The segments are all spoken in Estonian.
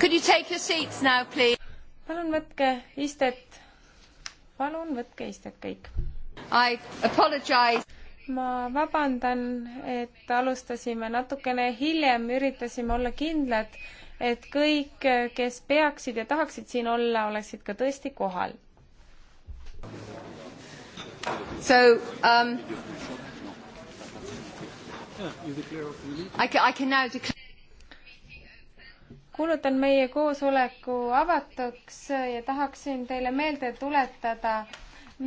Could you take your seats now, please? palun võtke istet. palun võtke istet kõik. I apologise ma vabandan, et alustasime natukene hiljem, üritasime olla kindlad, et kõik, kes peaksid ja tahaksid siin olla, oleksid ka tõesti kohal. So um, I can, I can now declare kuulutan meie koosoleku avatuks ja tahaksin teile meelde tuletada,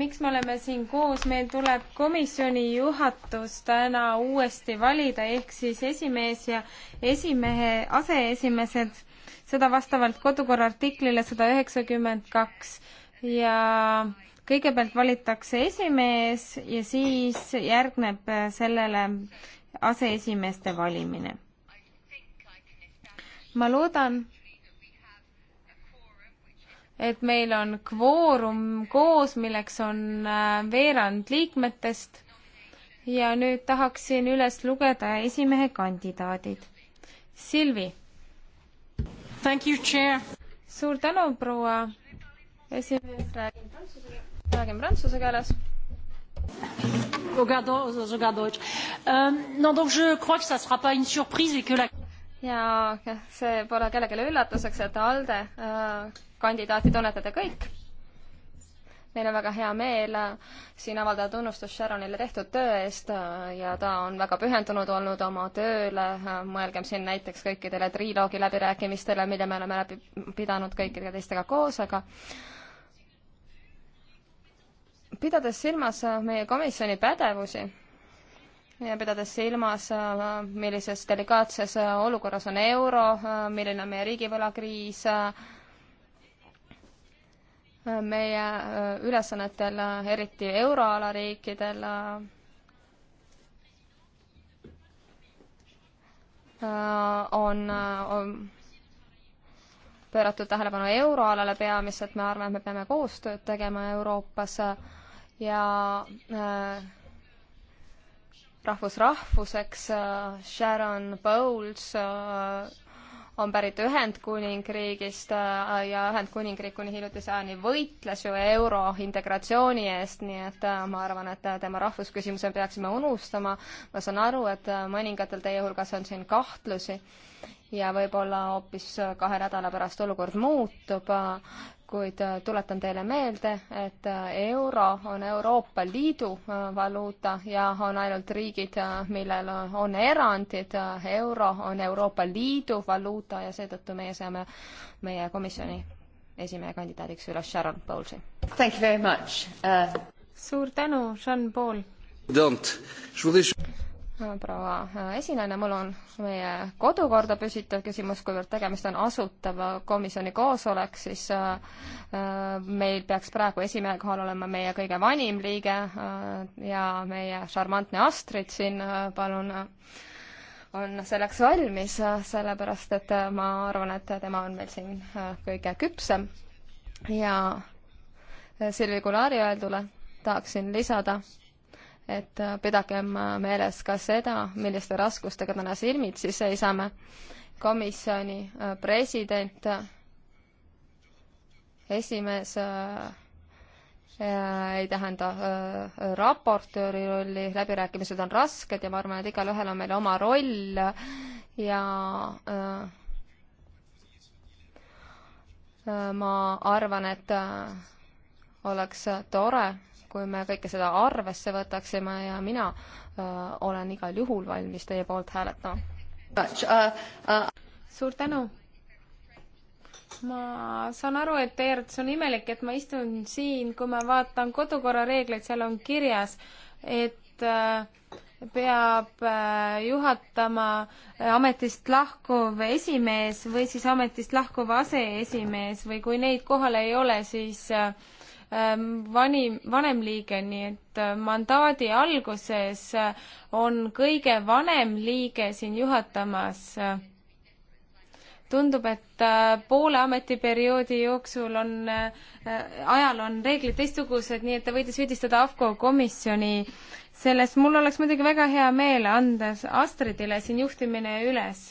miks me oleme siin koos, meil tuleb komisjoni juhatus täna uuesti valida, ehk siis esimees ja esimehe aseesimesed, seda vastavalt kodukorra artiklile sada üheksakümmend kaks ja kõigepealt valitakse esimees ja siis järgneb sellele aseesimeeste valimine ma loodan, et meil on kvoorum koos, milleks on äh, veerand liikmetest ja nüüd tahaksin üles lugeda esimehe kandidaadid. Silvi. suur tänu, proua esimees, räägin prantsuse keeles, räägin prantsuse keeles. Au gardo, au gardo. Euh, non, donc je crois que ça ne sera pas une surprise et que la ja see pole kellelegi üllatuseks, et ALDE äh, kandidaati tunnetate kõik. meil on väga hea meel äh, siin avaldada tunnustust Sharonile tehtud töö eest äh, ja ta on väga pühendunud olnud oma tööle, mõelgem siin näiteks kõikidele triloogi läbirääkimistele, mille me oleme läbi pidanud kõikide teistega koos, aga pidades silmas meie komisjoni pädevusi ja pidades silmas, äh, millises delikaatses äh, olukorras on euro, äh, milline on meie riigivõlakriis, meie ülesannetel, eriti euroala riikidel, on, on pööratud tähelepanu euroalale peamiselt, me arvame, et me peame koostööd tegema Euroopas ja äh, rahvus rahvuseks, äh, Sharon Bowles äh, on pärit Ühendkuningriigist äh, ja Ühendkuningriik kuni hiljutise ajani võitles ju euro integratsiooni eest, nii et ma arvan, et tema rahvusküsimuse peaksime unustama. ma saan aru, et mõningatel teie hulgas on siin kahtlusi ja võib-olla hoopis kahe nädala pärast olukord muutub kuid äh, tuletan teile meelde, et äh, euro on Euroopa Liidu äh, valuuta ja on ainult riigid, millel on erandid. euro on Euroopa Liidu valuuta ja seetõttu meie saame meie komisjoni esimehe kandidaadiks üles Sharon Bowles'i. Thank you very much uh.... suur tänu, Sean Paul proua äh, esinejana, mul on meie kodukorda püsitav küsimus, kuivõrd tegemist on asutava komisjoni koosolek, siis äh, äh, meil peaks praegu esimehe kohal olema meie kõige vanim liige ja meie šarmantne Astrid siin, palun on selleks valmis, sellepärast et ma arvan, et tema on meil siin kõige küpsem ja Silvi Kulari öeldule tahaksin lisada et äh, pidagem äh, meeles ka seda, milliste raskustega täna silmitsi seisame. komisjoni äh, president, esimees ei tähenda raportööri rolli, läbirääkimised on rasked ja ma arvan, et igalühel on meil oma roll ja ma arvan, et oleks tore, kui me kõike seda arvesse võtaksime ja mina öö, äh, olen igal juhul valmis teie poolt hääletama. suur tänu! ma saan aru, et teie arvates on imelik, et ma istun siin, kui ma vaatan kodukorra reegleid, seal on kirjas, et äh, peab äh, juhatama ametist lahkuv esimees või siis ametist lahkuv aseesimees või kui neid kohal ei ole, siis äh, Ähm, vanim, vanem liige, nii et äh, mandaadi alguses äh, on kõige vanem liige siin juhatamas. Äh, tundub, et poole ametiperioodi jooksul on, ajal on reeglid teistsugused, nii et te võite süüdistada AFCO komisjoni selles. mul oleks muidugi väga hea meel anda Astridile siin juhtimine üles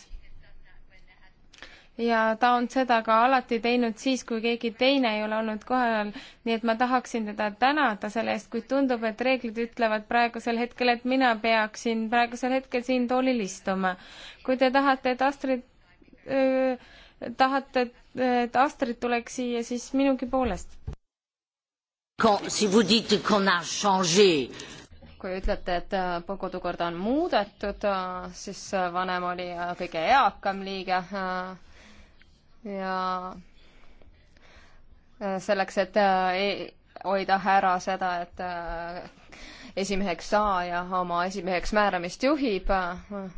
ja ta on seda ka alati teinud siis, kui keegi teine ei ole olnud kohal, nii et ma tahaksin teda tänada selle eest, kuid tundub, et reeglid ütlevad praegusel hetkel, et mina peaksin praegusel hetkel siin toolil istuma. kui te tahate, et Astrid äh,, tahate, et Astrid tuleks siia, siis minugi poolest. kui ütlete, et äh, kodukorda on muudetud, äh, siis äh, vanem oli kõige eakam liige äh, ja äh, selleks, et äh, e-, hoida ära seda, et äh, esimeheks saaja oma esimeheks määramist juhib.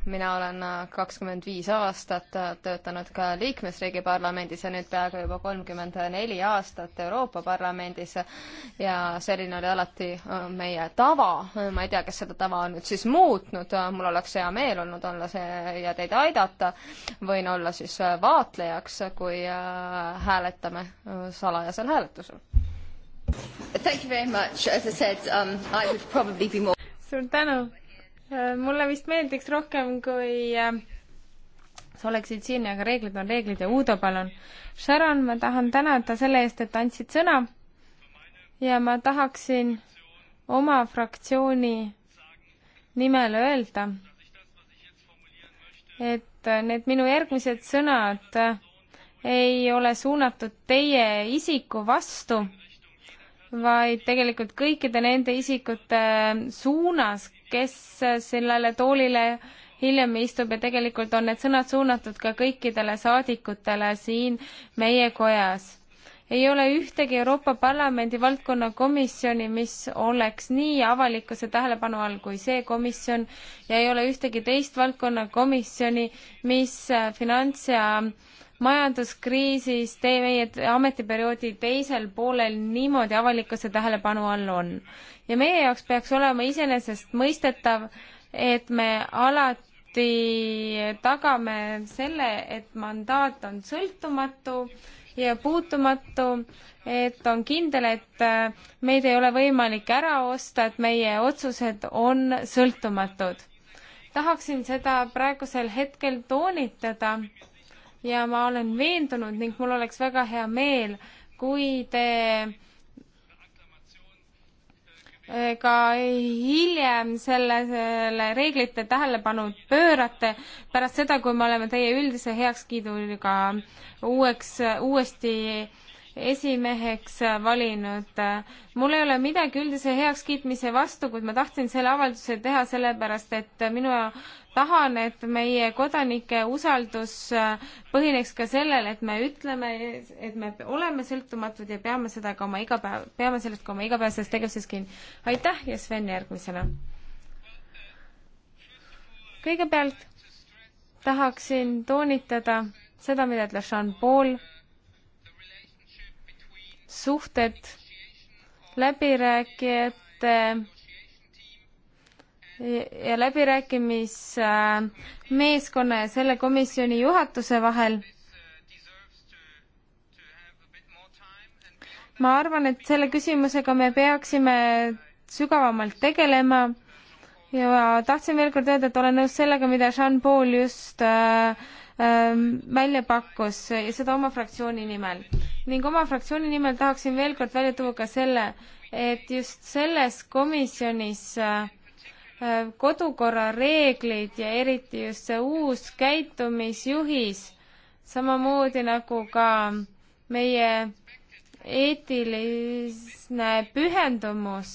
mina olen kakskümmend viis aastat töötanud ka liikmesriigi parlamendis ja nüüd peaaegu juba kolmkümmend neli aastat Euroopa Parlamendis ja selline oli alati äh, meie tava. ma ei tea, kas seda tava on nüüd siis muutnud, mul oleks hea meel olnud olla see ja teid aidata. võin olla siis vaatlejaks, kui äh, hääletame äh, salajasel hääletusel Thank you very much, as I said um,, I would probably be more. suur tänu. Äh, mulle vist meeldiks rohkem, kui äh, sa oleksid siin, aga reeglid on reeglid ja Uudo, palun. Sharon, ma tahan tänada selle eest, et andsid sõna ja ma tahaksin oma fraktsiooni nimel öelda, et äh, need minu järgmised sõnad ei ole suunatud teie isiku vastu vaid tegelikult kõikide nende isikute suunas, kes sellele toolile hiljem istub ja tegelikult on need sõnad suunatud ka kõikidele saadikutele siin meie kojas. ei ole ühtegi Euroopa Parlamendi valdkonna komisjoni, mis oleks nii avalikkuse tähelepanu all kui see komisjon ja ei ole ühtegi teist valdkonna komisjoni, mis finants- ja äh, majanduskriisis tee meie ametiperioodi teisel poolel niimoodi avalikkuse tähelepanu all on. ja meie jaoks peaks olema iseenesestmõistetav, et me alati tagame selle, et mandaat on sõltumatu ja puutumatu, et on kindel, et äh, meid ei ole võimalik ära osta, et meie otsused on sõltumatud. tahaksin seda praegusel hetkel toonitada ja ma olen veendunud ning mul oleks väga hea meel, kui te e, ka hiljem sellele reeglite tähelepanu pöörate pärast seda, kui me oleme teie üldise heakskiiduga uueks, uuesti esimeheks valinud. mul ei ole midagi üldise heakskiitmise vastu, kuid ma tahtsin selle avalduse teha sellepärast, et minu tahan, et meie kodanike usaldus äh, põhineks ka sellel, et me ütleme, et me oleme sõltumatud ja peame seda ka oma igapäev, peame sellest ka oma igapäevases tegevuses kinni. aitäh ja Sven järgmisena. kõigepealt tahaksin toonitada seda, mida ütles Jean Paul, suhted läbirääkijate ja läbirääkimismeeskonna äh, ja selle komisjoni juhatuse vahel. ma arvan, et selle küsimusega me peaksime sügavamalt tegelema ja tahtsin veel kord öelda, et olen nõus sellega, mida Jean-Paul just äh, äh, välja pakkus ja seda oma fraktsiooni nimel. ning oma fraktsiooni nimel tahaksin veel kord välja tuua ka selle, et just selles komisjonis äh, kodukorra reeglid ja eriti just see uus käitumisjuhis, samamoodi nagu ka meie eetiline pühendumus,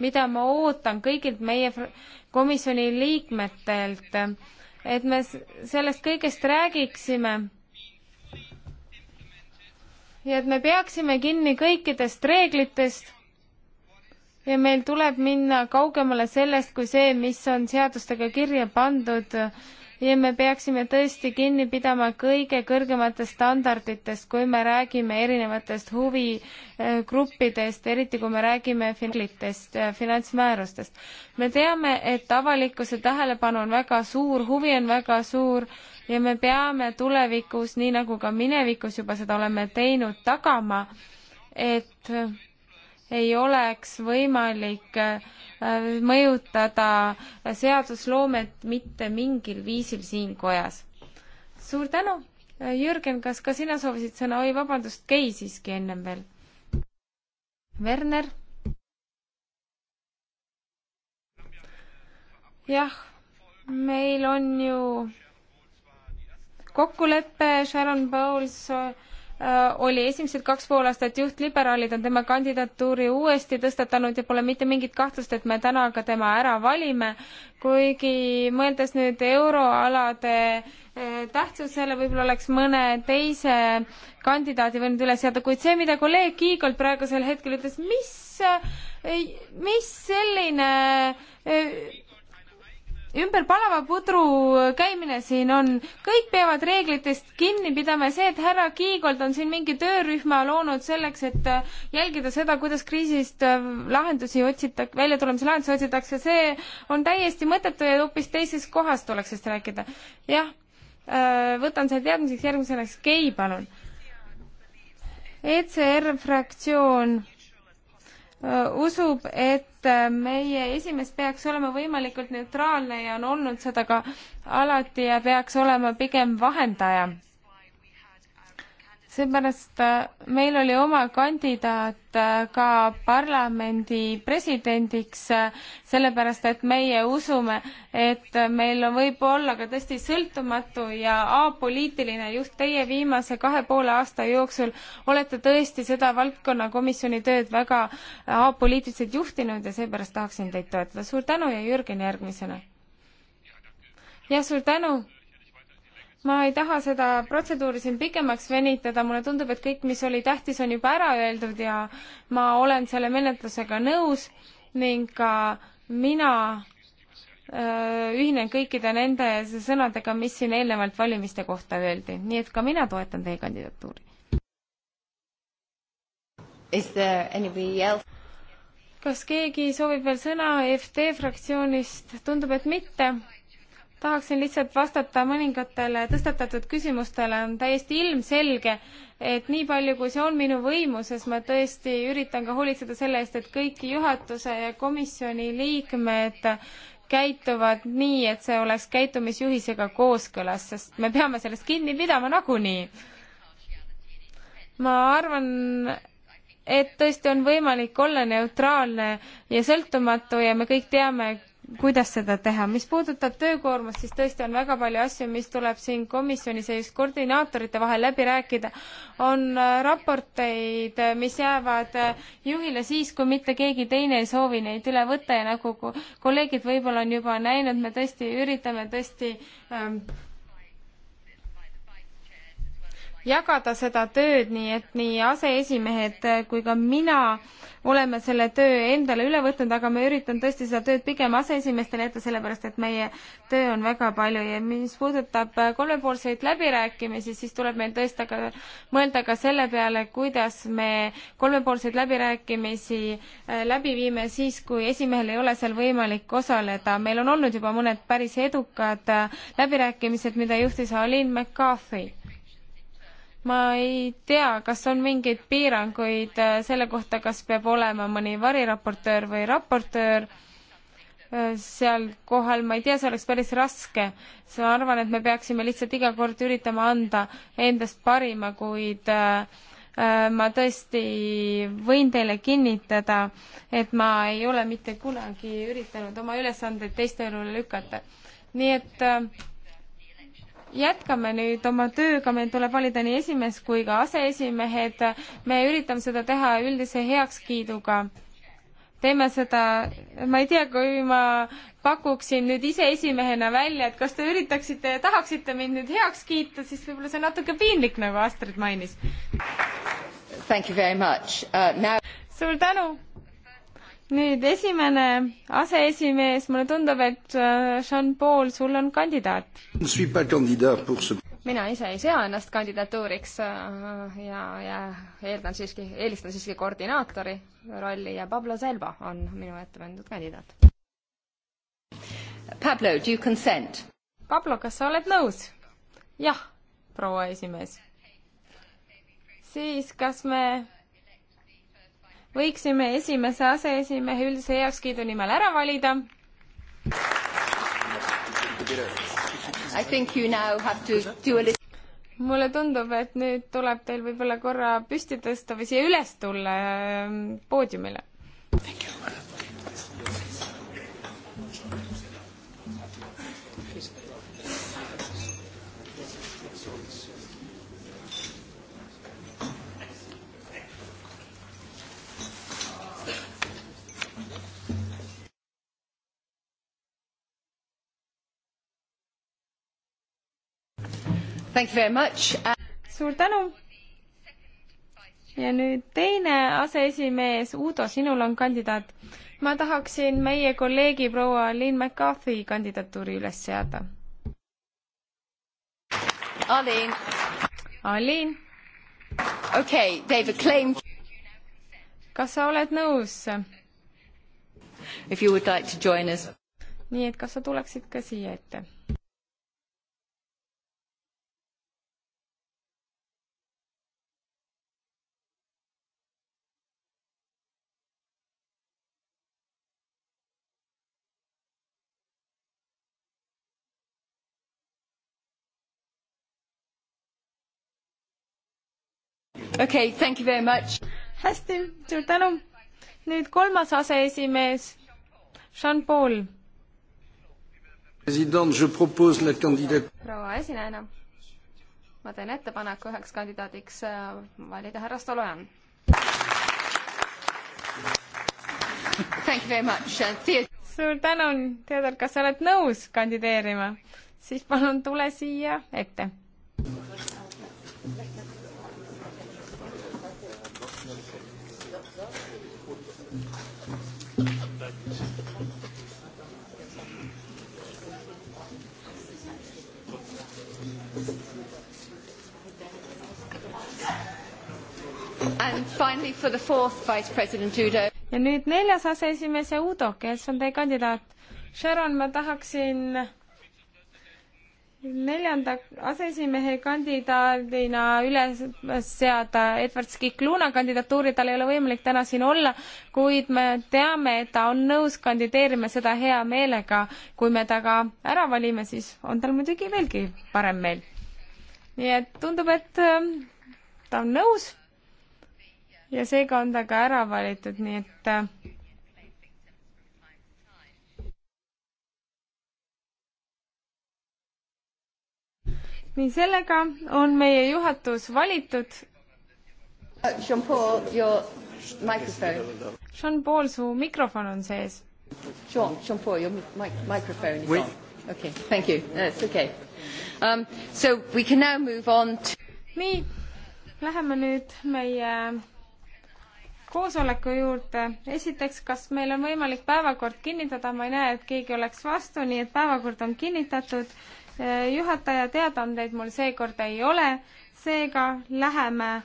mida ma ootan kõigilt meie komisjoni liikmetelt, et me sellest kõigest räägiksime ja et me peaksime kinni kõikidest reeglitest ja meil tuleb minna kaugemale sellest kui see, mis on seadustega kirja pandud ja me peaksime tõesti kinni pidama kõige kõrgematest standarditest, kui me räägime erinevatest huvigruppidest, eriti kui me räägime finantsidest, finantsmäärustest. me teame, et avalikkuse tähelepanu on väga suur, huvi on väga suur ja me peame tulevikus, nii nagu ka minevikus juba seda oleme teinud, tagama, et ei oleks võimalik äh, mõjutada seadusloomet mitte mingil viisil siin kojas. suur tänu! Äh, Jürgen, kas ka sina soovisid sõna? oi, vabandust, Kei siiski ennem veel. Werner? jah, meil on ju kokkulepe Sharon Bowles äh, Äh, oli esimesed kaks pool aastat juht, liberaalid on tema kandidatuuri uuesti tõstatanud ja pole mitte mingit kahtlust, et me täna ka tema ära valime. kuigi mõeldes nüüd euroalade äh, tähtsusele, võib-olla oleks mõne teise kandidaadi võinud üles seada, kuid see, mida kolleeg Kiigolt praegusel hetkel ütles, mis, äh, mis selline ümber palava pudru käimine siin on, kõik peavad reeglitest kinni pidama ja see, et härra Kiigold on siin mingi töörühma loonud selleks, et äh, jälgida seda, kuidas kriisist äh, lahendusi otsitakse, väljatulemise lahendusi otsitakse, see on täiesti mõttetu ja hoopis teisest kohast tuleks sellest rääkida. jah, äh, võtan selle teadmiseks, järgmiseks, Kei, palun. ECR fraktsioon Äh, usub, et äh, meie esimees peaks olema võimalikult neutraalne ja on olnud seda ka alati ja peaks olema pigem vahendaja seepärast äh, meil oli oma kandidaat äh, ka parlamendi presidendiks, äh, sellepärast et meie usume, et meil on võib-olla ka tõesti sõltumatu ja apoliitiline juht. Teie viimase kahe poole aasta jooksul olete tõesti seda valdkonna komisjoni tööd väga apoliitiliselt juhtinud ja seepärast tahaksin teid toetada. suur tänu ja Jürgen järgmisena. jah, suur tänu ma ei taha seda protseduuri siin pikemaks venitada, mulle tundub, et kõik, mis oli tähtis, on juba ära öeldud ja ma olen selle menetlusega nõus ning ka mina äh, ühinen kõikide nende sõnadega, mis siin eelnevalt valimiste kohta öeldi, nii et ka mina toetan teie kandidatuuri. kas keegi soovib veel sõna EFD fraktsioonist? tundub, et mitte tahaksin lihtsalt vastata mõningatele tõstatatud küsimustele. on täiesti ilmselge, et nii palju, kui see on minu võimuses, ma tõesti üritan ka hoolitseda selle eest, et kõik juhatuse ja komisjoni liikmed käituvad nii, et see oleks käitumisjuhisega kooskõlas, sest me peame sellest kinni pidama nagunii. ma arvan, et tõesti on võimalik olla neutraalne ja sõltumatu ja me kõik teame, kuidas seda teha. mis puudutab töökoormust, siis tõesti on väga palju asju, mis tuleb siin komisjonis ja just koordinaatorite vahel läbi rääkida. on äh, raporteid, äh, mis jäävad äh, juhile siis, kui mitte keegi teine ei soovi neid üle võtta ja nagu kolleegid võib-olla on juba näinud, me tõesti üritame tõesti ähm, jagada seda tööd, nii et nii aseesimehed kui ka mina oleme selle töö endale üle võtnud, aga ma üritan tõesti seda tööd pigem aseesimeestele jätta, sellepärast et meie töö on väga palju ja mis puudutab kolmepoolseid läbirääkimisi, siis tuleb meil tõesti aga mõelda ka selle peale, kuidas me kolmepoolseid läbirääkimisi äh, läbi viime siis, kui esimehel ei ole seal võimalik osaleda. meil on olnud juba mõned päris edukad äh, läbirääkimised, mida juhtis Aline McCarthy ma ei tea, kas on mingeid piiranguid äh, selle kohta, kas peab olema mõni variraportöör või raportöör äh, seal kohal, ma ei tea, see oleks päris raske. ma arvan, et me peaksime lihtsalt iga kord üritama anda endast parima, kuid äh, ma tõesti võin teile kinnitada, et ma ei ole mitte kunagi üritanud oma ülesandeid teiste õlule lükata. nii et äh, jätkame nüüd oma tööga, meil tuleb valida nii esimees kui ka aseesimehed. me üritame seda teha üldise heakskiiduga. teeme seda, ma ei tea, kui ma pakuksin nüüd ise esimehena välja, et kas te üritaksite ja tahaksite mind nüüd heaks kiita, siis võib-olla see on natuke piinlik, nagu Astrid mainis. Uh, now... suur tänu nüüd esimene aseesimees, mulle tundub, et äh, Jean-Paul, sul on kandidaat. mina ise ei sea ennast kandidatuuriks äh, ja, ja eeldan siiski, eelistan siiski koordinaatori rolli ja Pablo Selva on minu ette pandud kandidaat. Pablo, do you consent? Pablo, kas sa oled nõus? jah, proua esimees. siis kas me võiksime esimese aseesimehe üldise heakskiidu nimel ära valida. mulle tundub, et nüüd tuleb teil võib-olla korra püsti tõsta või siia üles tulla ähm, poodiumile. Thank you. Uh, suur tänu. ja nüüd teine aseesimees, Uudo, sinul on kandidaat. ma tahaksin meie kolleegi proua Lynn McCarthy kandidatuuri üles seada. Aliin. Aliin. okei okay,, David Klein. kas sa oled nõus? If you would like to join us. nii et kas sa tuleksid ka siia ette? okay,. hästi, suur tänu. nüüd kolmas aseesimees, Jean-Paul. proua esinejana, ma teen ettepaneku üheks kandidaadiks äh, valida härra Stolojan. Uh, suur tänu, Theodor, kas sa oled nõus kandideerima? siis palun tule siia ette. ja nüüd neljas aseesimees ja Udo, kes on teie kandidaat. Sharon, ma tahaksin neljanda aseesimehe kandidaadina üles seada Edward Skikluna kandidatuuri, tal ei ole võimalik täna siin olla, kuid me teame, et ta on nõus kandideerima seda hea meelega. kui me ta ka ära valime, siis on tal muidugi veelgi parem meel. nii et tundub, et ähm, ta on nõus ja seega on ta ka ära valitud, nii et äh, nii sellega on meie juhatus valitud. Jean-Paul, your microphone. Jean-Paul, su mikrofon on sees. Jean, Jean-Paul, your mic microphone is oui. on. Okay, thank you. No, it's okay. Um, so we can now move on to... nii, läheme nüüd meie koosoleku juurde. esiteks, kas meil on võimalik päevakord kinnitada, ma ei näe, et keegi oleks vastu, nii et päevakord on kinnitatud. Eh, juhataja teadaandeid mul seekord ei ole, seega läheme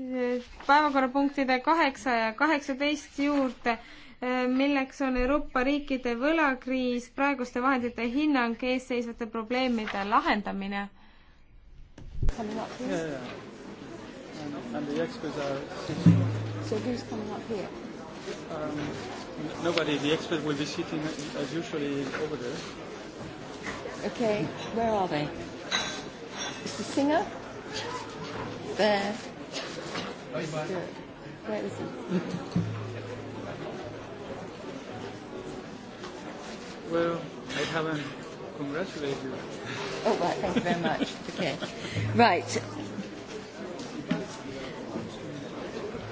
eh, päevakorrapunktide kaheksa ja kaheksateist juurde, eh, milleks on Euroopa riikide võlakriis, praeguste vahendite hinnang, eesseisvate probleemide lahendamine. coming up, please? Yeah, yeah. And, and the experts are sitting. So who's coming up here? Um, nobody. The experts will be sitting as usually over there. Okay. Where are they? Is the singer? There. Bye bye. Where is he? well, I haven't congratulated you. Oh, right. Thank you very much. Okay. Right.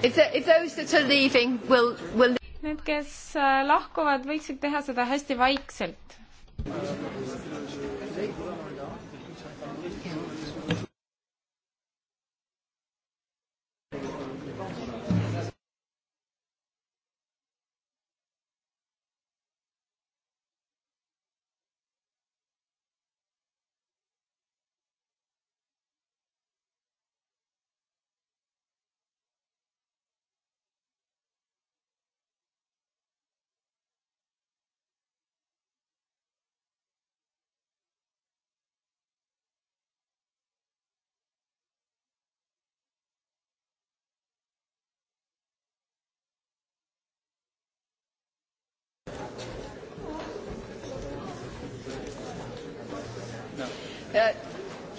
Will, will... Need, kes äh, lahkuvad, võiksid teha seda hästi vaikselt.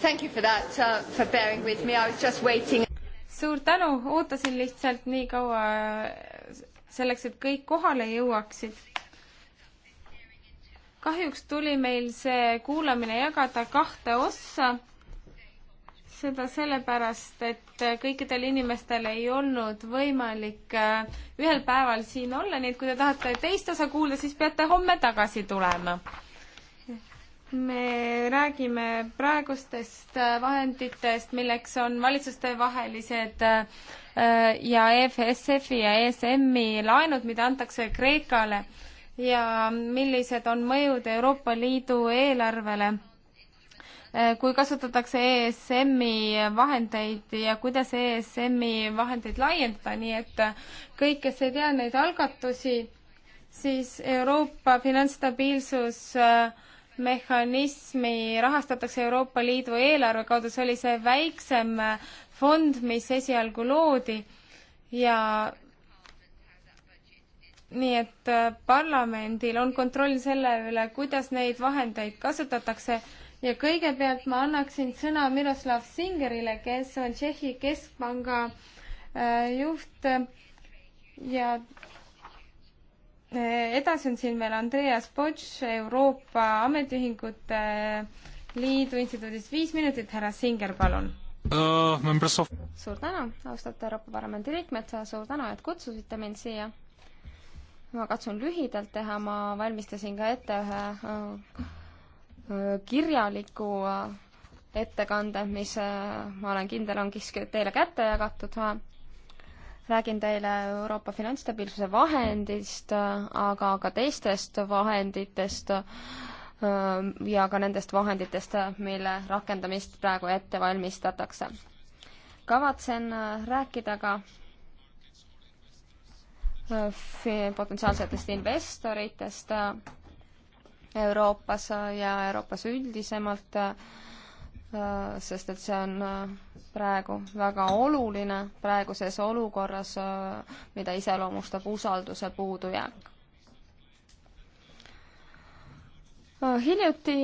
Thank you for that uh,, for bearing with me, I was just waiting. suur tänu, ootasin lihtsalt nii kaua äh, selleks, et kõik kohale jõuaksid. kahjuks tuli meil see kuulamine jagada kahte ossa. seda sellepärast, et äh, kõikidel inimestel ei olnud võimalik äh, ühel päeval siin olla, nii et kui te tahate teist osa kuulda, siis peate homme tagasi tulema me räägime praegustest äh, vahenditest, milleks on valitsustevahelised äh, äh, ja EFSF-i ja ESM-i laenud, mida antakse Kreekale ja millised on mõjud Euroopa Liidu eelarvele, kui kasutatakse ESM-i vahendeid ja kuidas ESM-i vahendeid laiendada, nii et kõik, kes ei tea neid algatusi, siis Euroopa finantsstabiilsus äh, mehhanismi rahastatakse Euroopa Liidu eelarve kaudu, see oli see väiksem fond, mis esialgu loodi ja nii et äh, parlamendil on kontroll selle üle, kuidas neid vahendeid kasutatakse ja kõigepealt ma annaksin sõna Miroslav Singerile, kes on Tšehhi Keskpanga äh, juht ja Eh, edasi on siin veel Andreas Potš Euroopa Ametiühingute eh, Liidu instituudist, viis minutit, härra Singer, palun uh,. Of... suur tänu, austatud Euroopa Parlamendi liikmed, suur tänu, et kutsusite mind siia. ma katsun lühidalt teha, ma valmistasin ka ette ühe äh, kirjaliku äh, ettekande, mis äh, ma olen kindel, on kisk-, teile kätte jagatud räägin teile Euroopa finantsstabiilsuse vahendist, aga ka teistest vahenditest ja ka nendest vahenditest, mille rakendamist praegu ette valmistatakse. kavatsen äh, rääkida ka äh, potentsiaalsetest investoritest äh, Euroopas ja Euroopas üldisemalt Äh, sest et see on äh, praegu väga oluline praeguses olukorras, äh, mida iseloomustab usalduse puudujääk. hiljuti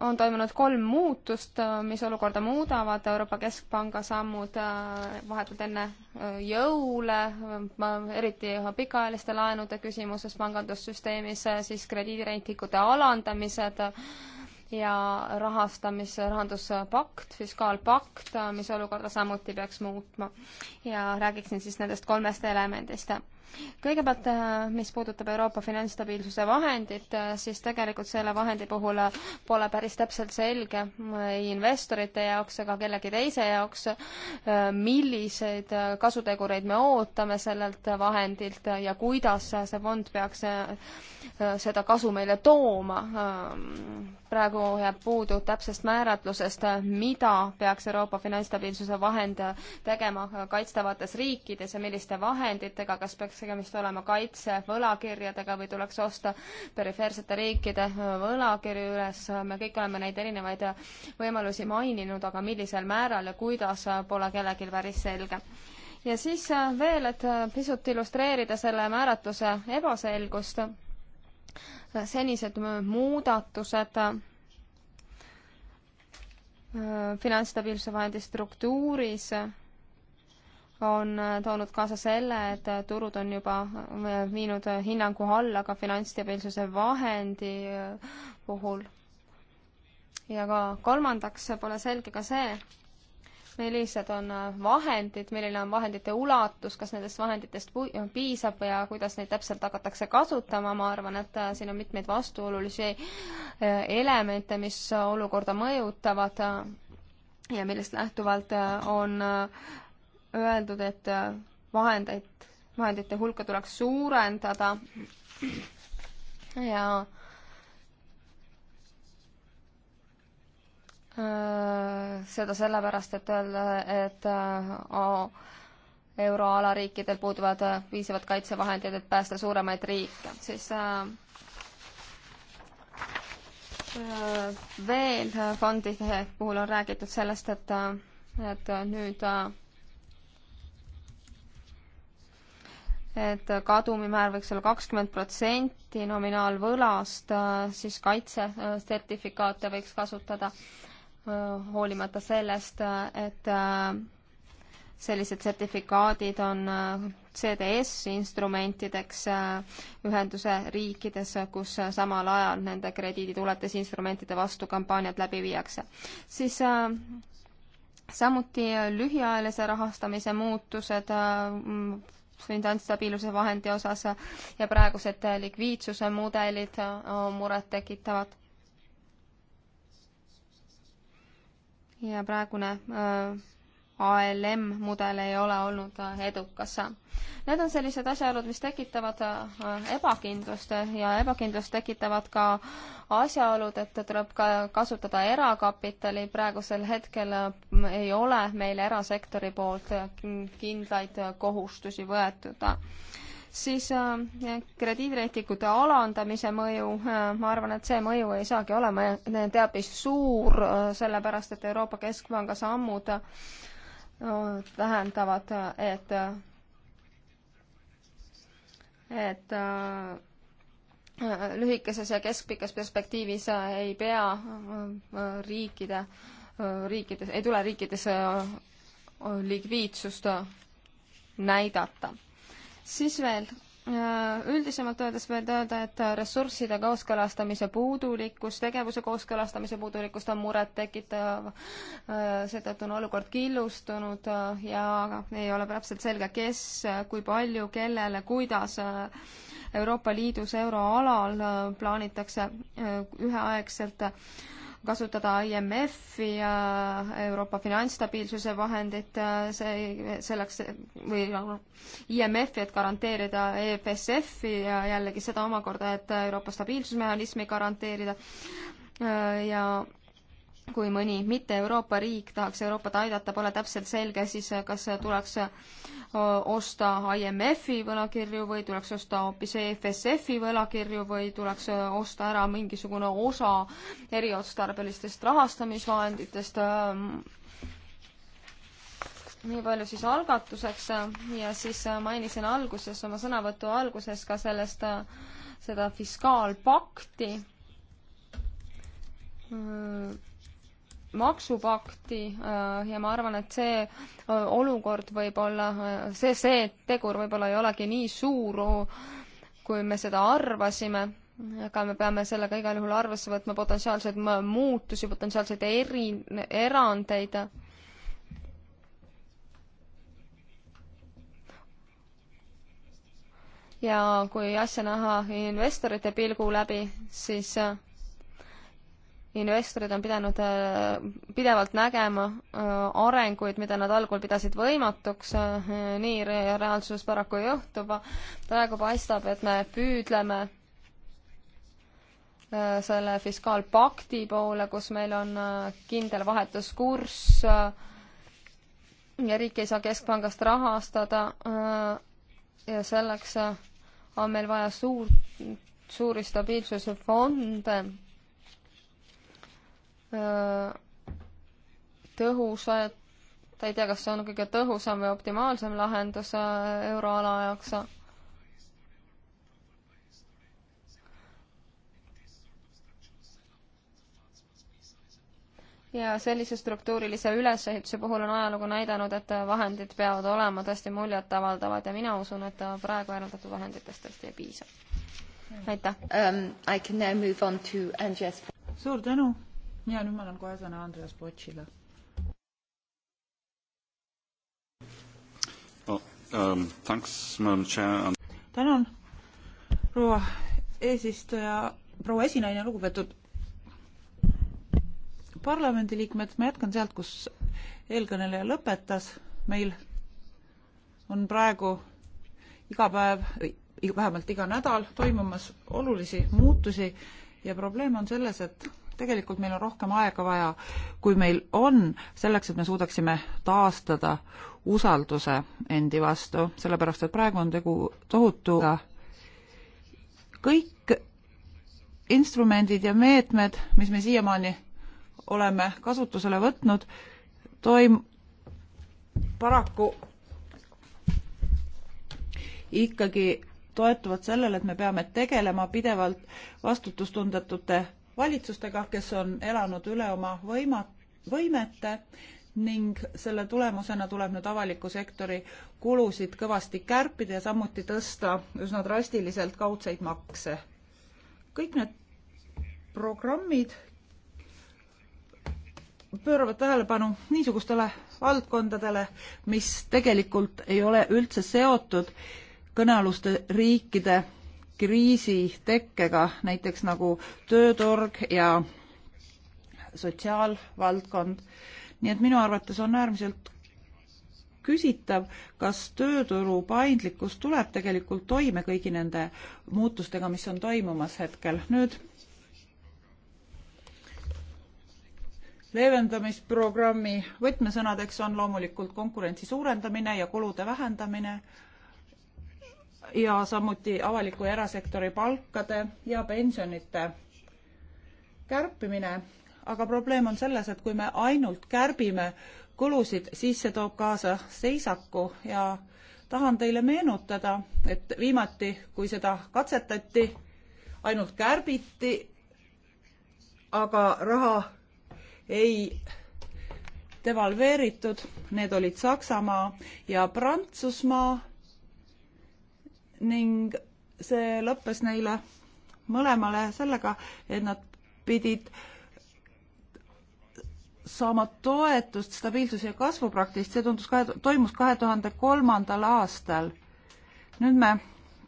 on toimunud kolm muutust, mis olukorda muudavad, Euroopa Keskpanga sammud vahetult enne jõule, eriti pikaajaliste laenude küsimuses pangandussüsteemis, siis krediidireitingute alandamised ja rahastamis, rahanduspakt, fiskaalpakt, mis olukorda samuti peaks muutma. ja räägiksin siis nendest kolmest elemendist kõigepealt, äh, mis puudutab Euroopa finantsstabiilsuse vahendit, äh, siis tegelikult selle vahendi puhul äh, pole päris täpselt selge ei investorite jaoks ega kellegi teise jaoks, milliseid kasutegureid me ootame sellelt vahendilt ja kuidas see fond peaks seda kasu meile tooma. praegu jääb puudu täpsest määratlusest, mida peaks Euroopa finantsstabiilsuse vahend tegema kaitstavates riikides ja milliste vahenditega, kas peaks peaks tegemist olema kaitsevõlakirjadega või tuleks osta perifeersete riikide võlakirju üles. me kõik oleme neid erinevaid võimalusi maininud, aga millisel määral ja kuidas, pole kellelgi päris selge ja siis veel, et pisut illustreerida selle määratluse ebaselgust, senised muudatused finantsstabiilsuse vahendi struktuuris on äh, toonud kaasa selle, et äh, turud on juba äh, viinud hinnangu alla ka finantsstabiilsuse vahendi puhul. ja ka kolmandaks pole selge ka see, millised on vahendid, milline on vahendite ulatus, kas nendest vahenditest piisab ja kuidas neid täpselt hakatakse kasutama, ma arvan, et siin on mitmeid vastuolulisi elemente, mis olukorda mõjutavad ja millest lähtuvalt on öeldud, et äh, vahendeid, vahendite hulka tuleks suurendada ja äh, seda sellepärast, et öelda, et äh, euroala riikidel puuduvad piisavad kaitsevahendid, et päästa suuremaid riike, siis veel fondide puhul on räägitud sellest, et, et nüüd et kadumimäär võiks olla kakskümmend protsenti nominaalvõlast, siis kaitsesertifikaate võiks kasutada, hoolimata sellest, et sellised sertifikaadid on CDS-instrumentideks ühenduse riikides, kus samal ajal nende krediidituletusinstrumentide vastu kampaaniad läbi viiakse. siis samuti lühiajalise rahastamise muutused finantsstabiiluse vahendi osas ja praegused likviidsuse mudelid äh, muret tekitavad. ja praegune öö, äh, ALM mudel ei ole olnud äh, edukas. Need on sellised asjaolud, mis tekitavad äh, ebakindlust ja ebakindlust tekitavad ka asjaolud, et tuleb ka kasutada erakapitali, praegusel hetkel äh, ei ole meil erasektori poolt kindlaid kohustusi võetud siis krediidireitingute alandamise mõju, ma arvan, et see mõju ei saagi olema teab mis suur, sellepärast et Euroopa Keskpanga sammud tähendavad, et, et äh, lühikeses ja keskpikas perspektiivis ei pea äh, riikide, äh, riikides, ei tule riikides likviidsust näidata. siis veel Üldisemalt öeldes võib öelda, et ressursside kooskõlastamise puudulikkus, tegevuse kooskõlastamise puudulikkus on murettekitav, seetõttu on olukord killustunud ja ei ole täpselt selge, kes, kui palju, kellele, kuidas Euroopa Liidus euroalal plaanitakse üheaegselt kasutada IMF-i ja Euroopa finantsstabiilsuse vahendit äh, see, selleks või äh, IMF-i, et garanteerida EFSF-i ja jällegi seda omakorda, et Euroopa stabiilsusmehhanismi garanteerida äh, ja kui mõni mitte Euroopa riik tahaks Euroopat aidata, pole täpselt selge, siis kas tuleks osta IMF-i võlakirju või tuleks osta hoopis EFSF-i võlakirju või tuleks osta ära mingisugune osa eriotstarbelistest rahastamisvahenditest. nii palju siis algatuseks ja siis mainisin alguses, oma sõnavõtu alguses ka sellest, seda fiskaalpakti maksupakti äh, ja ma arvan, et see äh, olukord võib olla, äh, see, see tegur võib-olla ei olegi nii suur, kui me seda arvasime, aga me peame sellega igal juhul arvesse võtma potentsiaalseid muutusi, potentsiaalseid eri, erandeid. ja kui asja näha investorite pilgu läbi, siis investorid on pidanud äh, pidevalt nägema äh, arenguid, mida nad algul pidasid võimatuks, äh, nii reaalsus paraku ei juhtu, praegu paistab, et me püüdleme selle fiskaalpakti poole, kus meil on kindel vahetuskurss ja riik ei saa keskpangast rahastada ja selleks on meil vaja suurt, suuri stabiilsuse fonde tõhusa, ta ei tea, kas see on kõige tõhusam või optimaalsem lahendus äh, euroala jaoks. ja sellise struktuurilise ülesehituse puhul on ajalugu näidanud, et vahendid peavad olema tõesti muljetavaldavad ja mina usun, et praegu eraldatud vahenditest tõesti ei piisa. aitäh um,! suur tänu! ja nüüd ma annan kohe sõna Andreas Potšile oh,. Um, thanks, Madam Chair and.... tänan, proua eesistuja, proua esinaine, lugupeetud parlamendiliikmed, ma jätkan sealt, kus eelkõneleja lõpetas. meil on praegu iga päev või vähemalt iga nädal toimumas olulisi muutusi ja probleem on selles, et tegelikult meil on rohkem aega vaja, kui meil on, selleks, et me suudaksime taastada usalduse endi vastu, sellepärast et praegu on tegu tohutu kõik instrumendid ja meetmed, mis me siiamaani oleme kasutusele võtnud, toim-, paraku ikkagi toetuvad sellele, et me peame tegelema pidevalt vastutustundetute valitsustega, kes on elanud üle oma võima, võimete ning selle tulemusena tuleb nüüd avaliku sektori kulusid kõvasti kärpida ja samuti tõsta üsna drastiliselt kaudseid makse. kõik need programmid pööravad tähelepanu niisugustele valdkondadele, mis tegelikult ei ole üldse seotud kõnealuste riikide kriisi tekkega, näiteks nagu tööturg ja sotsiaalvaldkond. nii et minu arvates on äärmiselt küsitav, kas tööturu paindlikkus tuleb tegelikult toime kõigi nende muutustega, mis on toimumas hetkel. nüüd leevendamisprogrammi võtmesõnadeks on loomulikult konkurentsi suurendamine ja kulude vähendamine ja samuti avaliku ja erasektori palkade ja pensionite kärpimine. aga probleem on selles, et kui me ainult kärbime kulusid, siis see toob kaasa seisaku ja tahan teile meenutada, et viimati, kui seda katsetati, ainult kärbiti, aga raha ei devalveeritud, need olid Saksamaa ja Prantsusmaa ning see lõppes neile mõlemale sellega, et nad pidid saama toetust stabiilsuse ja kasvupraktist, see tundus kahe, toimus kahe tuhande kolmandal aastal. nüüd me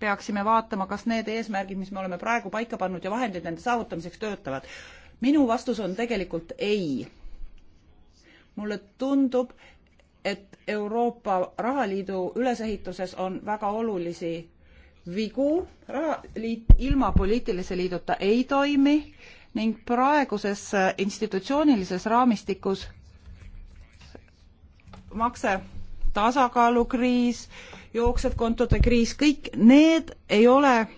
peaksime vaatama, kas need eesmärgid, mis me oleme praegu paika pannud ja vahendid nende saavutamiseks töötavad. minu vastus on tegelikult ei. mulle tundub, et Euroopa Rahaliidu ülesehituses on väga olulisi vigu, rahaliit ilma poliitilise liiduta ei toimi ning praeguses äh, institutsioonilises raamistikus makse tasakaalukriis, jooksev kontode kriis, kõik need ei ole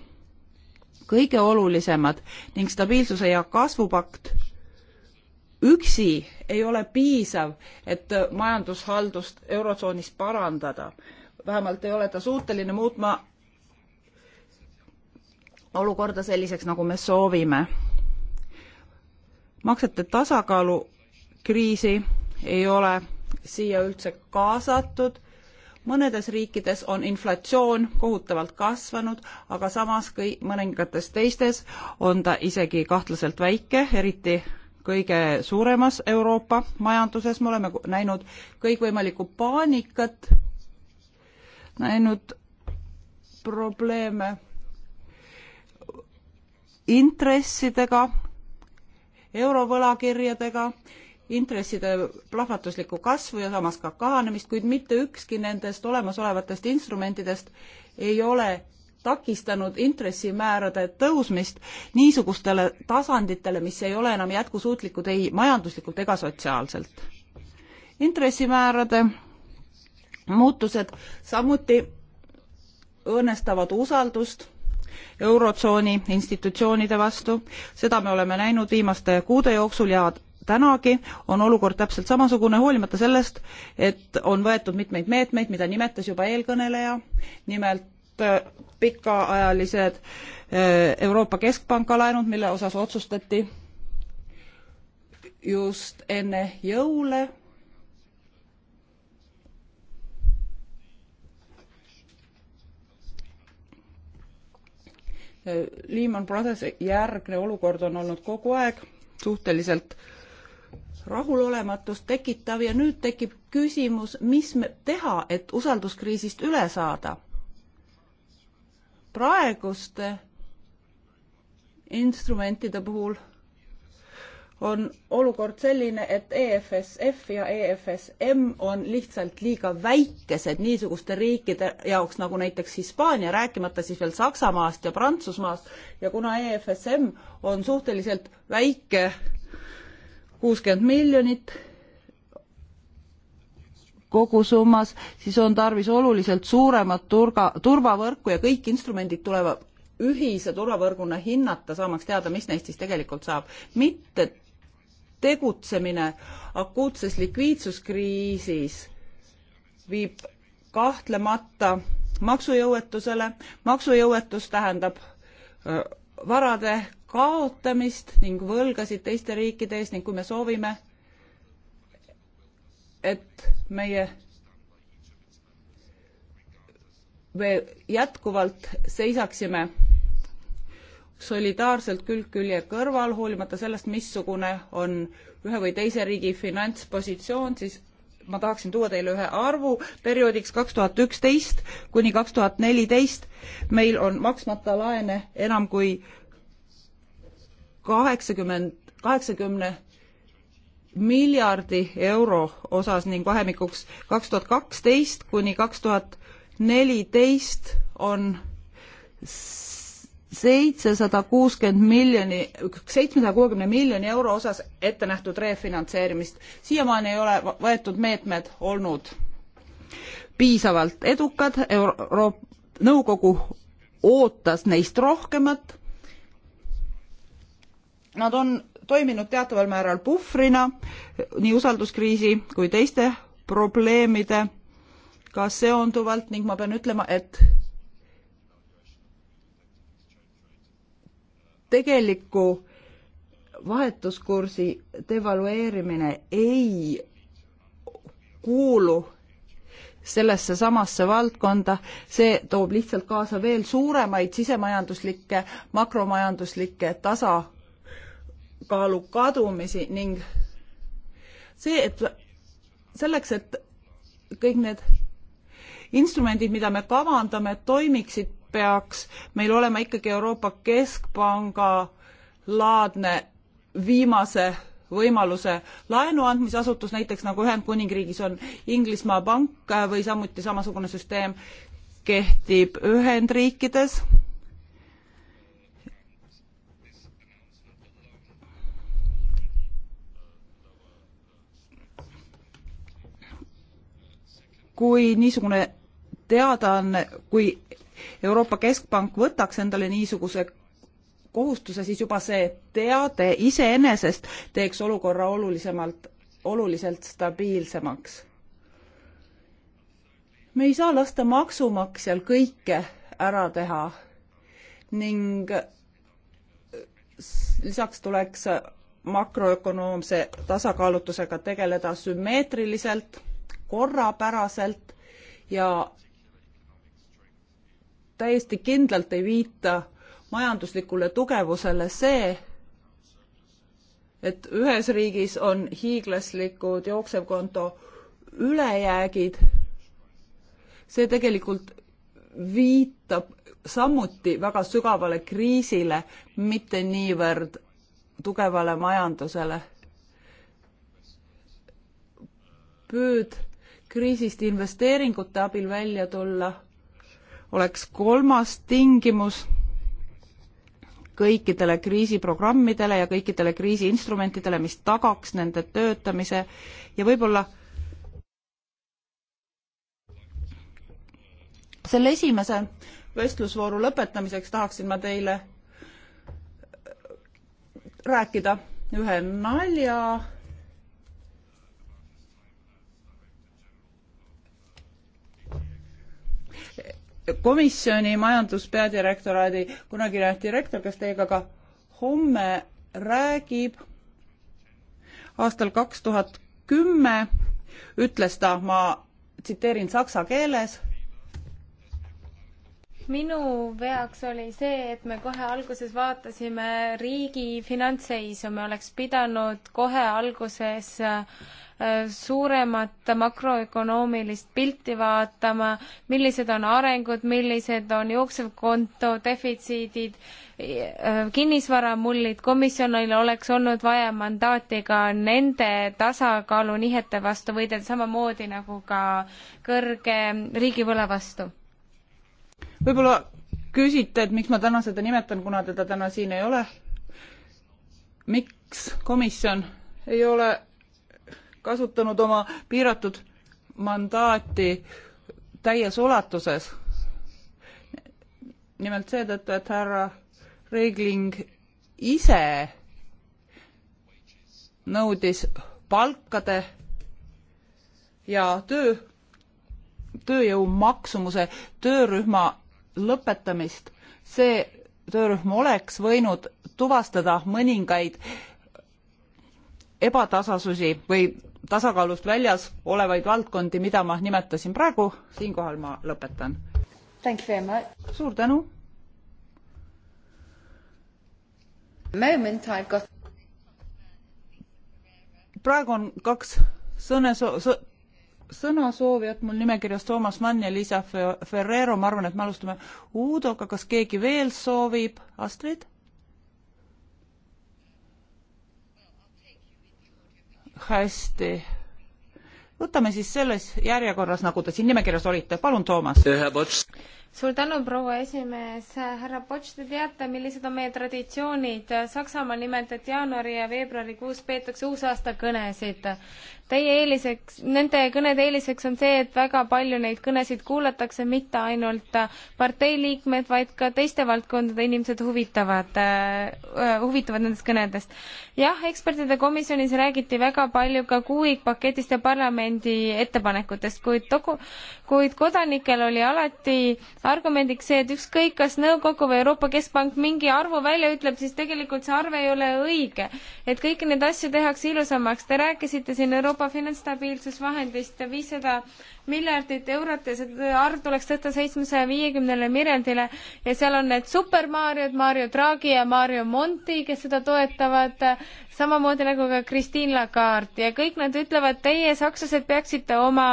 kõige olulisemad ning stabiilsuse ja kasvupakt üksi ei ole piisav, et äh, majandushaldust Eurotsoonis parandada. vähemalt ei ole ta suuteline muutma olukorda selliseks, nagu me soovime. maksete tasakaalu kriisi ei ole siia üldse kaasatud, mõnedes riikides on inflatsioon kohutavalt kasvanud, aga samas kõi-, mõningates teistes on ta isegi kahtlaselt väike, eriti kõige suuremas Euroopa majanduses, me oleme näinud kõikvõimalikku paanikat, näinud probleeme intressidega, eurovõlakirjadega, intresside plahvatuslikku kasvu ja samas ka kahanemist, kuid mitte ükski nendest olemasolevatest instrumentidest ei ole takistanud intressimäärade tõusmist niisugustele tasanditele, mis ei ole enam jätkusuutlikud ei majanduslikult ega sotsiaalselt. intressimäärade muutused samuti õõnestavad usaldust Eurotsooni institutsioonide vastu, seda me oleme näinud viimaste kuude jooksul ja tänagi on olukord täpselt samasugune, hoolimata sellest, et on võetud mitmeid meetmeid, mida nimetas juba eelkõneleja, nimelt äh, pikaajalised äh, Euroopa Keskpanga laenud, mille osas otsustati just enne jõule Lehman Brothers järgne olukord on olnud kogu aeg suhteliselt rahulolematust tekitav ja nüüd tekib küsimus, mis teha, et usalduskriisist üle saada. praeguste instrumentide puhul on olukord selline, et EFSF ja EFSM on lihtsalt liiga väikesed niisuguste riikide jaoks nagu näiteks Hispaania, rääkimata siis veel Saksamaast ja Prantsusmaast ja kuna EFSM on suhteliselt väike, kuuskümmend miljonit kogusummas, siis on tarvis oluliselt suuremat turga, turvavõrku ja kõik instrumendid tulevad ühise turvavõrguna hinnata, saamaks teada, mis neist siis tegelikult saab. mitte tegutsemine akuutses likviidsuskriisis viib kahtlemata maksujõuetusele. maksujõuetus tähendab varade kaotamist ning võlgasid teiste riikide ees ning kui me soovime, et meie me jätkuvalt seisaksime solidaarselt külg külje kõrval, hoolimata sellest, missugune on ühe või teise riigi finantspositsioon, siis ma tahaksin tuua teile ühe arvu, perioodiks kaks tuhat üksteist kuni kaks tuhat neliteist meil on maksmata laene enam kui kaheksakümmend, kaheksakümne miljardi euro osas ning vahemikuks kaks tuhat kaksteist kuni kaks tuhat neliteist on seitsesada kuuskümmend miljoni, seitsmesaja kuuekümne miljoni euro osas ette nähtud refinantseerimist. siiamaani ei ole võetud meetmed olnud piisavalt edukad Euro, Euro nõukogu ootas neist rohkemat. Nad on toiminud teataval määral puhvrina nii usalduskriisi kui teiste probleemidega seonduvalt ning ma pean ütlema, et tegeliku vahetuskursi devalueerimine ei kuulu sellesse samasse valdkonda, see toob lihtsalt kaasa veel suuremaid sisemajanduslikke, makromajanduslikke tasakaalu kadumisi ning see, et selleks, et kõik need instrumendid, mida me kavandame, toimiksid peaks meil olema ikkagi Euroopa Keskpanga laadne viimase võimaluse laenu andmisasutus, näiteks nagu Ühendkuningriigis on Inglismaa pank äh, või samuti samasugune süsteem kehtib Ühendriikides. kui niisugune teadaanne, kui Euroopa Keskpank võtaks endale niisuguse kohustuse, siis juba see teade iseenesest teeks olukorra olulisemalt, oluliselt stabiilsemaks. me ei saa lasta maksumaksjal kõike ära teha ning lisaks tuleks makroökonoomse tasakaalutusega tegeleda sümmeetriliselt, korrapäraselt ja täiesti kindlalt ei viita majanduslikule tugevusele see, et ühes riigis on hiiglaslikud jooksevkonto ülejäägid, see tegelikult viitab samuti väga sügavale kriisile, mitte niivõrd tugevale majandusele. püüd kriisist investeeringute abil välja tulla oleks kolmas tingimus kõikidele kriisiprogrammidele ja kõikidele kriisiinstrumentidele, mis tagaks nende töötamise ja võib-olla selle esimese vestlusvooru lõpetamiseks tahaksin ma teile rääkida ühe nalja komisjoni majanduspeadirektoraadi kunagine direktor, kes teiega ka homme räägib, aastal kaks tuhat kümme ütles ta, ma tsiteerin saksa keeles, minu veaks oli see, et me kohe alguses vaatasime riigi finantsseisu, me oleks pidanud kohe alguses suuremat makroökonoomilist pilti vaatama, millised on arengud, millised on jooksevkonto defitsiidid, kinnisvaramullid, komisjonil oleks olnud vaja mandaati ka nende tasakaalunihete vastu võidelda, samamoodi nagu ka kõrge riigivõla vastu? võib-olla küsite, et miks ma täna seda nimetan, kuna teda täna siin ei ole. miks komisjon ei ole kasutanud oma piiratud mandaati täies ulatuses. nimelt seetõttu, et härra Reegling ise nõudis palkade ja töö, tööjõu maksumuse töörühma lõpetamist. see töörühm oleks võinud tuvastada mõningaid ebatasasusi või tasakaalust väljas olevaid valdkondi, mida ma nimetasin praegu, siinkohal ma lõpetan. suur tänu. Got... praegu on kaks sõnesoo- sõ,, sõnasoovijat mul nimekirjas Toomas Mann ja Liisa Ferrero, ma arvan, et me alustame Uudoga, kas keegi veel soovib? Astrid hästi, võtame siis selles järjekorras, nagu te siin nimekirjas olite, palun, Toomas suur tänu, proua esimees, härra Potš, te teate, millised on meie traditsioonid. Saksamaal nimelt, et jaanuari ja veebruarikuus peetakse uusaastakõnesid. Teie eeliseks, nende kõnede eeliseks on see, et väga palju neid kõnesid kuulatakse, mitte ainult parteiliikmed, vaid ka teiste valdkondade inimesed huvitavad, äh, huvituvad nendest kõnedest. jah, ekspertide komisjonis räägiti väga palju ka kuuikpaketist ja parlamendi ettepanekutest, kuid doku-, kuid kodanikel oli alati argumendiks see, et ükskõik, kas nõukogu või Euroopa Keskpank mingi arvu välja ütleb, siis tegelikult see arv ei ole õige. et kõiki neid asju tehakse ilusamaks. Te rääkisite siin Euroopa finantsstabiilsusvahendist viissada miljardit eurot ja see arv tuleks tõsta seitsmesaja viiekümnele miljardile ja seal on need Super Mariod, Mario Draghi ja Mario Monti, kes seda toetavad samamoodi nagu ka Christine Lagarde ja kõik nad ütlevad, teie, sakslased, peaksite oma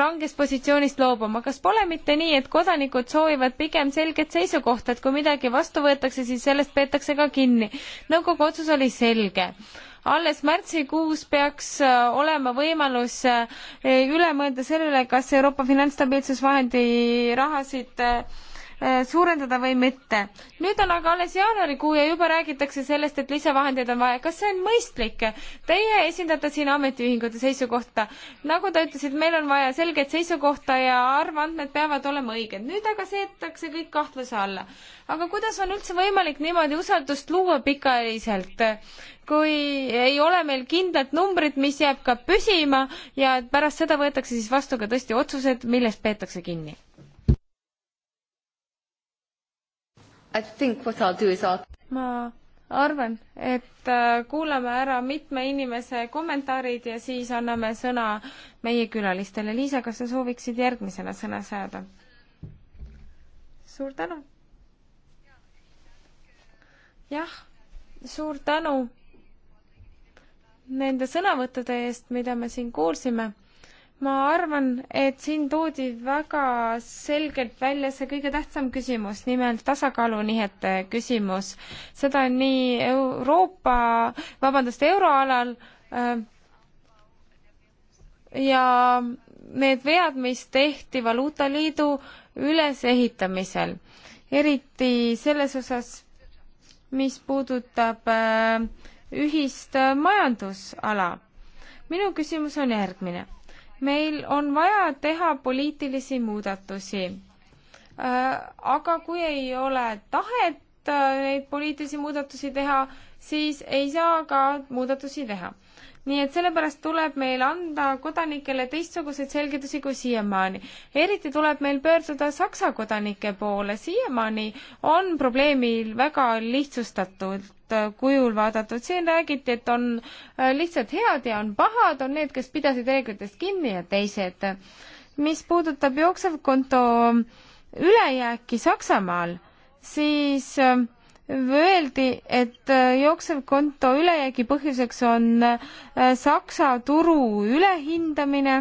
rangest positsioonist loobuma. kas pole mitte nii, et kodanikud soovivad pigem selget seisukohta, et kui midagi vastu võetakse, siis sellest peetakse ka kinni? nõukogu otsus oli selge alles märtsikuus peaks äh, olema võimalus äh, üle mõelda selle üle, kas Euroopa finantsstabiilsusvahendi rahasid äh, Eh, suurendada või mitte. nüüd on aga alles jaanuarikuu ja juba räägitakse sellest, et lisavahendeid on vaja. kas see on mõistlik? Teie esindate siin ametiühingute seisukohta. nagu te ütlesite, meil on vaja selget seisukohta ja arvandmed peavad olema õiged. nüüd aga seetakse kõik kahtluse alla. aga kuidas on üldse võimalik niimoodi usaldust luua pikaajaliselt? kui ei ole meil kindlat numbrit, mis jääb ka püsima ja pärast seda võetakse siis vastu ka tõesti otsused, millest peetakse kinni I think what I'll do is I'll ma arvan, et äh, kuulame ära mitme inimese kommentaarid ja siis anname sõna meie külalistele. Liisa, kas sa sooviksid järgmisena sõna saada? suur tänu! jah, suur tänu nende sõnavõttude eest, mida me siin kuulsime ma arvan, et siin toodi väga selgelt välja see kõige tähtsam küsimus, nimelt tasakaalunihete küsimus. seda nii Euroopa, vabandust, euroalal äh, ja need vead, mis tehti Valuutaliidu ülesehitamisel, eriti selles osas, mis puudutab äh, ühist äh, majandusala. minu küsimus on järgmine meil on vaja teha poliitilisi muudatusi. Äh, aga kui ei ole tahet äh, neid poliitilisi muudatusi teha, siis ei saa ka muudatusi teha nii et sellepärast tuleb meil anda kodanikele teistsuguseid selgitusi kui siiamaani. eriti tuleb meil pöörduda Saksa kodanike poole, siiamaani on probleemil väga lihtsustatud kujul vaadatud, siin räägiti, et on äh, lihtsalt head ja on pahad, on need, kes pidasid reeglitest kinni ja teised. mis puudutab jooksevkonto ülejääki Saksamaal, siis äh, öeldi, et äh, jooksev konto ülejäägi põhjuseks on äh, Saksa turu ülehindamine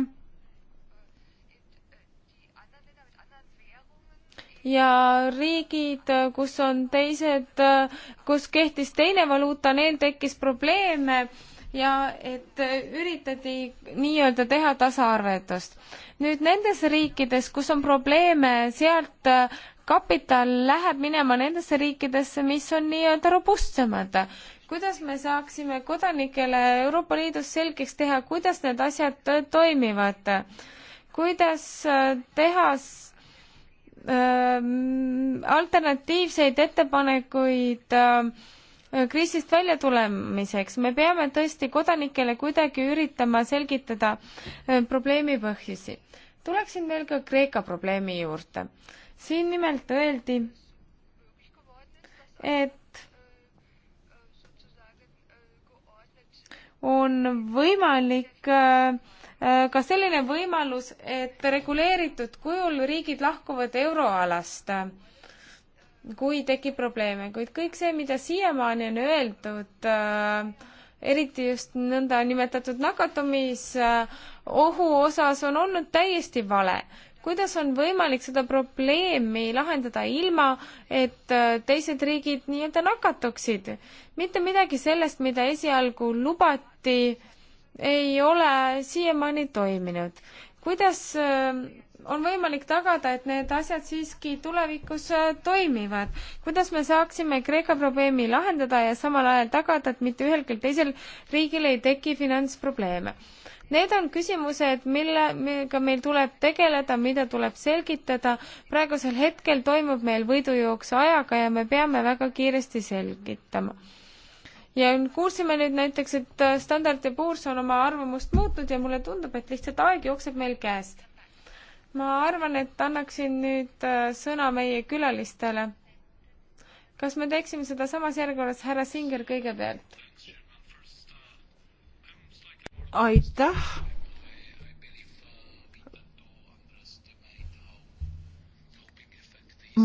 ja riigid, äh, kus on teised, kus kehtis teine valuuta, neil tekkis probleeme ja et üritati nii-öelda teha tasaarveldust. nüüd nendes riikides, kus on probleeme, sealt kapital läheb minema nendesse riikidesse, mis on nii-öelda robustsemad. kuidas me saaksime kodanikele Euroopa Liidus selgeks teha, kuidas need asjad toimivad? kuidas äh, teha ähm, alternatiivseid ettepanekuid äh, kriisist välja tulemiseks, me peame tõesti kodanikele kuidagi üritama selgitada äh, probleemi põhjusi. tuleksin veel ka Kreeka probleemi juurde siin nimelt öeldi, et on võimalik äh, äh, ka selline võimalus, et reguleeritud kujul riigid lahkuvad euroalast, kui tekib probleeme, kuid kõik see, mida siiamaani on öeldud, äh, eriti just nõndanimetatud nakatumisohu osas, on olnud täiesti vale kuidas on võimalik seda probleemi lahendada ilma, et äh, teised riigid nii-öelda nakatuksid? mitte midagi sellest, mida esialgu lubati, ei ole siiamaani toiminud. kuidas äh, on võimalik tagada, et need asjad siiski tulevikus äh, toimivad. kuidas me saaksime Kreeka probleemi lahendada ja samal ajal tagada, et mitte ühelgi teisel riigil ei teki finantsprobleeme? Need on küsimused, mille, millega meil tuleb tegeleda, mida tuleb selgitada. praegusel hetkel toimub meil võidujooks ajaga ja me peame väga kiiresti selgitama. ja kuulsime nüüd näiteks, et Standard ja Poor's on oma arvamust muutnud ja mulle tundub, et lihtsalt aeg jookseb meil käest ma arvan, et annaksin nüüd äh, sõna meie külalistele. kas me teeksime seda samas järjekorras, härra Singer kõigepealt? aitäh.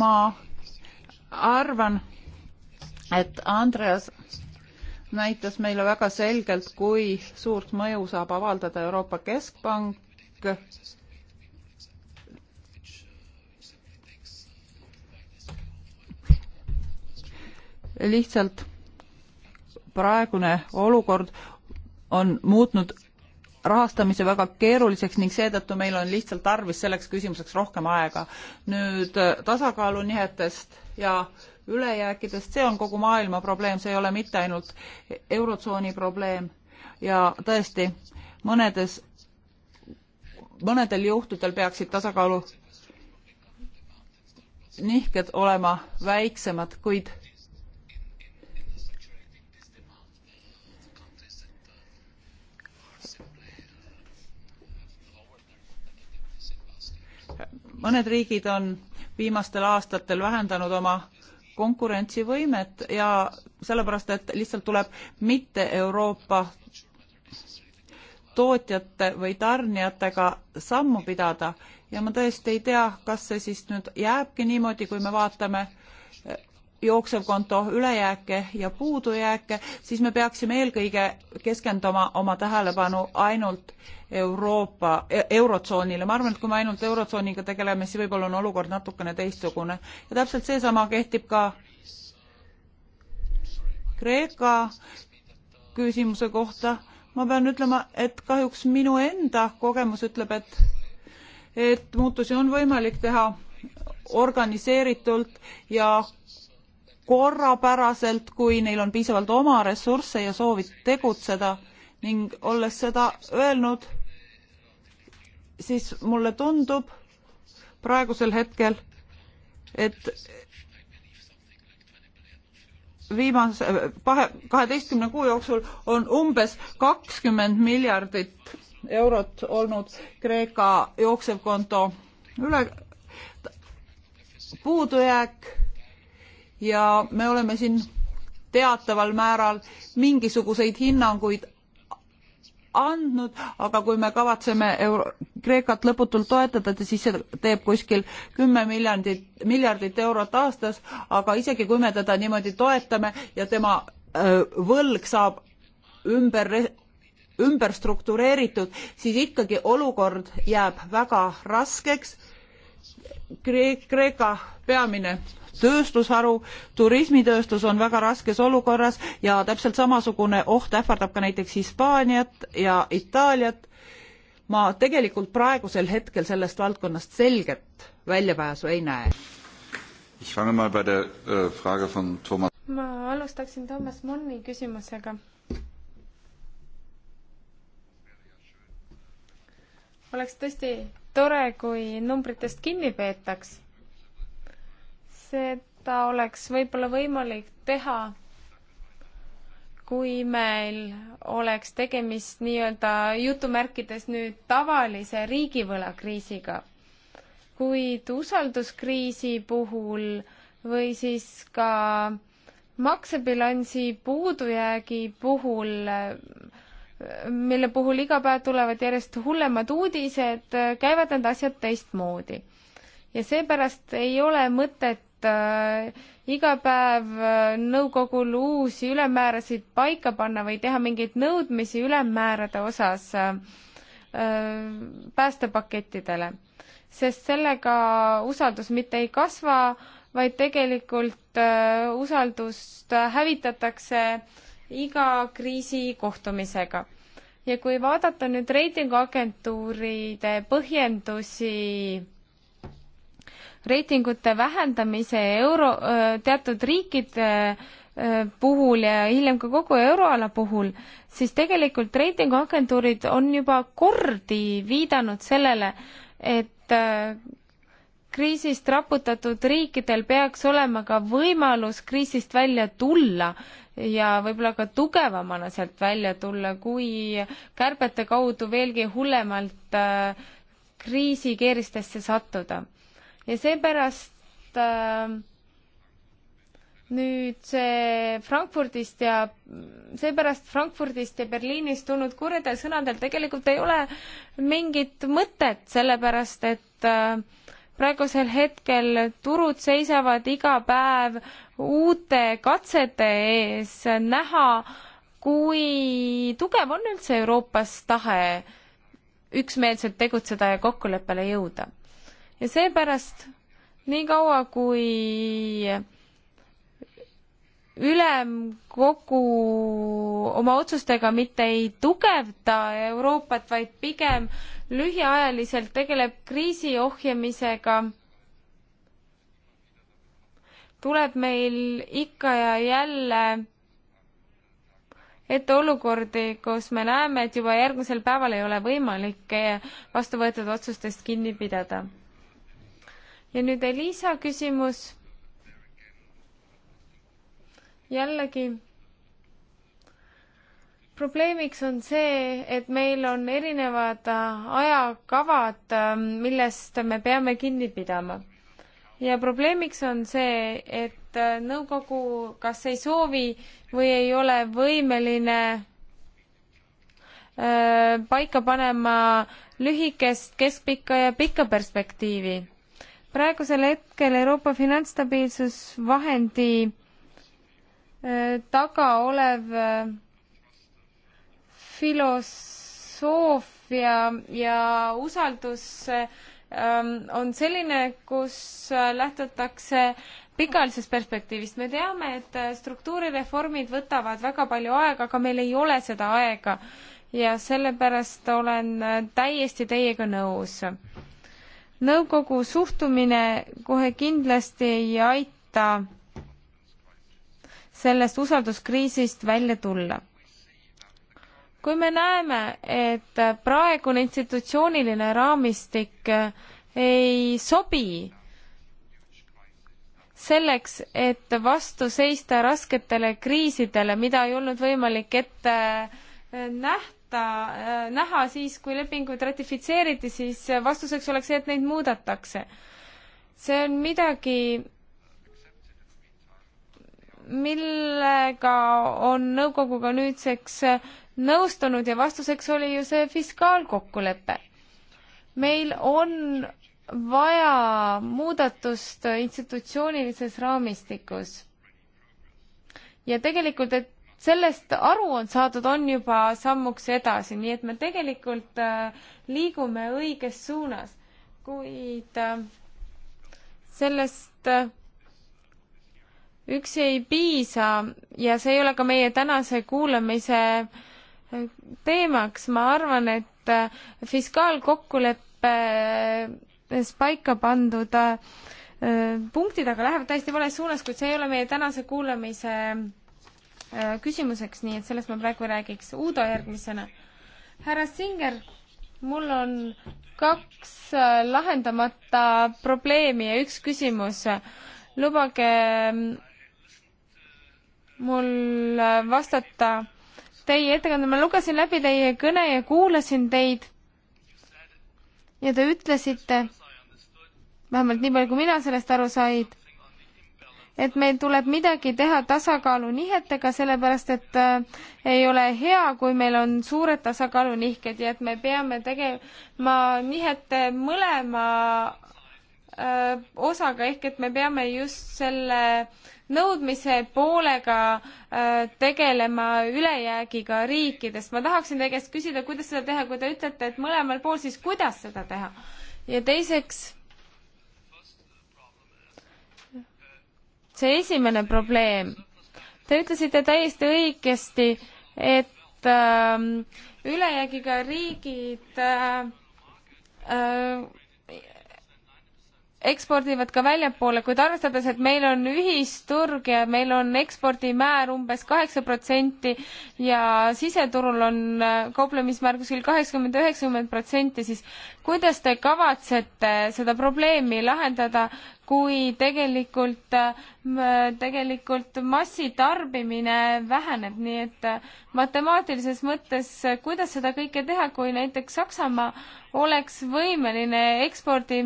ma arvan, et Andreas näitas meile väga selgelt, kui suurt mõju saab avaldada Euroopa Keskpank lihtsalt praegune olukord on muutnud rahastamise väga keeruliseks ning seetõttu meil on lihtsalt tarvis selleks küsimuseks rohkem aega. nüüd äh, tasakaalunihetest ja ülejääkidest, see on kogu maailma probleem, see ei ole mitte ainult Eurotsooni probleem ja tõesti, mõnedes, mõnedel juhtudel peaksid tasakaalu nihked olema väiksemad, kuid mõned riigid on viimastel aastatel vähendanud oma konkurentsivõimet ja sellepärast, et lihtsalt tuleb mitte Euroopa tootjate või tarnijatega sammu pidada ja ma tõesti ei tea, kas see siis nüüd jääbki niimoodi, kui me vaatame äh, jooksevkonto ülejääke ja puudujääke, siis me peaksime eelkõige keskenduma oma tähelepanu ainult Euroopa, e, Eurotsoonile. ma arvan, et kui me ainult Eurotsooniga tegeleme, siis võib-olla on olukord natukene teistsugune. ja täpselt seesama kehtib ka Kreeka küsimuse kohta. ma pean ütlema, et kahjuks minu enda kogemus ütleb, et et muutusi on võimalik teha organiseeritult ja korrapäraselt, kui neil on piisavalt oma ressursse ja soovi tegutseda ning olles seda öelnud, siis mulle tundub praegusel hetkel, et viimase kahe, kaheteistkümne kuu jooksul on umbes kakskümmend miljardit eurot olnud Kreeka jooksev konto üle puudujääk ja me oleme siin teataval määral mingisuguseid hinnanguid andnud, aga kui me kavatseme euro-, Kreekat lõputult toetada, siis see teeb kuskil kümme miljardit, miljardit eurot aastas, aga isegi kui me teda niimoodi toetame ja tema öö, võlg saab ümber, ümber struktureeritud, siis ikkagi olukord jääb väga raskeks Kreek,. Kreeka peamine tööstusharu, turismitööstus on väga raskes olukorras ja täpselt samasugune oht ähvardab ka näiteks Hispaaniat ja Itaaliat. ma tegelikult praegusel hetkel sellest valdkonnast selget väljapääsu ei näe. Äh, ma alustaksin Toomas Monni küsimusega oleks tõesti tore, kui numbritest kinni peetaks seda oleks võib-olla võimalik teha, kui meil oleks tegemist nii-öelda jutumärkides nüüd tavalise riigivõlakriisiga, kuid usalduskriisi puhul või siis ka maksebilansi puudujäägi puhul mille puhul iga päev tulevad järjest hullemad uudised, käivad need asjad teistmoodi. ja seepärast ei ole mõtet Äh, iga päev äh, nõukogul uusi ülemmäärasid paika panna või teha mingeid nõudmisi ülemmäärade osas äh, päästepakettidele, sest sellega usaldus mitte ei kasva, vaid tegelikult usaldust hävitatakse iga kriisi kohtumisega. ja kui vaadata nüüd reitinguagentuuride põhjendusi reitingute vähendamise euro, teatud riikide puhul ja hiljem ka kogu euroala puhul, siis tegelikult reitinguagentuurid on juba kordi viidanud sellele, et kriisist raputatud riikidel peaks olema ka võimalus kriisist välja tulla ja võib-olla ka tugevamana sealt välja tulla, kui kärbete kaudu veelgi hullemalt kriisikeeristesse sattuda ja seepärast äh, nüüd see Frankfurdist ja seepärast Frankfurdist ja Berliinist tulnud kurjadel sõnadel tegelikult ei ole mingit mõtet, sellepärast et äh, praegusel hetkel turud seisavad iga päev uute katsete ees näha, kui tugev on üldse Euroopas tahe üksmeelselt tegutseda ja kokkuleppele jõuda ja seepärast niikaua, kui ülemkogu oma otsustega mitte ei tugevda Euroopat, vaid pigem lühiajaliselt tegeleb kriisi ohjamisega, tuleb meil ikka ja jälle ette olukordi, kus me näeme, et juba järgmisel päeval ei ole võimalik vastu võetud otsustest kinni pidada ja nüüd Elisa küsimus. jällegi probleemiks on see, et meil on erinevad äh, ajakavad, äh, millest me peame kinni pidama. ja probleemiks on see, et äh, nõukogu kas ei soovi või ei ole võimeline paika panema lühikest, keskpikka ja pikka perspektiivi praegusel hetkel Euroopa finantsstabiilsusvahendi äh, taga olev äh, filosoofia ja usaldus ähm, on selline, kus äh, lähtutakse pikaajalisest perspektiivist. me teame, et struktuurireformid võtavad väga palju aega, aga meil ei ole seda aega ja sellepärast olen täiesti teiega nõus nõukogu suhtumine kohe kindlasti ei aita sellest usalduskriisist välja tulla. kui me näeme, et praegune institutsiooniline raamistik ei sobi selleks, et vastu seista rasketele kriisidele, mida ei olnud võimalik ette nähta, kohta äh, näha siis, kui lepingud ratifitseeriti, siis vastuseks oleks see, et neid muudetakse. see on midagi, millega on nõukoguga nüüdseks nõustunud ja vastuseks oli ju see fiskaalkokkulepe. meil on vaja muudatust institutsioonilises raamistikus. ja tegelikult, et sellest aru on saadud, on juba sammuks edasi, nii et me tegelikult äh, liigume õiges suunas, kuid äh, sellest äh, üksi ei piisa ja see ei ole ka meie tänase kuulamise teemaks, ma arvan, et fiskaalkokkuleppes paika pandud punktid aga lähevad täiesti vales suunas, kuid see ei ole meie tänase kuulamise Äh, küsimuseks, nii et sellest ma praegu räägiks. Uudo järgmisena. härra Singer, mul on kaks äh, lahendamata probleemi ja üks küsimus. lubage mm, mul äh, vastata teie ettekande, ma lugesin läbi teie kõne ja kuulasin teid ja te ütlesite, vähemalt nii palju, kui mina sellest aru sain, et meil tuleb midagi teha tasakaalunihetega, sellepärast et äh, ei ole hea, kui meil on suured tasakaalunihked ja et me peame tegema nihete mõlema äh, osaga, ehk et me peame just selle nõudmise poolega äh, tegelema ülejäägiga riikidest. ma tahaksin teie käest küsida, kuidas seda teha, kui te ütlete, et mõlemal pool, siis kuidas seda teha? ja teiseks see esimene probleem. Te ütlesite täiesti õigesti, et äh, ülejäägiga riigid äh, äh, ekspordivad ka väljapoole, kuid arvestades, et meil on ühisturg ja meil on ekspordimäär umbes kaheksa protsenti ja siseturul on äh, kauplemismäär kuskil kaheksakümmend, üheksakümmend protsenti, siis kuidas te kavatsete seda probleemi lahendada, kui tegelikult, äh, tegelikult massitarbimine väheneb, nii et äh, matemaatilises mõttes, äh, kuidas seda kõike teha, kui näiteks Saksamaa oleks võimeline ekspordi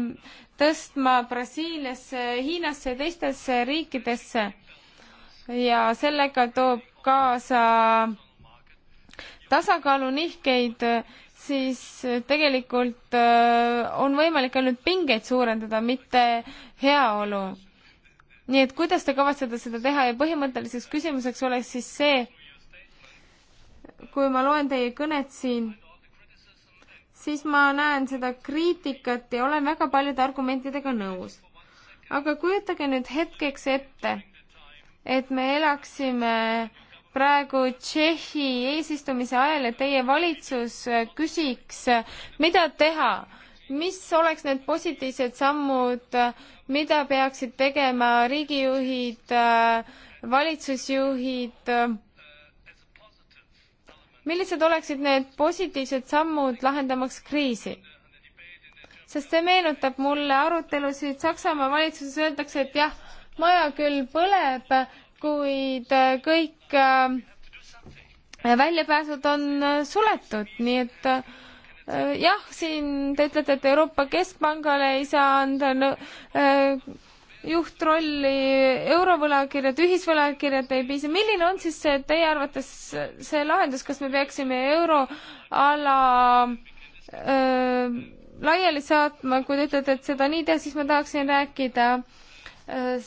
tõstma Brasiiliasse, Hiinasse ja teistesse riikidesse ja sellega toob kaasa tasakaalunihkeid siis äh, tegelikult äh, on võimalik ainult pingeid suurendada, mitte heaolu. nii et kuidas te kavatsete seda teha ja põhimõtteliseks küsimuseks oleks siis see, kui ma loen teie kõnet siin, siis ma näen seda kriitikat ja olen väga paljude argumentidega nõus. aga kujutage nüüd hetkeks ette, et me elaksime äh, praegu Tšehhi eesistumise ajal, et teie valitsus äh, küsiks, mida teha, mis oleks need positiivsed sammud, mida peaksid tegema riigijuhid, äh, valitsusjuhid, millised oleksid need positiivsed sammud lahendamaks kriisi? sest see meenutab mulle arutelusid Saksamaa valitsuses, öeldakse, et jah, maja küll põleb, kuid äh, kõik äh, väljapääsud on äh, suletud, nii et jah, siin te ütlete, et Euroopa Keskpangale ei saa anda no, juhtrolli eurovõlakirjad, ühisvõlakirjad ei piisa. milline on siis see teie arvates see lahendus, kas me peaksime euroala äh, laiali saatma, kui te ütlete, et seda nii teha, siis ma tahaksin rääkida äh,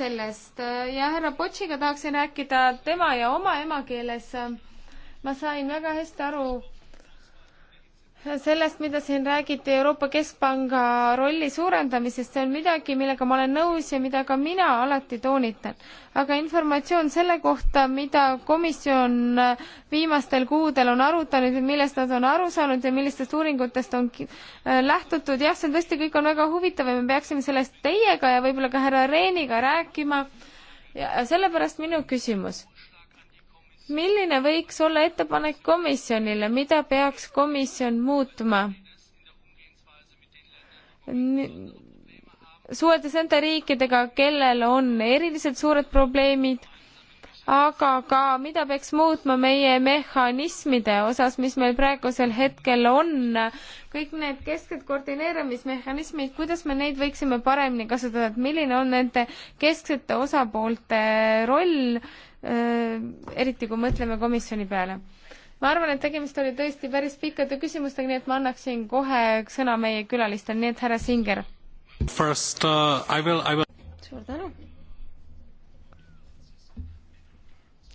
sellest ja härra Potšiga tahaksin rääkida tema ja oma emakeeles. ma sain väga hästi aru sellest, mida siin räägiti Euroopa Keskpanga rolli suurendamisest, see on midagi, millega ma olen nõus ja mida ka mina alati toonitan. aga informatsioon selle kohta, mida komisjon viimastel kuudel on arutanud ja millest nad on aru saanud ja millistest uuringutest on äh, lähtutud, jah, see on tõesti, kõik on väga huvitav ja me peaksime sellest teiega ja võib-olla ka härra Reeniga rääkima. ja sellepärast minu küsimus milline võiks olla ettepanek komisjonile, mida peaks komisjon muutma? suheldes nende riikidega, kellel on eriliselt suured probleemid, aga ka mida peaks muutma meie mehhanismide osas, mis meil praegusel hetkel on, kõik need kesksed koordineerimismehhanismid, kuidas me neid võiksime paremini kasutada, et milline on nende kesksete osapoolte roll Äh, eriti kui mõtleme komisjoni peale. ma arvan, et tegemist oli tõesti päris pikkade küsimustega, nii et ma annaksin kohe sõna meie külalistele, nii et härra Singer. First uh, I will, I will. suur tänu.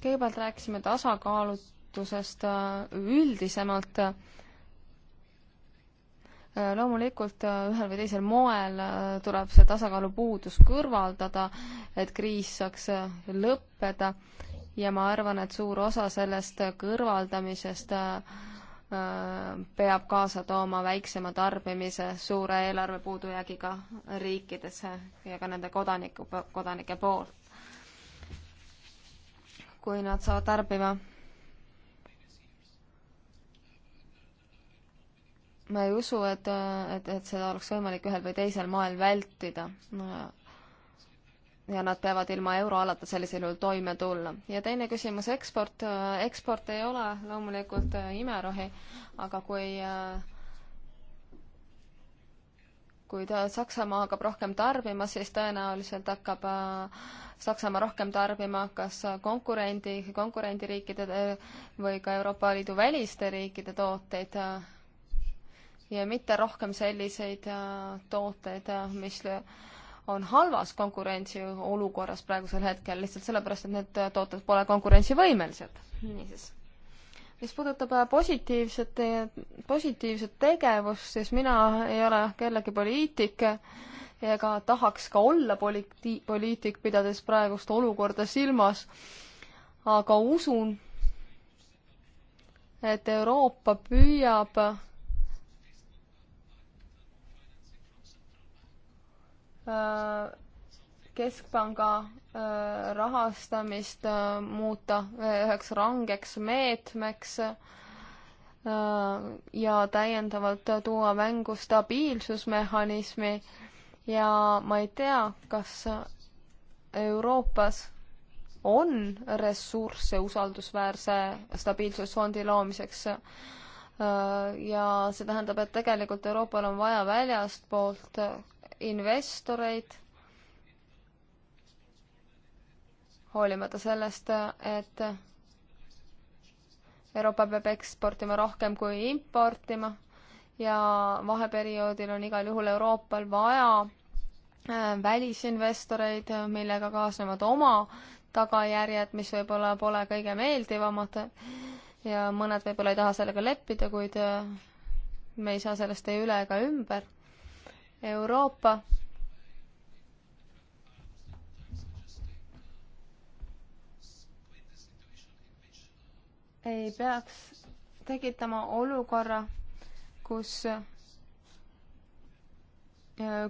kõigepealt rääkisime tasakaalutusest uh, üldisemalt Äh, loomulikult äh, ühel või teisel moel äh, tuleb see tasakaalupuudus kõrvaldada, et kriis saaks lõppeda ja ma arvan, et suur osa sellest kõrvaldamisest peab kaasa tooma väiksema tarbimise suure eelarve puudujäägiga riikidesse ja ka nende kodaniku, kodanike poolt. kui nad saavad tarbima ma ei usu, et, et, et seda oleks võimalik ühel või teisel moel vältida no,. ja nad peavad ilma euroalata sellisel juhul toime tulla. ja teine küsimus, eksport. eksport ei ole loomulikult imerohi, aga kui kui ta Saksamaa hakkab rohkem tarbima, siis tõenäoliselt hakkab Saksamaa rohkem tarbima kas konkurendi, konkurendiriikide või ka Euroopa Liidu väliste riikide tooteid ja mitte rohkem selliseid äh, tooteid, äh, mis on halvas konkurentsiolukorras praegusel hetkel, lihtsalt sellepärast, et need äh, tooted pole konkurentsivõimelised. niisiis. mis puudutab positiivset, positiivset tegevust, siis mina ei ole kellegi poliitik ega tahaks ka olla poliiti-, poliitik, pidades praegust olukorda silmas, aga usun, et Euroopa püüab keskpanga äh, rahastamist äh, muuta äh, üheks rangeks meetmeks ja täiendavalt tuua mängu stabiilsusmehhanismi ja ma ei tea, kas Euroopas on ressursse usaldusväärse stabiilsusfondi loomiseks. ja see tähendab, et tegelikult Euroopal on vaja väljastpoolt investoreid, hoolimata sellest, et Euroopa peab eksportima rohkem kui importima ja vaheperioodil on igal juhul Euroopal vaja äh, välisinvestoreid, millega kaasnevad oma tagajärjed, mis võib-olla pole kõige meeldivamad ja mõned võib-olla ei taha sellega leppida, kuid äh, me ei saa sellest ei üle ega ümber Euroopa ei peaks tekitama olukorra, kus äh,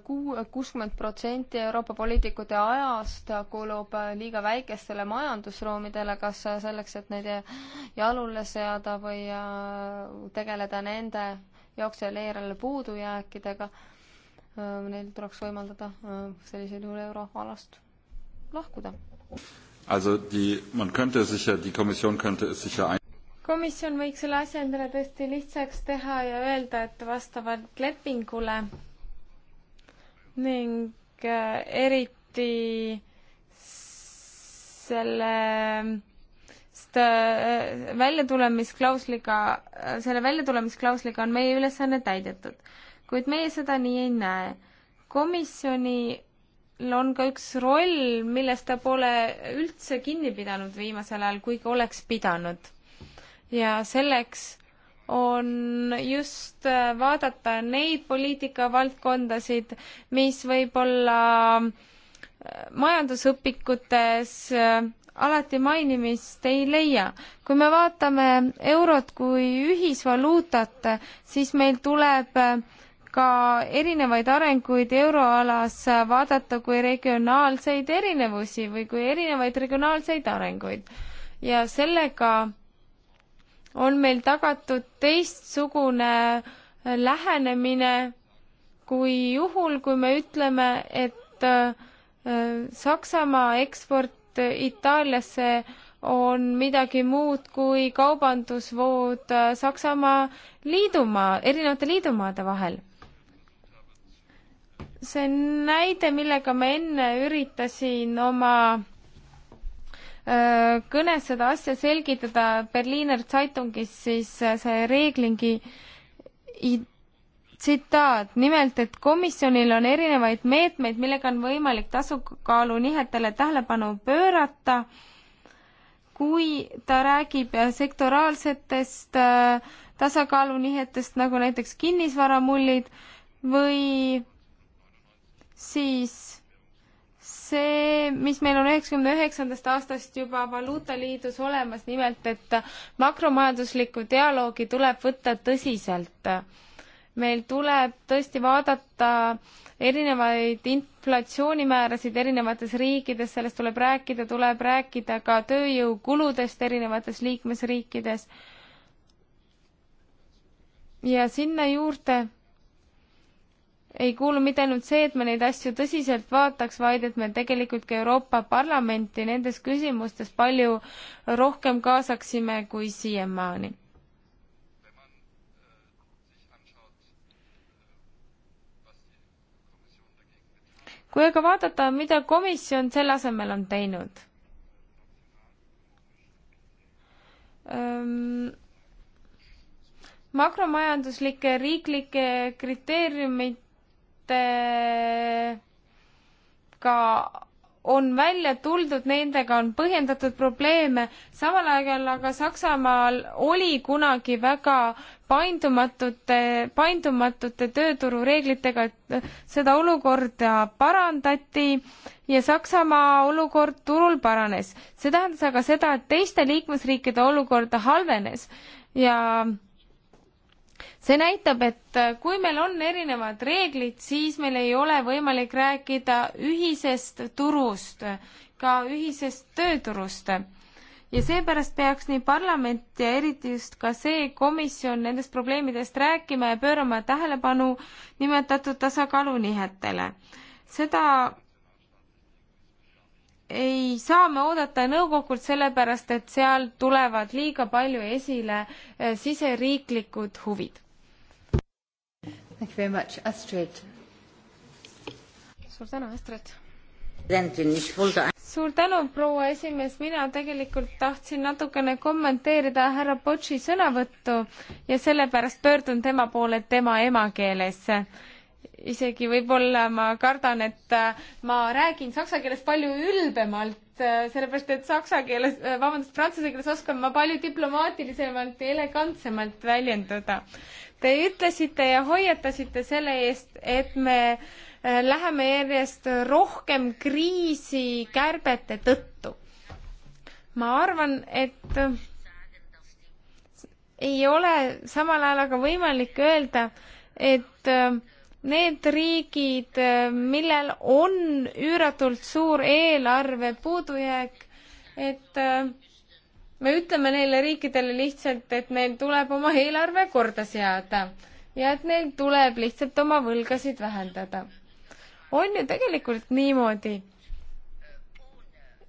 kuu, kuuskümmend protsenti Euroopa poliitikute ajast kulub äh, liiga väikestele majandusruumidele, kas äh, selleks, et neid jalule seada või tegeleda nende jooksjal eelarve puudujääkidega Äh, neil tuleks võimaldada äh, sellisel juhul euroalast lahkuda. Also die, man könnte sicher, die Kommission könnte es sicher ein- komisjon võiks selle asja endale tõesti lihtsaks teha ja öelda, et vastavalt lepingule ning äh, eriti selle väljatulemisklausliga, selle väljatulemisklausliga on meie ülesanne täidetud kuid meie seda nii ei näe. komisjonil on ka üks roll, millest ta pole üldse kinni pidanud viimasel ajal, kuigi oleks pidanud. ja selleks on just vaadata neid poliitikavaldkondasid, mis võib-olla äh, majandusõpikutes äh, alati mainimist ei leia. kui me vaatame eurot kui ühisvaluutat, siis meil tuleb äh, ka erinevaid arenguid euroalas vaadata kui regionaalseid erinevusi või kui erinevaid regionaalseid arenguid. ja sellega on meil tagatud teistsugune lähenemine kui juhul, kui me ütleme, et äh, Saksamaa eksport Itaaliasse on midagi muud kui kaubandusvood äh, Saksamaa liidumaa, erinevate liidumaade vahel see näide, millega ma enne üritasin oma kõnes seda asja selgitada Berliiner Zeitungis, siis äh, see reeglingi tsitaat, nimelt, et komisjonil on erinevaid meetmeid, millega on võimalik tasukaalu nihetele tähelepanu pöörata, kui ta räägib äh, sektoraalsetest äh, tasakaalunihetest, nagu näiteks kinnisvaramullid või siis see, mis meil on üheksakümne üheksandast aastast juba valuutaliidus olemas, nimelt et makromajanduslikku dialoogi tuleb võtta tõsiselt. meil tuleb tõesti vaadata erinevaid inflatsioonimäärasid erinevates riikides, sellest tuleb rääkida, tuleb rääkida ka tööjõukuludest erinevates liikmesriikides. ja sinna juurde ei kuulu mitte ainult see, et me neid asju tõsiselt vaataks, vaid et me tegelikult ka Euroopa Parlamenti nendes küsimustes palju rohkem kaasaksime kui siiamaani. kui aga vaadata, mida komisjon selle asemel on teinud ähm,, makromajanduslike riiklike kriteeriumid ka on välja tuldud, nendega on põhjendatud probleeme, samal ajal aga Saksamaal oli kunagi väga paindumatute, paindumatute tööturureeglitega, et seda olukorda parandati ja Saksamaa olukord turul paranes. see tähendas aga seda, et teiste liikmesriikide olukorda halvenes ja see näitab, et äh, kui meil on erinevad reeglid, siis meil ei ole võimalik rääkida ühisest turust, ka ühisest tööturust. ja seepärast peaks nii parlament ja eriti just ka see komisjon nendest probleemidest rääkima ja pöörama tähelepanu nimetatud tasakaalunihetele. seda ei saa me oodata nõukogult, sellepärast et seal tulevad liiga palju esile eh, siseriiklikud huvid. suur tänu, Astrid. suur tänu, proua esimees, mina tegelikult tahtsin natukene kommenteerida härra Botši sõnavõttu ja sellepärast pöördun tema poole tema emakeeles isegi võib-olla ma kardan, et äh, ma räägin saksa keeles palju ülbemalt, äh, sellepärast et saksa keeles, äh, vabandust, prantsuse keeles oskan ma palju diplomaatilisemalt ja elegantsemalt väljenduda. Te ütlesite ja hoiatasite selle eest, et me läheme järjest rohkem kriisi kärbete tõttu. ma arvan, et ei ole samal ajal aga võimalik öelda, et äh, need riigid, millel on üüratult suur eelarve puudujääk, et äh, me ütleme neile riikidele lihtsalt, et neil tuleb oma eelarve korda seada ja et neil tuleb lihtsalt oma võlgasid vähendada. on ju tegelikult niimoodi,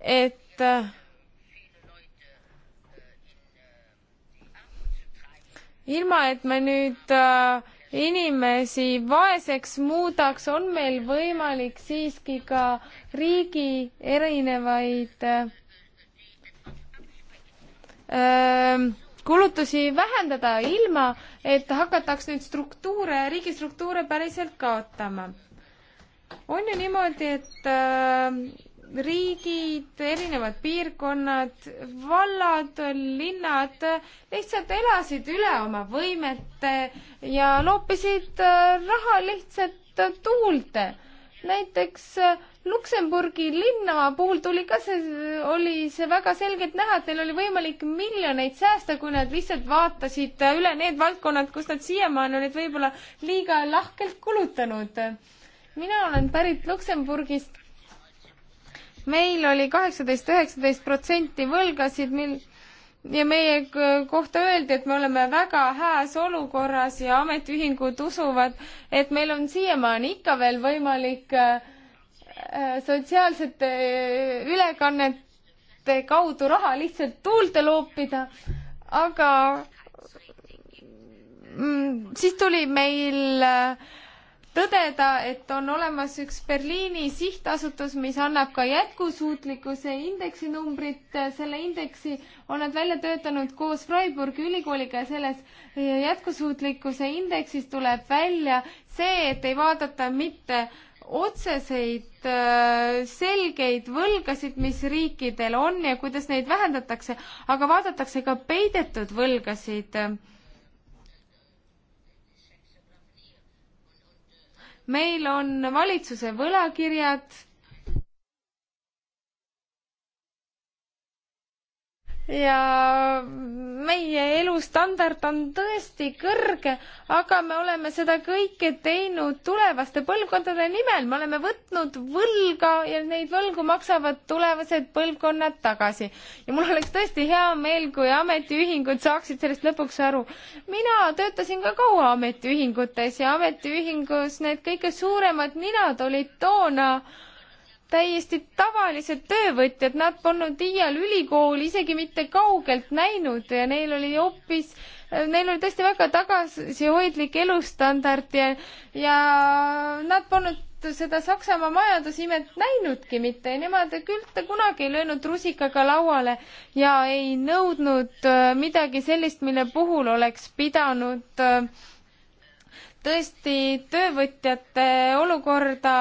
et äh, ilma, et me nüüd äh, inimesi vaeseks muudaks, on meil võimalik siiski ka riigi erinevaid öö, ähm, kulutusi vähendada, ilma et hakataks nüüd struktuure, riigistruktuure päriselt kaotama. on ju niimoodi, et öö, ähm, riigid, erinevad piirkonnad, vallad, linnad lihtsalt elasid üle oma võimete ja loopisid äh, raha lihtsalt äh, tuulde. näiteks äh, Luksemburgi linna puhul tuli ka see, oli see väga selgelt näha, et neil oli võimalik miljoneid säästa, kui nad lihtsalt vaatasid üle need valdkonnad, kus nad siiamaani olid võib-olla liiga lahkelt kulutanud. mina olen pärit Luksemburgist meil oli kaheksateist, üheksateist protsenti võlgasid, mil ja meie kohta öeldi, et me oleme väga hääs olukorras ja ametiühingud usuvad, et meil on siiamaani ikka veel võimalik äh, äh, sotsiaalsete äh, ülekannete kaudu raha lihtsalt tuulde loopida, aga mm, siis tuli meil äh, tõdeda, et on olemas üks Berliini sihtasutus, mis annab ka jätkusuutlikkuse indeksi numbrit. selle indeksi on nad välja töötanud koos Freiburgi ülikooliga ja selles jätkusuutlikkuse indeksis tuleb välja see, et ei vaadata mitte otseseid äh, selgeid võlgasid, mis riikidel on ja kuidas neid vähendatakse, aga vaadatakse ka peidetud võlgasid meil on valitsuse võlakirjad ja meie elustandard on tõesti kõrge, aga me oleme seda kõike teinud tulevaste põlvkondade nimel, me oleme võtnud võlga ja neid võlgu maksavad tulevased põlvkonnad tagasi. ja mul oleks tõesti hea meel, kui ametiühingud saaksid sellest lõpuks aru. mina töötasin ka kaua ametiühingutes ja ametiühingus need kõige suuremad ninad olid toona äh, täiesti tavalised töövõtjad, nad polnud iial ülikooli isegi mitte kaugelt näinud ja neil oli hoopis, neil oli tõesti väga tagasihoidlik elustandard ja, ja nad polnud seda Saksamaa majandusimet näinudki mitte ja nemad küll kunagi ei löönud rusikaga lauale ja ei nõudnud äh, midagi sellist, mille puhul oleks pidanud äh, tõesti töövõtjate olukorda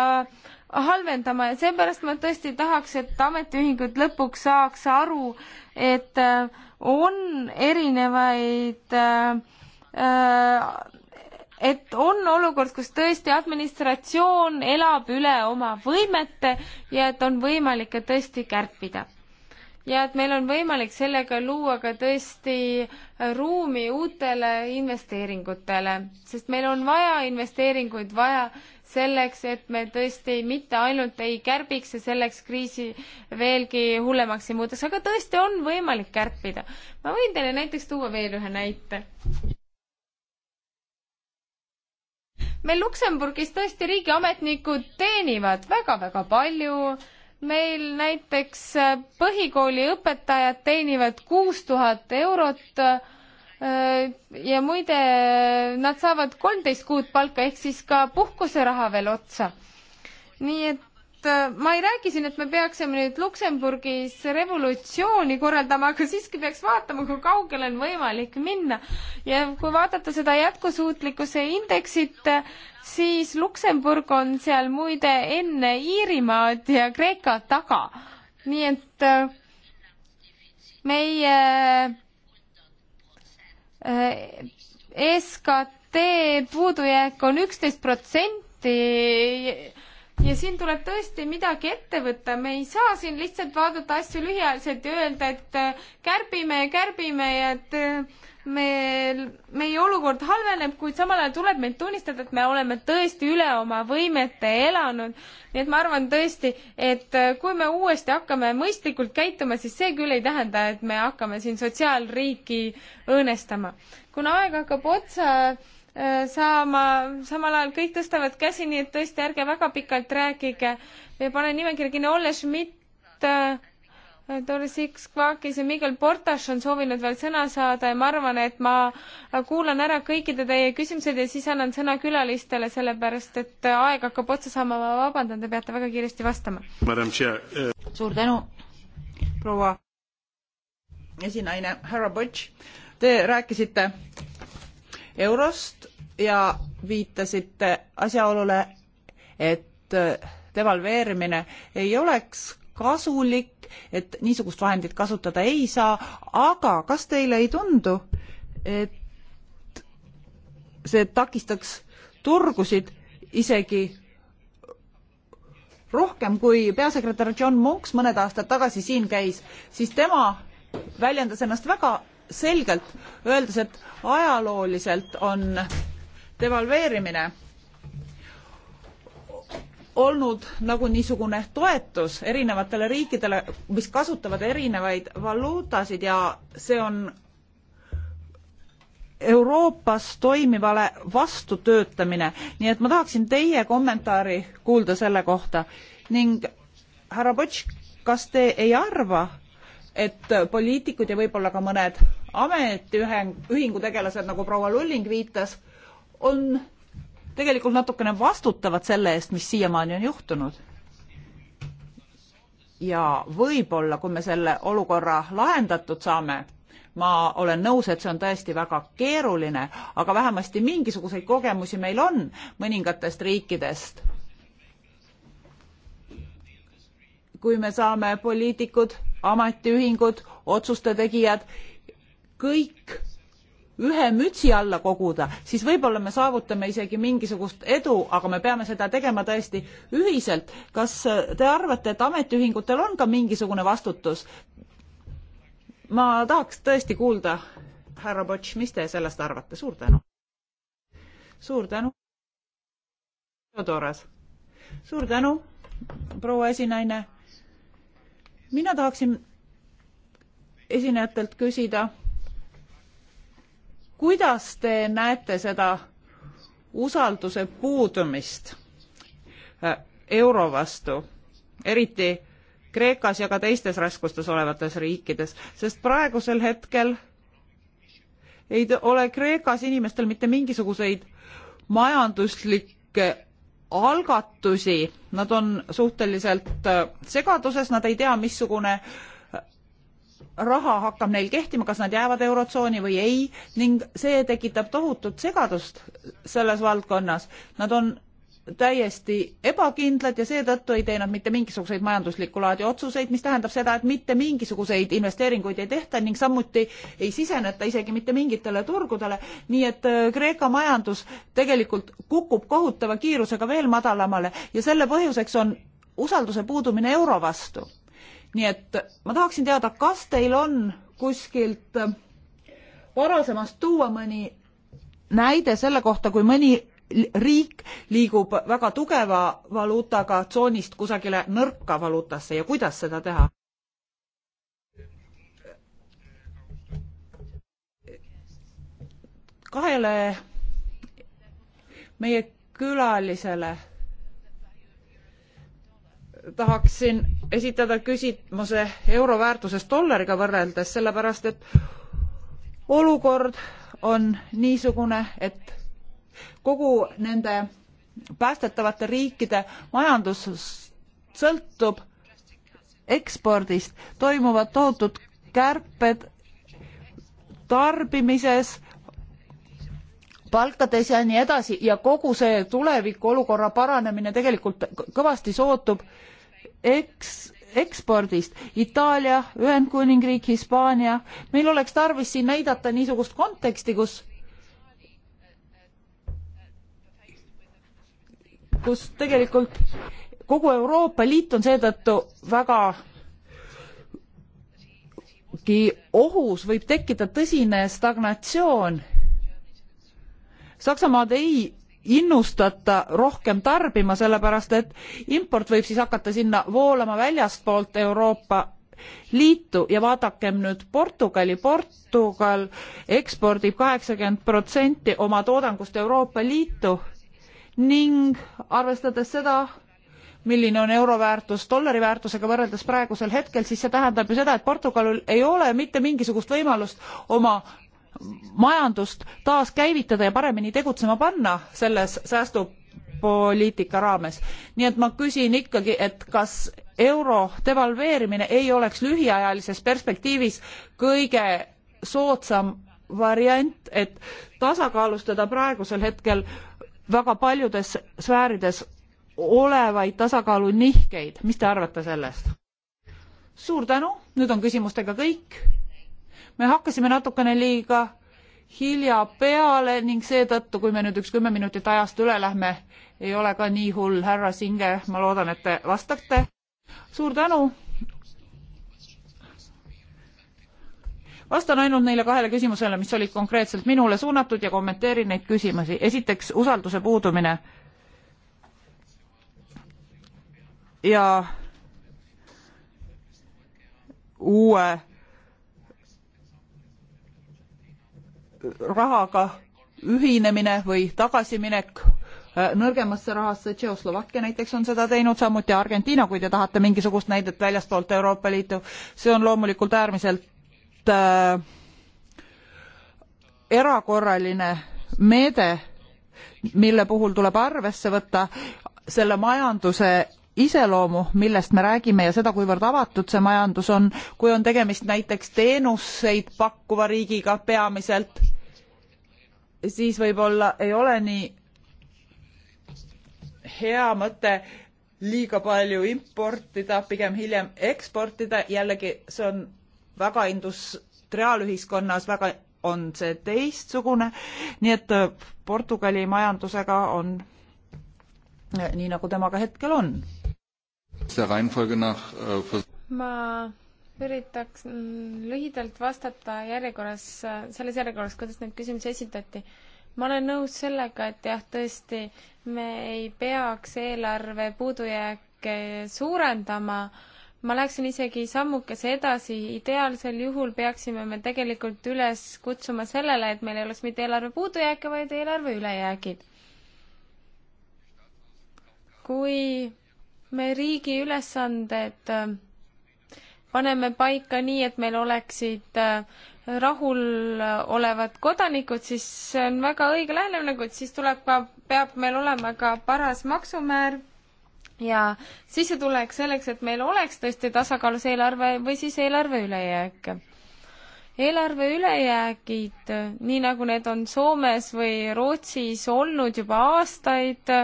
halvendama ja seepärast ma tõesti tahaks, et ametiühingud lõpuks saaks aru, et äh, on erinevaid äh, äh, et on olukord, kus tõesti administratsioon elab üle oma võimete ja et on võimalik ka tõesti kärpida ja et meil on võimalik sellega luua ka tõesti ruumi uutele investeeringutele, sest meil on vaja investeeringuid vaja selleks, et me tõesti mitte ainult ei kärbiks ja selleks kriisi veelgi hullemaks ei muudaks, aga tõesti on võimalik kärpida. ma võin teile näiteks tuua veel ühe näite. meil Luksemburgis tõesti riigiametnikud teenivad väga-väga palju meil näiteks põhikooliõpetajad teenivad kuus tuhat eurot Äh, ja muide, nad saavad kolmteist kuud palka ehk siis ka puhkuseraha veel otsa. nii et äh, ma ei räägi siin, et me peaksime nüüd Luksemburgis revolutsiooni korraldama, aga siiski peaks vaatama, kui kaugele on võimalik minna. ja kui vaadata seda jätkusuutlikkuse indeksit, siis Luksemburg on seal muide enne Iirimaad ja Kreeka taga. nii et äh, meie Äh, SKT puudujääk on üksteist protsenti ja siin tuleb tõesti midagi ette võtta, me ei saa siin lihtsalt vaadata asju lühiajaliselt ja öelda, et äh, kärbime ja kärbime ja et äh, meil, meie olukord halveneb, kuid samal ajal tuleb meil tunnistada, et me oleme tõesti üle oma võimete elanud. nii et ma arvan tõesti, et äh, kui me uuesti hakkame mõistlikult käituma, siis see küll ei tähenda, et me hakkame siin sotsiaalriiki õõnestama. kuna aeg hakkab otsa äh, saama, samal ajal kõik tõstavad käsi, nii et tõesti ärge väga pikalt rääkige. panen nimekirja kinni Olle Schmidt äh, Doris X Kvakis ja Miguel Portas on soovinud veel sõna saada ja ma arvan, et ma kuulan ära kõikide teie küsimused ja siis annan sõna külalistele, sellepärast et aeg hakkab otsa saama, ma vabandan, te peate väga kiiresti vastama. Eh, suur tänu, proua esinaine, härra Butch, te rääkisite eurost ja viitasite asjaolule, et eh, devalveerimine ei oleks kasulik kõik, et niisugust vahendit kasutada ei saa, aga kas teile ei tundu, et see takistaks turgusid isegi rohkem, kui peasekretär John Monks mõned aastad tagasi siin käis, siis tema väljendas ennast väga selgelt, öeldes, et ajalooliselt on devalveerimine olnud nagu niisugune toetus erinevatele riikidele, mis kasutavad erinevaid valuutasid ja see on Euroopas toimivale vastutöötamine, nii et ma tahaksin teie kommentaari kuulda selle kohta ning härra Potš, kas te ei arva, et poliitikud ja võib-olla ka mõned ametiühing, ühingutegelased, nagu proua Lulling viitas, on tegelikult natukene vastutavad selle eest, mis siiamaani on juhtunud. ja võib-olla, kui me selle olukorra lahendatud saame, ma olen nõus, et see on tõesti väga keeruline, aga vähemasti mingisuguseid kogemusi meil on mõningatest riikidest. kui me saame poliitikud, ametiühingud, otsuste tegijad, kõik ühe mütsi alla koguda, siis võib-olla me saavutame isegi mingisugust edu, aga me peame seda tegema tõesti ühiselt. kas äh, te arvate, et ametiühingutel on ka mingisugune vastutus? ma tahaks tõesti kuulda, härra Potš, mis te sellest arvate, suur tänu. suur tänu. Teodoras, suur tänu, proua esinaine. mina tahaksin esinejatelt küsida kuidas te näete seda usalduse puudumist äh, euro vastu, eriti Kreekas ja ka teistes raskustes olevates riikides, sest praegusel hetkel ei ole Kreekas inimestel mitte mingisuguseid majanduslikke algatusi, nad on suhteliselt äh, segaduses, nad ei tea, missugune äh, raha hakkab neil kehtima, kas nad jäävad Eurotsooni või ei ning see tekitab tohutut segadust selles valdkonnas. Nad on täiesti ebakindlad ja seetõttu ei tee nad mitte mingisuguseid majanduslikku laadi otsuseid, mis tähendab seda, et mitte mingisuguseid investeeringuid ei tehta ning samuti ei siseneta isegi mitte mingitele turgudele, nii et äh, Kreeka majandus tegelikult kukub kohutava kiirusega veel madalamale ja selle põhjuseks on usalduse puudumine euro vastu nii et ma tahaksin teada, kas teil on kuskilt varasemast tuua mõni näide selle kohta, kui mõni riik liigub väga tugeva valuutaga tsoonist kusagile nõrka valuutasse ja kuidas seda teha? kahele meie külalisele tahaksin esitada küsimuse euro väärtusest dollariga võrreldes, sellepärast et olukord on niisugune, et kogu nende päästetavate riikide majandus sõltub ekspordist, toimuvad tohutud kärped tarbimises, palkades ja nii edasi ja kogu see tuleviku olukorra paranemine tegelikult kõvasti sootub äh, eks, ekspordist Itaalia, Ühendkuningriik, Hispaania. meil oleks tarvis siin näidata niisugust konteksti, kus kus tegelikult kogu Euroopa Liit on seetõttu väga ohus, võib tekkida tõsine stagnatsioon. Saksamaad ei innustata rohkem tarbima sellepärast et import võib siis hakata sinna voolama väljastpoolt euroopa liitu ja vaadakem nüüd Portugali. Portugal ekspordib kaheksakümmend protsenti oma toodangust Euroopa Liitu ning arvestades seda, milline on euro väärtus dollari väärtusega võrreldes praegusel hetkel, siis see tähendab ju seda, et Portugalil ei ole mitte mingisugust võimalust oma majandust taaskäivitada ja paremini tegutsema panna selles säästupoliitika raames. nii et ma küsin ikkagi, et kas euro devalveerimine ei oleks lühiajalises perspektiivis kõige soodsam variant, et tasakaalustada praegusel hetkel väga paljudes sfäärides olevaid tasakaalunihkeid, mis te arvate sellest? suur tänu, nüüd on küsimustega kõik me hakkasime natukene liiga hilja peale ning seetõttu, kui me nüüd üks kümme minutit ajast üle lähme, ei ole ka nii hull, härra Singe, ma loodan, et te vastate. suur tänu. vastan ainult neile kahele küsimusele, mis olid konkreetselt minule suunatud ja kommenteerin neid küsimusi. esiteks usalduse puudumine. ja uue rahaga ühinemine või tagasiminek äh, nõrgemasse rahasse, Tšehhoslovakkia näiteks on seda teinud, samuti Argentiina, kui te tahate mingisugust näidet väljastpoolt Euroopa Liitu, see on loomulikult äärmiselt äh, erakorraline meede, mille puhul tuleb arvesse võtta selle majanduse iseloomu, millest me räägime ja seda, kuivõrd avatud see majandus on, kui on tegemist näiteks teenuseid pakkuva riigiga peamiselt siis võib-olla ei ole nii hea mõte liiga palju importida, pigem hiljem eksportida, jällegi see on väga industriaalühiskonnas väga on see teistsugune, nii et äh, Portugali majandusega on äh, nii, nagu temaga hetkel on. Äh, ma üritaks lühidalt vastata järjekorras, selles järjekorras, kuidas neid küsimusi esitati. ma olen nõus sellega, et jah, tõesti, me ei peaks eelarve puudujääke suurendama, ma läheksin isegi sammukese edasi, ideaalsel juhul peaksime me tegelikult üles kutsuma sellele, et meil ei oleks mitte eelarve puudujääke, vaid eelarve ülejäägid. kui me riigi ülesanded paneme paika nii, et meil oleksid äh, rahulolevad äh, kodanikud, siis see on väga õige lähenemine, kuid siis tuleb ka, peab meil olema ka paras maksumäär ja sissetulek selleks, et meil oleks tõesti tasakaalus eelarve või siis eelarve ülejääk. eelarve ülejäägid, äh, nii nagu need on Soomes või Rootsis olnud juba aastaid,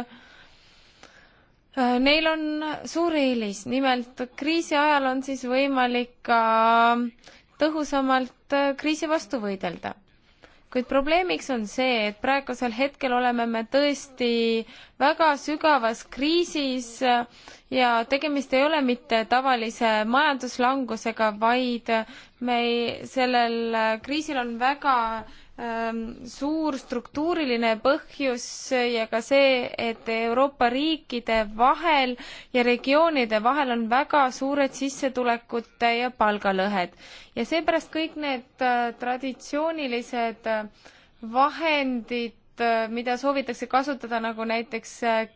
Neil äh, on suur eelis, nimelt kriisi ajal on siis võimalik ka tõhusamalt äh, kriisi vastu võidelda. kuid probleemiks on see, et praegusel hetkel oleme me tõesti väga sügavas kriisis äh, ja tegemist ei ole mitte tavalise majanduslangusega, vaid me ei, sellel kriisil on väga Ehm, suur struktuuriline põhjus ja ka see, et Euroopa riikide vahel ja regioonide vahel on väga suured sissetulekute ja palgalõhed. ja seepärast kõik need äh, traditsioonilised äh, vahendid, äh, mida soovitakse kasutada, nagu näiteks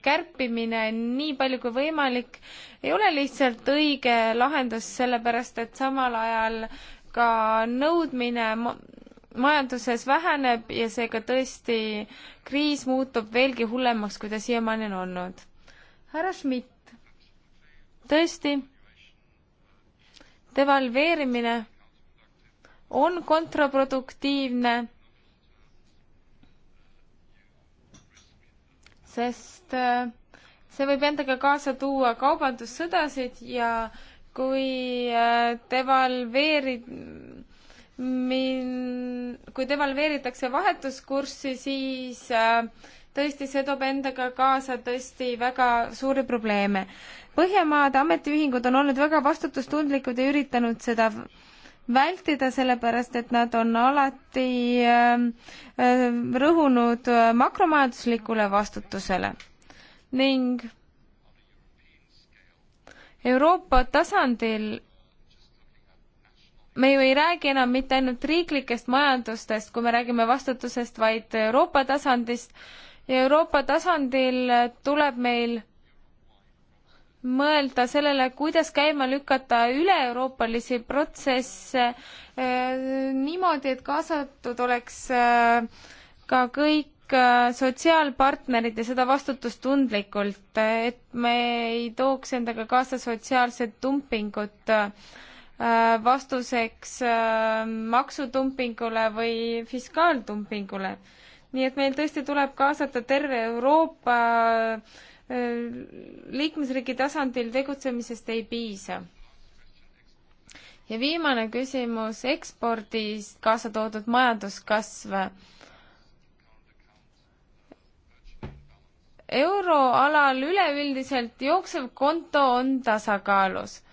kärpimine nii palju kui võimalik, ei ole lihtsalt õige lahendus, sellepärast et samal ajal ka nõudmine majanduses väheneb ja seega tõesti kriis muutub veelgi hullemaks, kui ta siiamaani on olnud. härra Schmidt, tõesti, devalveerimine on kontraproduktiivne, sest äh, see võib endaga kaasa tuua kaubandussõdasid ja kui äh, devalveeri-, min-, kui devalveeritakse vahetuskurssi, siis äh, tõesti, see toob endaga kaasa tõesti väga suuri probleeme. Põhjamaade ametiühingud on olnud väga vastutustundlikud ja üritanud seda vältida, sellepärast et nad on alati äh, äh, rõhunud makromajanduslikule vastutusele ning Euroopa tasandil me ju ei räägi enam mitte ainult riiklikest majandustest, kui me räägime vastutusest, vaid Euroopa tasandist. ja Euroopa tasandil tuleb meil mõelda sellele, kuidas käima lükata üle-euroopalisi protsesse äh, niimoodi, et kaasatud oleks äh, ka kõik äh, sotsiaalpartnerid ja seda vastutustundlikult, et me ei tooks endaga kaasa sotsiaalset dumpingut äh, Äh, vastuseks äh, maksutumpingule või fiskaaltumpingule. nii et meil tõesti tuleb kaasata terve Euroopa äh, liikmesriigi tasandil tegutsemisest ei piisa. ja viimane küsimus, ekspordist kaasa toodud majanduskasv. euroalal üleüldiselt jooksev konto on tasakaalus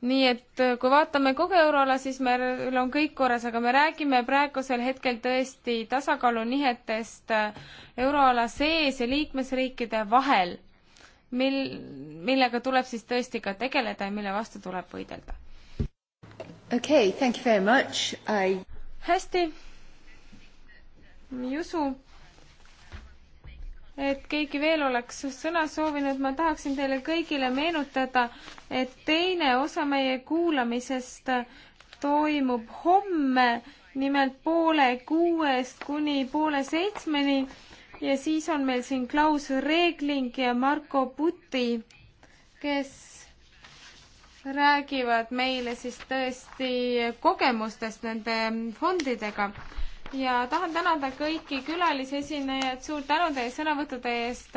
nii et äh, kui vaatame kogu euroala, siis meil on kõik korras, aga me räägime praegusel hetkel tõesti tasakaalunihetest äh, euroala sees ja liikmesriikide vahel, mil, millega tuleb siis tõesti ka tegeleda ja mille vastu tuleb võidelda. okei okay,, thank you very much I.... hästi. ma ei usu, et keegi veel oleks sõna soovinud, ma tahaksin teile kõigile meenutada, et teine osa meie kuulamisest toimub homme, nimelt poole kuuest kuni poole seitsmeni ja siis on meil siin Klaus Reegling ja Marko Puti, kes räägivad meile siis tõesti kogemustest nende fondidega ja tahan tänada kõiki külalisesinejaid, suur tänu teie sõnavõttude eest.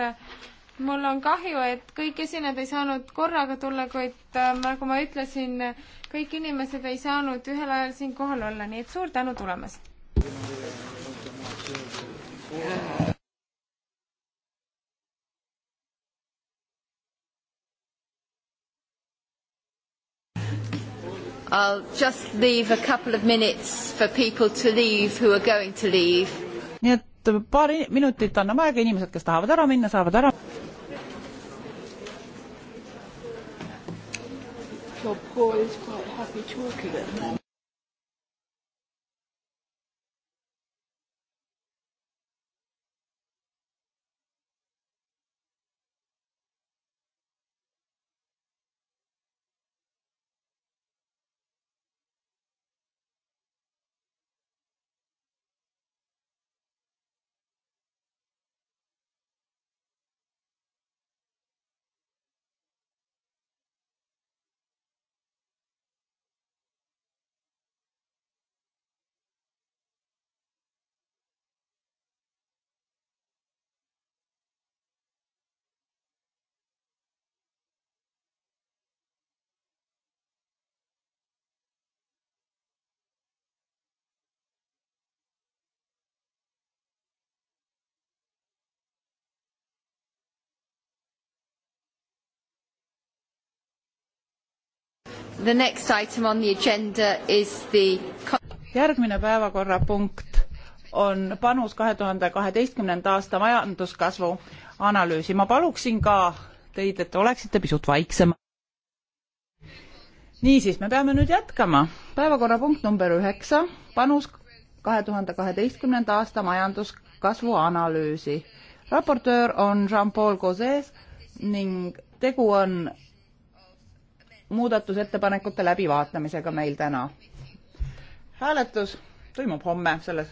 mul on kahju, et kõik esinejad ei saanud korraga tulla, kuid äh, nagu ma ütlesin, kõik inimesed ei saanud ühel ajal siin kohal olla, nii et suur tänu tulemast. I'll just leave a couple of minutes for people to leave who are going to leave. nii et paar minutit anname aega, inimesed, kes tahavad ära minna, saavad ära. Job Corps is quite happy talking at the moment. The next item on the agenda is the järgmine päevakorrapunkt on panus kahe tuhande kaheteistkümnenda aasta majanduskasvu analüüsi. ma paluksin ka teid, et oleksite pisut vaiksemad. niisiis, me peame nüüd jätkama. päevakorrapunkt number üheksa, panus kahe tuhande kaheteistkümnenda aasta majanduskasvu analüüsi. raportöör on Jean-Paul Gauzes ning tegu on muudatusettepanekute läbivaatamisega meil täna. hääletus toimub homme selles,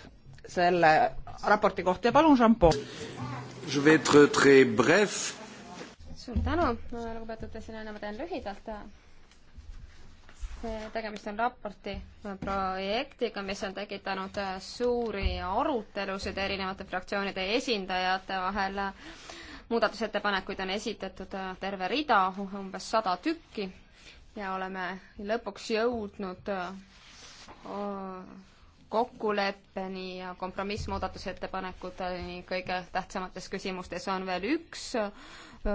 selle raporti kohta ja palun, Jean-Paul. suur tänu, lugupeetud esineja, ma teen lühidalt. tegemist on raporti projektiga, mis on tekitanud suuri arutelusid erinevate fraktsioonide esindajate vahel. muudatusettepanekuid on esitatud terve rida, umbes sada tükki ja oleme lõpuks jõudnud äh, kokkuleppeni ja kompromissmuudatusettepanekuteni kõige tähtsamates küsimustes on veel üks äh,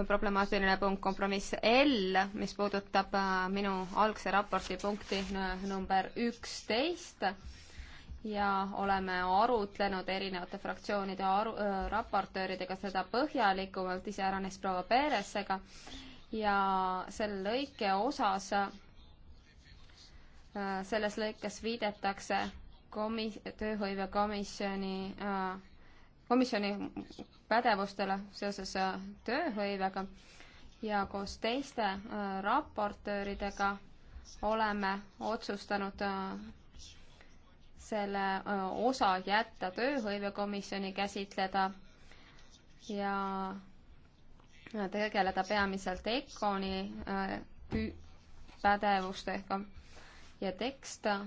problemaatiline punkt, kompromiss L, mis puudutab äh, minu algse raporti punkti number üksteist ja oleme arutlenud erinevate fraktsioonide aru, äh, raportööridega seda põhjalikumalt, iseäranis proua Peeresega ja selle lõike osas, äh, selles lõikes viidetakse komi-, tööhõivekomisjoni, äh, komisjoni pädevustele seoses äh, tööhõivega ja koos teiste raportööridega oleme otsustanud selle osa jätta tööhõivekomisjoni käsitleda ja tegeleda peamiselt EKONi äh, pädevustega ja tekst äh,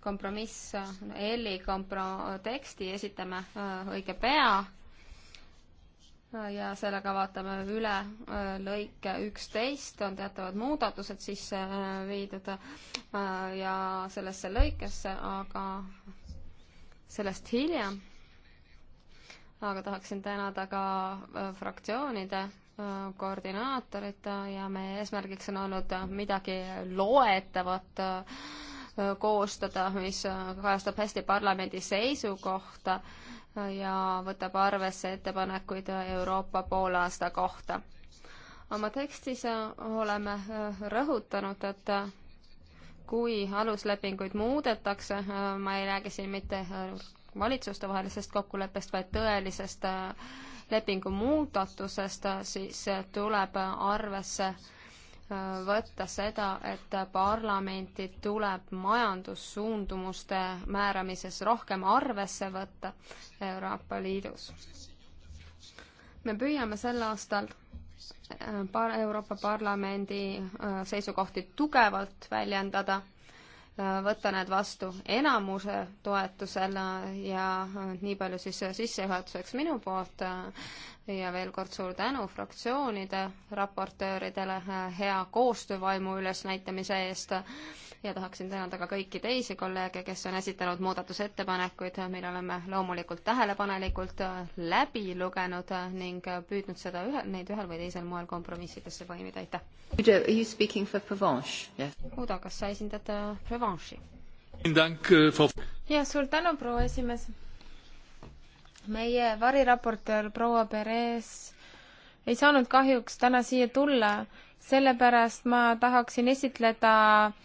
kompromiss, L-i kompro-, teksti esitame äh, õige pea ja sellega vaatame üle lõike üksteist, on teatavad muudatused sisse viidud ja sellesse lõikesse, aga sellest hiljem aga tahaksin tänada ka äh, fraktsioonide äh, koordinaatorit äh, ja meie eesmärgiks on olnud midagi loetavat koostada, mis kajastab hästi parlamendi seisukohta ja võtab arvesse ettepanekuid Euroopa poolaasta kohta. oma tekstis oleme rõhutanud, et kui aluslepinguid muudetakse, ma ei räägi siin mitte valitsustevahelisest kokkuleppest, vaid tõelisest äh, lepingu muudatusest, äh, siis äh, tuleb arvesse võtta seda, et parlamenti tuleb majandussuundumuste määramises rohkem arvesse võtta Euroopa Liidus. me püüame sel aastal Euroopa Parlamendi seisukohti tugevalt väljendada võtta need vastu enamuse toetusel ja nii palju siis sissejuhatuseks minu poolt ja veel kord suur tänu fraktsioonide raportööridele hea koostöövaimu ülesnäitamise eest ja tahaksin tänada ka kõiki teisi kolleege, kes on esitanud muudatusettepanekuid, mille oleme loomulikult tähelepanelikult läbi lugenud ning püüdnud seda ühe, neid ühel või teisel moel kompromissidesse põimida, aitäh! Udo, kas sa esindad äh, Prevanche'i? Äh, jah, suur tänu, proua esimees! meie variraportöör proua Perez ei saanud kahjuks täna siia tulla, sellepärast ma tahaksin esitleda äh,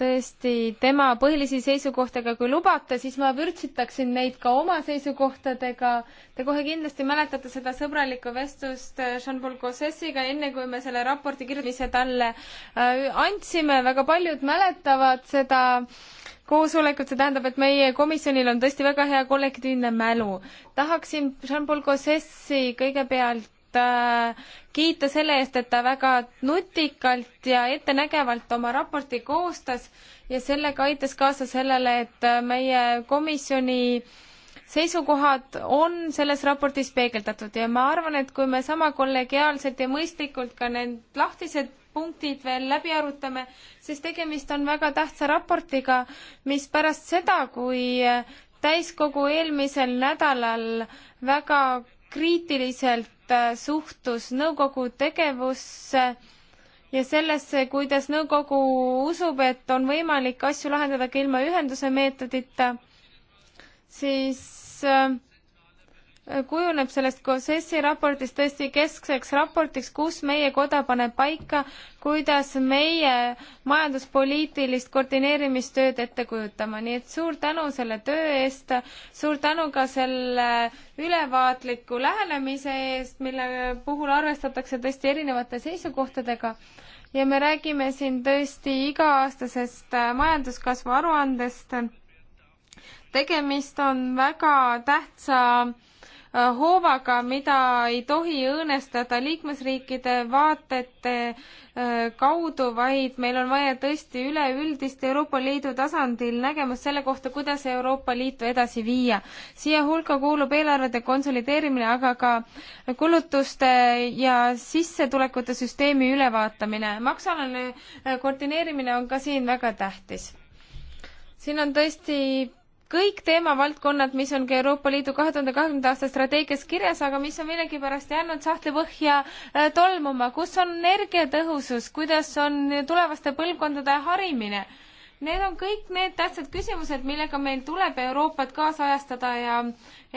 tõesti tema põhilisi seisukohtadega, kui lubate, siis ma vürtsitaksin neid ka oma seisukohtadega. Te kohe kindlasti mäletate seda sõbralikku vestlust äh, Jean-Paul Gossessiga, enne kui me selle raporti kirjutamise talle äh, andsime, väga paljud mäletavad seda koosolekut, see tähendab, et meie komisjonil on tõesti väga hea kollektiivne mälu. tahaksin Jean-Paul Gossessi kõigepealt teda äh, kiita selle eest, et ta väga nutikalt ja ettenägevalt oma raporti koostas ja sellega aitas kaasa sellele, et meie komisjoni seisukohad on selles raportis peegeldatud ja ma arvan, et kui me sama kollegiaalselt ja mõistlikult ka need lahtised punktid veel läbi arutame, siis tegemist on väga tähtsa raportiga, mis pärast seda, kui täiskogu eelmisel nädalal väga kriitiliselt äh, suhtus nõukogu tegevusse ja sellesse, kuidas nõukogu usub, et on võimalik asju lahendada ka ilma ühenduse meetodita, siis äh, kujuneb sellest COSESi raportist tõesti keskseks raportiks, kus meie koda paneb paika, kuidas meie majanduspoliitilist koordineerimistööd ette kujutama, nii et suur tänu selle töö eest, suur tänu ka selle ülevaatliku lähenemise eest, mille puhul arvestatakse tõesti erinevate seisukohtadega ja me räägime siin tõesti iga-aastasest majanduskasvu aruandest. tegemist on väga tähtsa hoovaga, mida ei tohi õõnestada liikmesriikide vaatete äh, kaudu, vaid meil on vaja tõesti üleüldist Euroopa Liidu tasandil nägemust selle kohta, kuidas Euroopa Liitu edasi viia. siia hulka kuulub eelarvete konsolideerimine, aga ka kulutuste ja sissetulekute süsteemi ülevaatamine. maksualane äh, koordineerimine on ka siin väga tähtis siin on tõesti kõik teemavaldkonnad, mis on ka Euroopa Liidu kahe tuhande kahekümnenda aasta strateegias kirjas, aga mis on millegipärast jäänud sahtlipõhja äh, tolmuma, kus on energiatõhusus, kuidas on tulevaste põlvkondade harimine need on kõik need tähtsad küsimused, millega meil tuleb Euroopat kaasajastada ja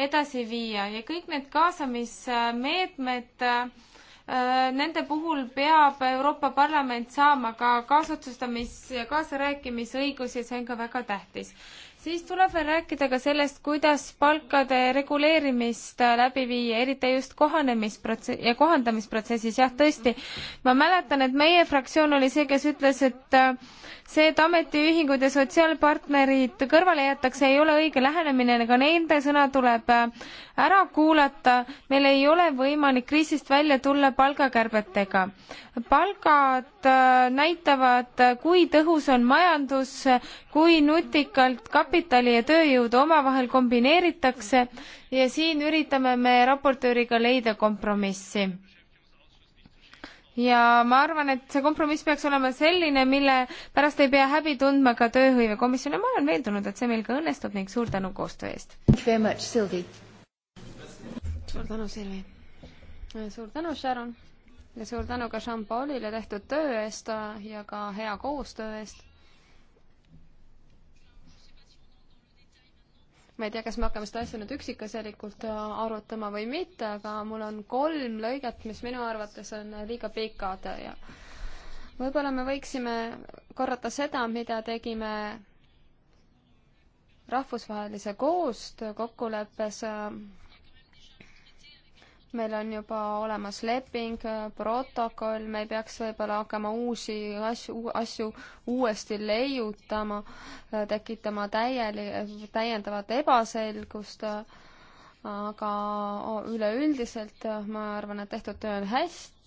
edasi viia ja kõik need kaasamismeetmed äh, Nende puhul peab Euroopa Parlament saama ka kaasotsustamis- ja kaasarääkimisõigus ja see on ka väga tähtis siis tuleb veel rääkida ka sellest, kuidas palkade reguleerimist äh, läbi viia, eriti just kohanemisprotsess ja kohandamisprotsessis, jah, tõesti. ma mäletan, et meie fraktsioon oli see, kes ütles, et äh, see, et ametiühingud ja sotsiaalpartnerid kõrvale jätakse, ei ole õige lähenemine, ka nende sõna tuleb äh, ära kuulata, meil ei ole võimalik kriisist välja tulla palgakärbetega. palgad äh, näitavad, äh, kui tõhus on majandus, kui nutikalt kapitali ja tööjõudu omavahel kombineeritakse ja siin üritame me raportööriga leida kompromissi ja ma arvan, et see kompromiss peaks olema selline, mille pärast ei pea häbi tundma ka tööhõivekomisjon ja ma olen veendunud, et see meil ka õnnestub ning suur tänu koostöö eest suur tänu, Silvi. suur tänu, Sharon. ja suur tänu ka Jean-Paulile tehtud töö eest ja ka hea koostöö eest. ma ei tea, kas me hakkame seda asja nüüd üksikasjalikult äh, arutama või mitte, aga mul on kolm lõiget, mis minu arvates on liiga pikad ja võib-olla me võiksime korrata seda, mida tegime rahvusvahelise koostöö kokkuleppes äh, meil on juba olemas leping, protokoll, me ei peaks võib-olla hakkama uusi asju, asju uuesti leiutama, tekitama täieli-, täiendavat ebaselgust, aga üleüldiselt ma arvan, et tehtud töö on hästi,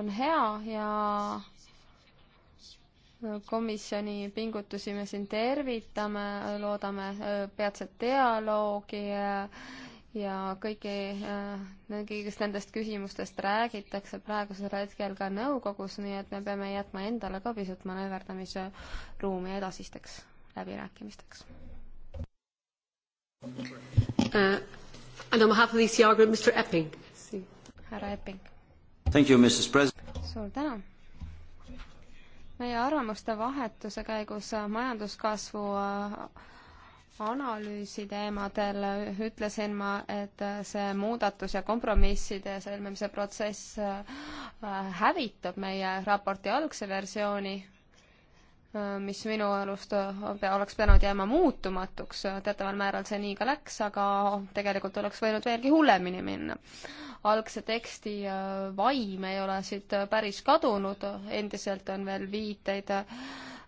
on hea ja komisjoni pingutusi me siin tervitame, loodame peatset dialoogi ja kõigi, äh, kõigist nendest küsimustest räägitakse praegusel hetkel ka nõukogus, nii et me peame jätma endale ka pisut manööverdamise ruumi edasisteks läbirääkimisteks uh,. And on behalf of the ECR group, Mr Epping. härra Epping. Thank you, Mrs President. suur tänu meie arvamuste vahetuse käigus majanduskasvu äh, analüüsi teemadel ütlesin ma, et see muudatus ja kompromisside sõlmimise protsess äh, hävitab meie raporti algse versiooni, äh, mis minu arust äh, oleks pidanud jääma muutumatuks, teataval määral see nii ka läks, aga tegelikult oleks võinud veelgi hullemini minna. algse teksti vaim ei ole siit päris kadunud, endiselt on veel viiteid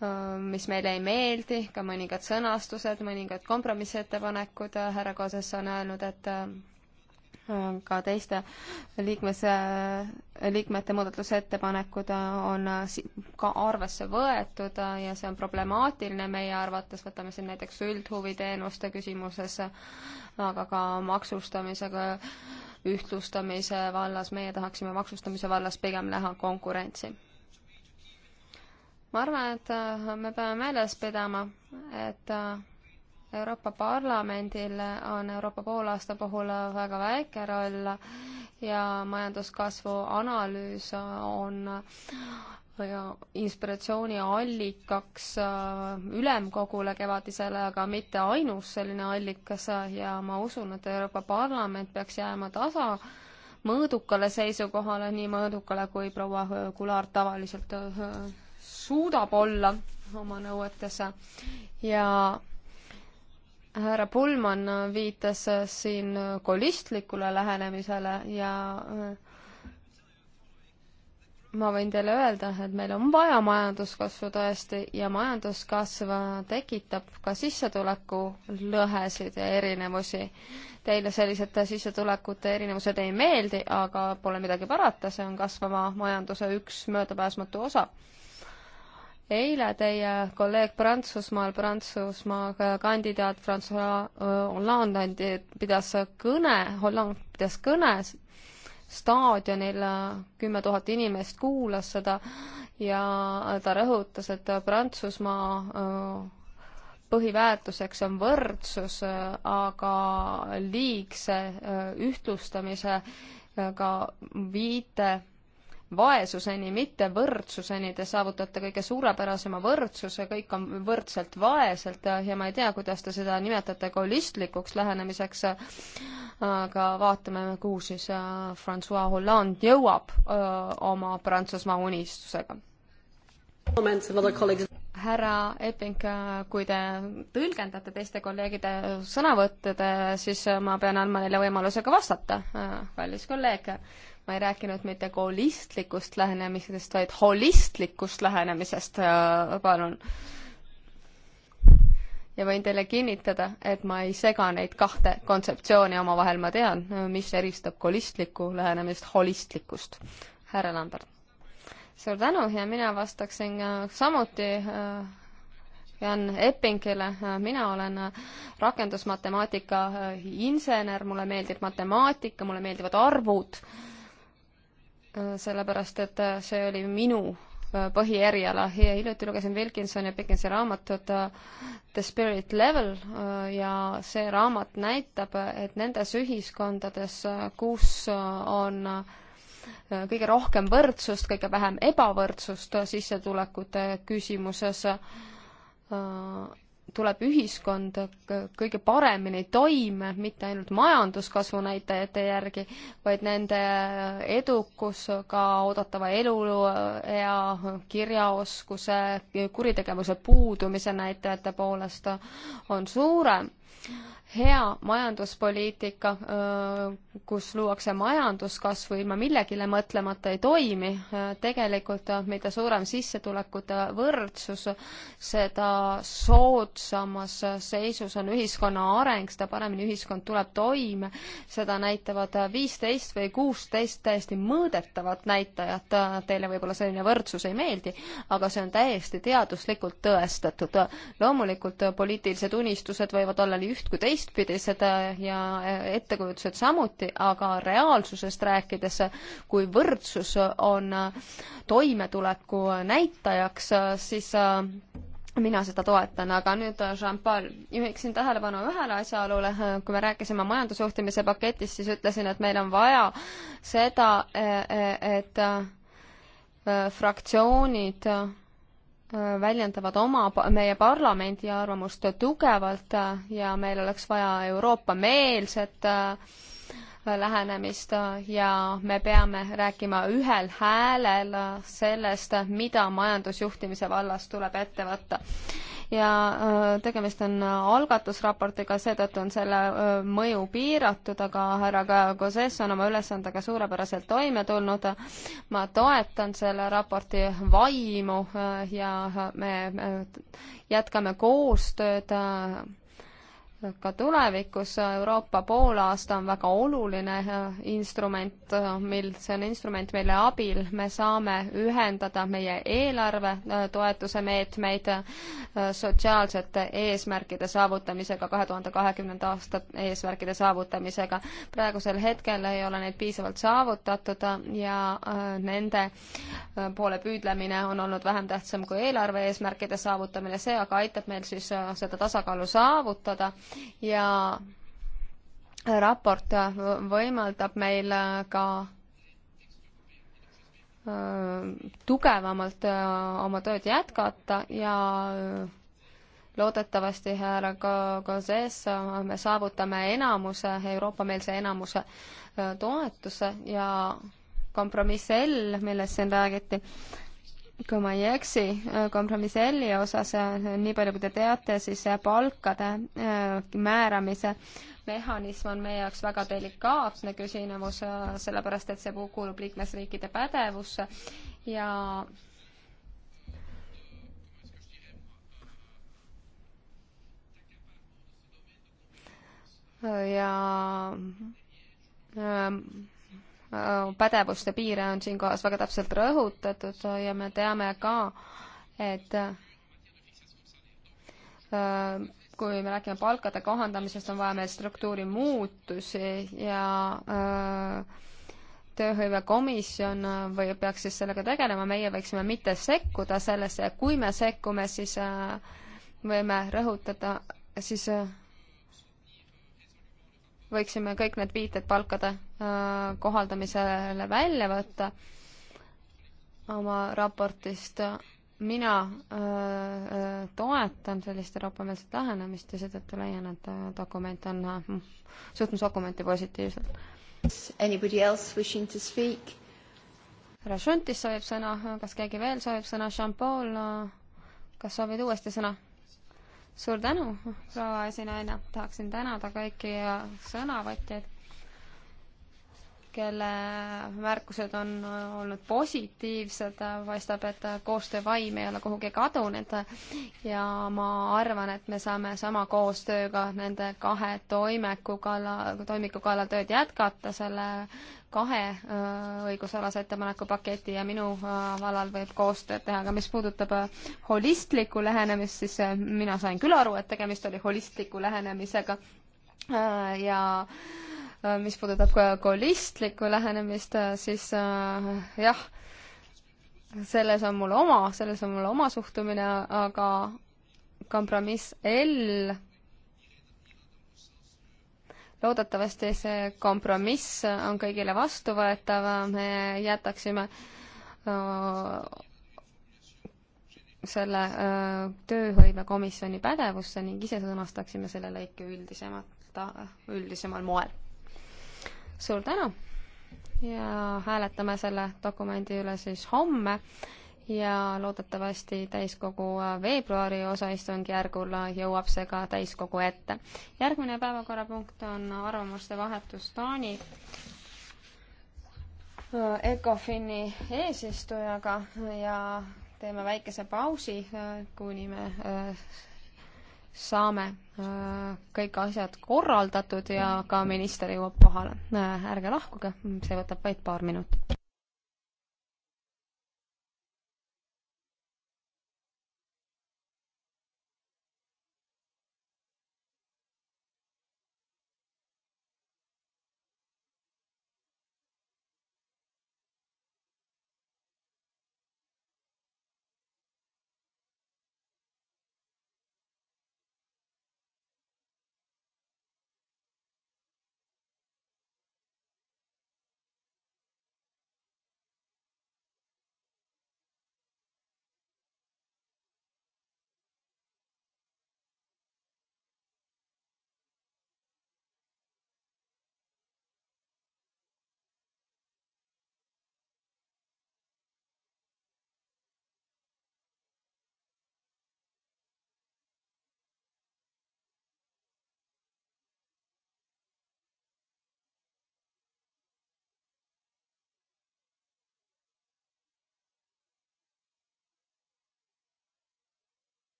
Äh, mis meile ei meeldi, ka mõningad sõnastused, mõningad kompromissettepanekud, äh, härra Kooses on öelnud, et äh, ka teiste liikmes, liikmete muudatusettepanekud on ka arvesse võetud ja see on problemaatiline meie arvates, võtame siin näiteks üldhuviteenuste küsimuses, aga ka maksustamisega ühtlustamise vallas, meie tahaksime maksustamise vallas pigem näha konkurentsi ma arvan, et äh, me peame meeles pidama, et äh, Euroopa Parlamendil on Euroopa poolaasta puhul äh, väga väike roll ja majanduskasvu analüüs on inspiratsiooni allikaks ülemkogule kevadisele, aga mitte ainus selline allikas ja ma usun, et Euroopa Parlament peaks jääma tasa mõõdukale seisukohale, nii mõõdukale, kui proua Kular tavaliselt suudab olla oma nõuetes ja härra Pullmann viitas siin kolistlikule lähenemisele ja äh, ma võin teile öelda, et meil on vaja majanduskasvu tõesti ja majanduskasv tekitab ka sissetuleku lõhesid ja erinevusi. Teile sellised sissetulekute erinevused ei meeldi, aga pole midagi parata, see on kasvava majanduse üks möödapääsmatu osa eile teie kolleeg Prantsusmaal, Prantsusmaa kandidaat Francois äh, Hollande andi, pidas kõne, Hollande pidas kõne staadionil, äh, kümme tuhat inimest kuulas seda ja ta rõhutas, et Prantsusmaa äh, põhiväärtuseks on võrdsus, aga liigse ühtlustamisega viite vaesuseni, mitte võrdsuseni, te saavutate kõige suurepärasema võrdsuse, kõik on võrdselt vaeselt ja ma ei tea, kuidas te seda nimetate egoistlikuks lähenemiseks, aga vaatame, kuhu siis äh, Francois Hollande jõuab öö, äh, oma Prantsusmaa unistusega. härra Epping, kui te tõlgendate teiste kolleegide sõnavõttude, siis ma pean andma neile võimaluse ka vastata, äh, kallis kolleeg ma ei rääkinud mitte koolistlikust lähenemisest, vaid holistlikust lähenemisest, äh, palun. ja võin teile kinnitada, et ma ei sega neid kahte kontseptsiooni omavahel, ma tean, äh, mis eristab koolistlikku lähenemist holistlikust. härra Lambert. suur tänu ja mina vastaksin äh, samuti Jan Eppingile, mina olen rakendusmatemaatika insener, mulle meeldib matemaatika, mulle meeldivad arvud Äh, sellepärast et äh, see oli minu äh, põhieriala ja hiljuti lugesin Wilkinsoni ja Dickensi raamatut The Spirit Level ja see raamat näitab, et nendes ühiskondades, kus on kõige rohkem võrdsust, kõige vähem ebavõrdsust sissetulekute küsimuses, tuleb ühiskond kõige paremini toime, mitte ainult majanduskasvu näitajate järgi, vaid nende edukus ka oodatava eluea, kirjaoskuse, kuritegevuse puudumise näitajate poolest on suurem. hea majanduspoliitika öö, kus luuakse majanduskasvu ilma millegile mõtlemata ei toimi, tegelikult mida suurem sissetulekute võrdsus, seda soodsamas seisus on ühiskonna areng, seda paremini ühiskond tuleb toime, seda näitavad viisteist või kuusteist täiesti mõõdetavat näitajat, teile võib-olla selline võrdsus ei meeldi, aga see on täiesti teaduslikult tõestatud. loomulikult poliitilised unistused võivad olla nii üht- kui teistpidised ja ettekujutused samuti, samuti, aga reaalsusest rääkides, kui võrdsus on toimetuleku näitajaks, siis äh, mina seda toetan, aga nüüd äh, Jean-Paul, juhiksin tähelepanu ühele asjaolule, kui me rääkisime majandusjuhtimise paketist, siis ütlesin, et meil on vaja seda, e, e, et äh, fraktsioonid väljendavad oma, meie parlamendi arvamust tugevalt ja meil oleks vaja Euroopa-meelset äh, lähenemist ja me peame rääkima ühel häälel sellest, mida majandusjuhtimise vallas tuleb ette võtta. ja äh, tegemist on algatusraportiga, seetõttu on selle äh, mõju piiratud, aga härra Gozes on oma ülesandega suurepäraselt toime tulnud. ma toetan selle raporti vaimu äh, ja me jätkame koostööd ka tulevikus Euroopa poolaasta on väga oluline äh, instrument, äh, mil, see on instrument, mille abil me saame ühendada meie eelarve äh, toetuse meetmeid sotsiaalsete eesmärkide saavutamisega, kahe tuhande kahekümnenda aasta eesmärkide saavutamisega. praegusel hetkel ei ole neid piisavalt saavutatud ja nende poole püüdlemine on olnud vähem tähtsam kui eelarve eesmärkide saavutamine, see aga aitab meil siis seda tasakaalu saavutada ja raport võimaldab meil ka äh, tugevamalt äh, oma tööd jätkata ja äh, loodetavasti härra Gozes me saavutame enamuse, Euroopa-meelse enamuse toetuse ja kompromiss L, millest siin räägiti, kui ma ei eksi, äh, kompromissi L-i osas, äh, nii palju kui te teate, siis äh, palkade määramise mehhanism on meie jaoks väga delikaatne küsimus, sellepärast et see kuulub liikmesriikide pädevusse ja ja ähm, Äh, pädevuste piire on siinkohas väga täpselt rõhutatud ja me teame ka, et äh, kui me räägime palkade kohandamisest, on vaja meil struktuuri muutusi ja äh, tööhõivekomisjon või peaks siis sellega tegelema, meie võiksime mitte sekkuda sellesse ja kui me sekkume, siis võime rõhutada, siis võiksime kõik need viited palkade äh, kohaldamisele välja võtta oma raportist. mina äh, äh, toetan sellist euroopameelset lähenemist ja seetõttu leian, et dokument on, suhtun dokumenti positiivselt. Anybody else wishing to speak? härra Šuntis soovib sõna, kas keegi veel soovib sõna, Jean-Paul, kas soovid uuesti sõna? suur tänu, proua esinaine, tahaksin tänada kõiki sõnavõtjaid kelle märkused on olnud positiivsed, paistab, et koostöövaim ei ole kuhugi kadunud ja ma arvan, et me saame sama koostööga nende kahe toimeku kalla, toimiku kallal tööd jätkata, selle kahe äh, õigusalase ettepanekupaketi ja minu äh, vallal võib koostööd teha, aga mis puudutab äh, holistlikku lähenemist, siis mina sain küll aru, et tegemist oli holistliku lähenemisega ja Äh, mis puudutab ka holistlikku lähenemist, äh, siis äh, jah, selles on mul oma, selles on mul oma suhtumine, aga kompromiss L loodetavasti see kompromiss on kõigile vastuvõetav, me jätaksime selle tööhõivekomisjoni pädevusse ning ise sõnastaksime selle lõike üldisemalt, üldisemal moel suur tänu ja hääletame selle dokumendi üle siis homme ja loodetavasti täiskogu äh, veebruari osaistungjärgul äh, jõuab see ka täiskogu ette. järgmine päevakorrapunkt on arvamuste vahetus Taani äh, ECOFIN-i eesistujaga ja teeme väikese pausi, kuni me saame äh, kõik asjad korraldatud ja ka minister jõuab kohale. Äh, ärge lahkuge, see võtab vaid paar minutit.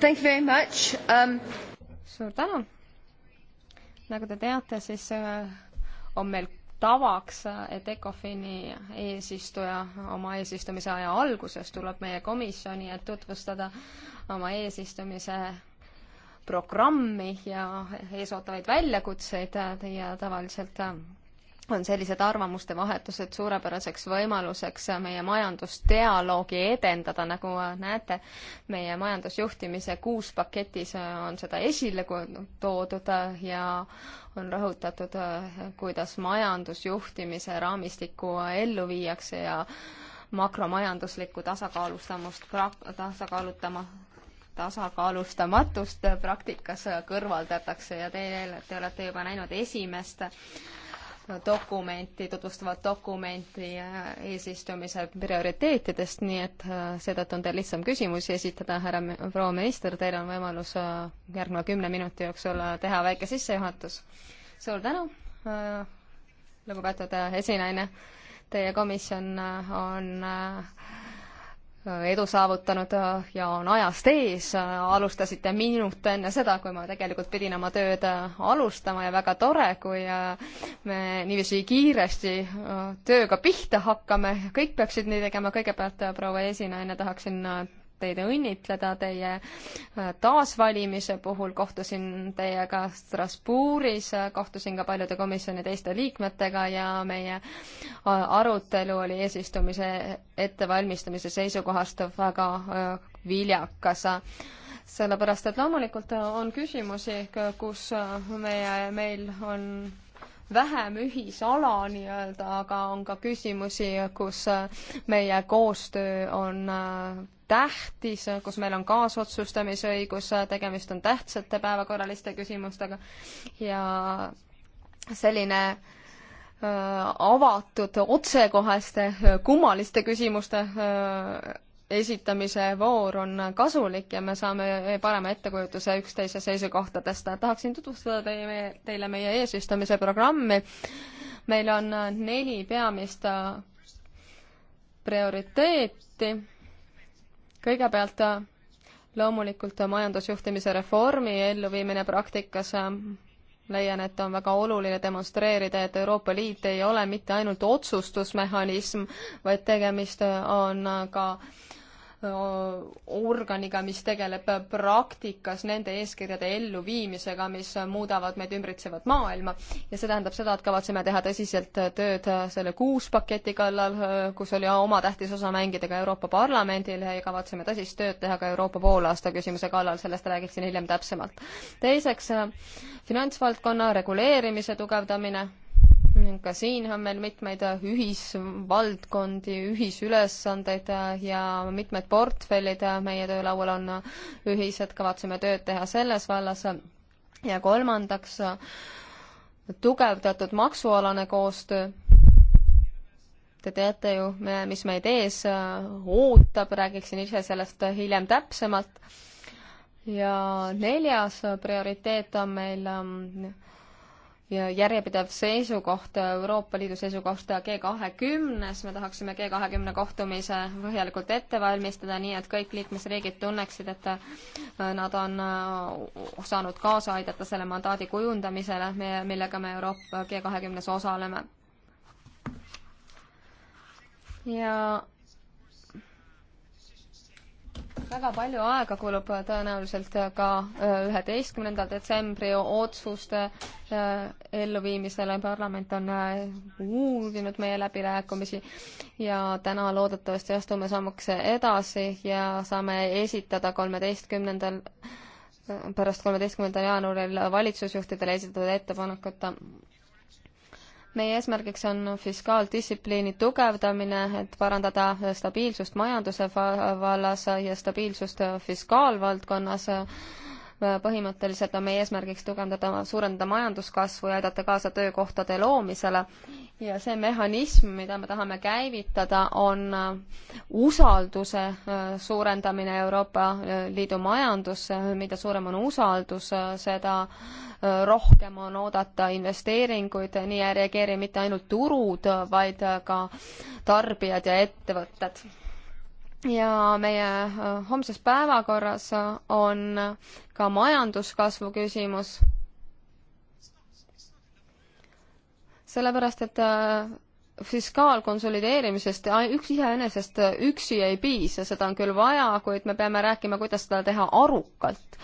Thank you very much um.... suur tänu. nagu te teate, siis äh, on meil tavaks, äh, et ECOFIN-i eesistuja oma eesistumise aja alguses tuleb meie komisjoni, et tutvustada oma eesistumise programmi ja eesootavaid väljakutseid äh, ja tavaliselt on sellised arvamuste vahetused suurepäraseks võimaluseks meie majandusdialoogi edendada, nagu näete, meie majandusjuhtimise kuus paketis on seda esile toodud ja on rõhutatud, kuidas majandusjuhtimise raamistikku ellu viiakse ja makromajanduslikku tasakaalustamust, tasakaalutama, tasakaalustamatust praktikas kõrvaldatakse ja teie, te olete juba näinud esimest dokumenti, tutvustavat dokumenti äh, eesistumise prioriteetidest, nii et äh, seetõttu on teil lihtsam küsimusi esitada, härra proua minister, teil on võimalus äh, järgneva kümne minuti jooksul teha väike sissejuhatus. suur tänu, lugupeetud esinaine, teie komisjon on Äh, edu saavutanud äh, ja on ajast ees, äh, alustasite minut enne seda, kui ma tegelikult pidin oma tööd alustama ja väga tore, kui me niiviisi kiiresti tööga pihta hakkame, kõik peaksid nii tegema, kõigepealt proua esinaine tahaksin teid õnnitleda teie äh, taasvalimise puhul, kohtusin teiega Strasbourgis, äh, kohtusin ka paljude komisjoni teiste liikmetega ja meie äh, arutelu oli eesistumise ettevalmistamise seisukohast väga viljakas sellepärast, et loomulikult on küsimusi, kus meie, meil on vähem ühisala nii-öelda, aga on ka küsimusi, kus meie koostöö on tähtis, kus meil on kaasotsustamisõigus, tegemist on tähtsate päevakorraliste küsimustega ja selline öö, avatud otsekoheste kummaliste küsimuste öö, esitamise voor on kasulik ja me saame parema ettekujutuse üksteise seisukohtadest. tahaksin tutvustada teie, teile meie eesistumise programmi. meil on neli peamist prioriteeti kõigepealt äh, loomulikult äh, majandusjuhtimise reformi elluviimine praktikas äh, leian, et on väga oluline demonstreerida, et Euroopa Liit ei ole mitte ainult otsustusmehhanism, vaid tegemist on ka äh, organiga, mis tegeleb praktikas nende eeskirjade elluviimisega, mis muudavad meid ümbritsevat maailma. ja see tähendab seda, et kavatseme teha tõsiselt tööd selle kuus paketi kallal, kus oli oma tähtis osa mängida ka Euroopa Parlamendil ja kavatseme tõsist tööd teha ka Euroopa poolaasta küsimuse kallal, sellest räägiksin hiljem täpsemalt. teiseks, finantsvaldkonna reguleerimise tugevdamine ka siin on meil mitmeid äh, ühisvaldkondi, ühisülesandeid äh, ja mitmed portfellid äh, meie töölaual on ühised, kavatseme tööd teha selles vallas. ja kolmandaks, tugevdatud maksualane koostöö. Te teate ju, mis meid ees ootab, räägiksin ise sellest hiljem täpsemalt. ja neljas prioriteet on meil ähm, järjepidev seisukoht, Euroopa Liidu seisukoht G kahekümnes, me tahaksime G kahekümne kohtumise põhjalikult ette valmistada, nii et kõik liikmesriigid tunneksid, et äh, nad on äh, saanud kaasa aidata selle mandaadi kujundamisele, millega me Euroopa G kahekümnes osaleme. ja väga palju aega kulub äh, tõenäoliselt äh, ka äh, üheteistkümnenda detsembri otsuste elluviimisele. parlament on uurinud meie läbirääkimisi ja täna loodetavasti astume sammukese edasi ja saame esitada kolmeteistkümnendal, pärast kolmeteistkümnendal jaanuaril valitsusjuhtidele esitatud ettepanekut meie eesmärgiks on fiskaaldistsipliini tugevdamine, et parandada stabiilsust majanduse vallas ja stabiilsust fiskaalvaldkonnas põhimõtteliselt on meie eesmärgiks tugevdada, suurendada majanduskasvu ja aidata kaasa töökohtade loomisele. ja see mehhanism, mida me tahame käivitada, on äh, usalduse äh, suurendamine Euroopa äh, Liidu majandusse, mida suurem on usaldus, seda rohkem on oodata investeeringuid, nii ei reageeri mitte ainult turud, vaid ka tarbijad ja ettevõtted ja meie äh, homses päevakorras äh, on ka majanduskasvu küsimus. sellepärast, et äh, fiskaalkonsolideerimisest üks iseenesest üksi ei piisa, seda on küll vaja, kuid me peame rääkima, kuidas seda teha arukalt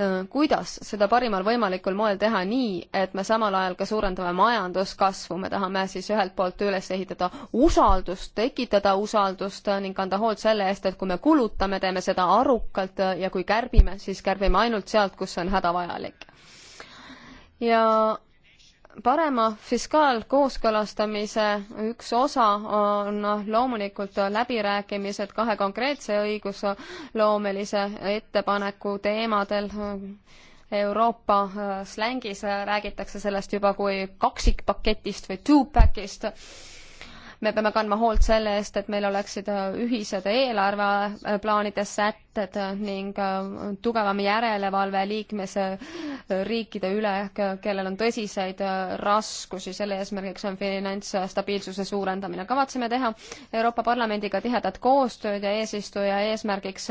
Äh, kuidas seda parimal võimalikul moel teha nii, et me samal ajal ka suurendame majanduskasvu, me tahame siis ühelt poolt üles ehitada usaldust, tekitada usaldust äh, ning kanda hoolt selle eest, et kui me kulutame, teeme seda arukalt äh, ja kui kärbime, siis kärbime ainult sealt, kus see on hädavajalik. ja parema fiskaalkooskõlastamise üks osa on noh, loomulikult läbirääkimised kahe konkreetse õigusloomelise ettepaneku teemadel. Euroopa äh, slängis äh, räägitakse sellest juba kui kaksikpaketist või two-pack'ist me peame kandma hoolt selle eest, et meil oleksid äh, ühised eelarveplaanide sätted ning äh, tugevam järelevalve liikmesriikide äh, üle, kellel on tõsiseid raskusi, selle eesmärgiks on finantsstabiilsuse suurendamine. kavatseme teha Euroopa Parlamendiga tihedat koostööd ja eesistuja eesmärgiks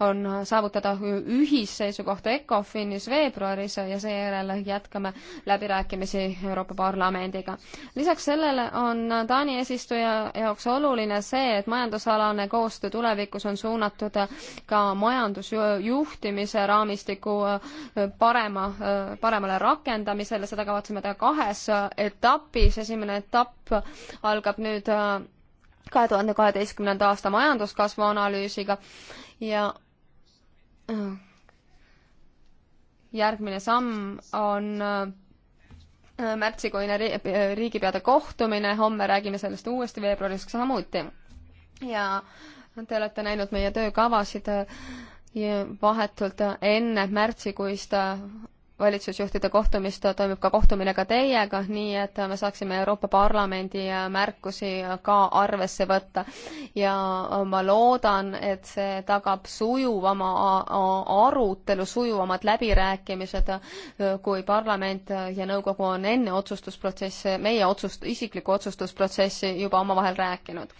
on saavutada ühisseisukoht ECOFINis veebruaris ja seejärel jätkame läbirääkimisi Euroopa Parlamendiga. lisaks sellele on Taani eesistuja koostöö jaoks oluline see, et majandusalane koostöö tulevikus on suunatud ka majandusjuhtimise raamistiku äh, parema, äh, paremale rakendamisele, seda kavatseme teha kahes äh, etapis, esimene etapp algab nüüd kahe tuhande kaheteistkümnenda aasta majanduskasvu analüüsiga ja järgmine samm on märtsikuine riigipeade kohtumine, homme räägime sellest uuesti, veebruaris samuti. ja te olete näinud meie töökavasid vahetult enne märtsikuist valitsusjuhtide kohtumist toimub ka kohtumine ka teiega, nii et me saaksime Euroopa Parlamendi märkusi ka arvesse võtta. ja ma loodan, et see tagab sujuvama arutelu, sujuvamad läbirääkimised, kui parlament ja nõukogu on enne otsustusprotsessi, meie otsust, isiklikku otsustusprotsessi juba omavahel rääkinud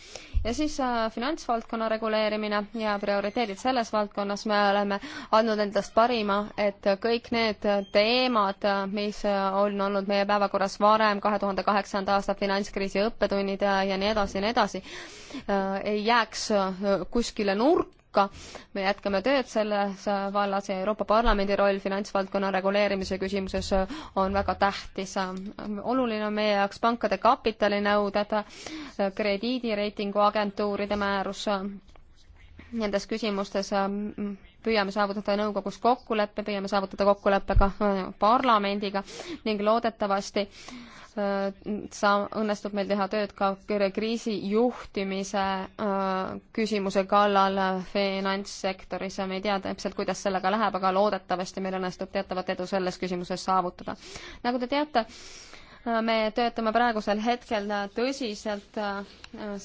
ja siis äh, finantsvaldkonna reguleerimine ja prioriteedid selles valdkonnas, me oleme andnud endast parima, et kõik need teemad, mis on olnud meie päevakorras varem, kahe tuhande kaheksanda aasta finantskriisi õppetunnid ja nii edasi ja nii edasi, äh, ei jääks kuskile nurka, hukka. me jätkame tööd selles vallas ja Euroopa Parlamendi roll finantsvaldkonna reguleerimise küsimuses on väga tähtis. oluline on meie jaoks pankade kapitalinõuded, krediidireitingu agentuuride määrus, nendes küsimustes ähm, püüame saavutada nõukogus kokkuleppe, püüame saavutada kokkuleppe ka äh, parlamendiga ning loodetavasti äh, Äh, saa-, õnnestub meil teha tööd ka kriisijuhtimise äh, küsimuse kallal finantssektoris ja me ei tea täpselt, kuidas sellega läheb, aga loodetavasti meil õnnestub teatavat edu selles küsimuses saavutada. nagu te teate, äh, me töötame praegusel hetkel tõsiselt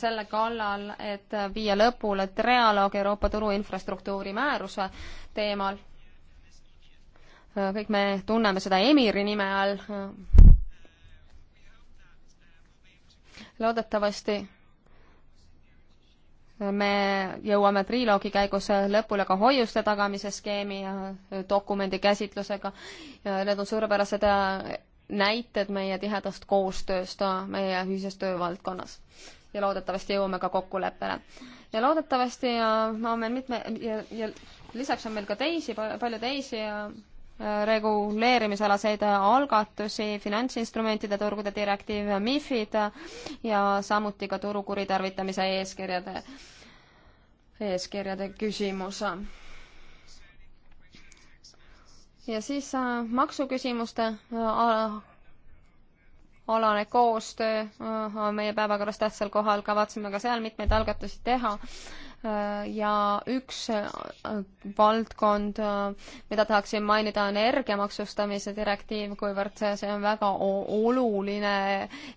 selle kallal, et viia lõpule trialoog Euroopa turu infrastruktuuri määruse teemal. kõik me tunneme seda EMIR-i nime all loodetavasti me jõuame triloogi käigus lõpule ka hoiuste tagamise skeemi ja dokumendi käsitlusega. Need on suurepärased äh, näited meie tihedast koostööst äh, meie ühises töövaldkonnas ja loodetavasti jõuame ka kokkuleppele. ja loodetavasti äh, on meil mitme ja, ja lisaks on meil ka teisi, palju teisi ja reguleerimisalaseid algatusi, finantsinstrumentide turgude direktiiv, MIFID ja samuti ka turu kuritarvitamise eeskirjade, eeskirjade küsimus. ja siis äh, maksuküsimuste äh, alane koostöö äh, on meie päevakorras tähtsal kohal, kavatseme ka seal mitmeid algatusi teha ja üks äh, valdkond, äh, mida tahaksin mainida, on energiamaksustamise direktiiv, kuivõrd see on väga oluline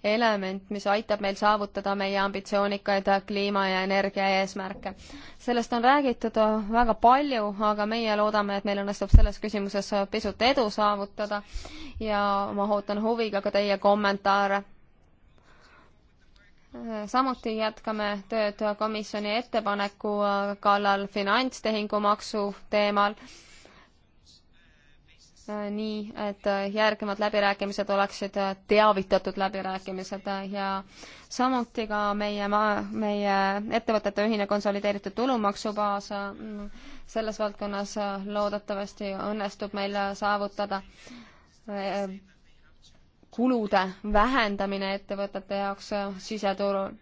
element, mis aitab meil saavutada meie ambitsioonikaid kliima- ja energiaeesmärke. sellest on räägitud äh, väga palju, aga meie loodame, et meil õnnestub selles küsimuses pisut edu saavutada ja ma ootan huviga ka teie kommentaare samuti jätkame tööd komisjoni ettepaneku kallal finantstehingumaksu teemal. nii, et järgnevad läbirääkimised oleksid teavitatud läbirääkimised ja samuti ka meie, meie ettevõtete ühine konsolideeritud tulumaksubaas. selles valdkonnas loodetavasti õnnestub meil saavutada kulude vähendamine ettevõtete jaoks äh, siseturul.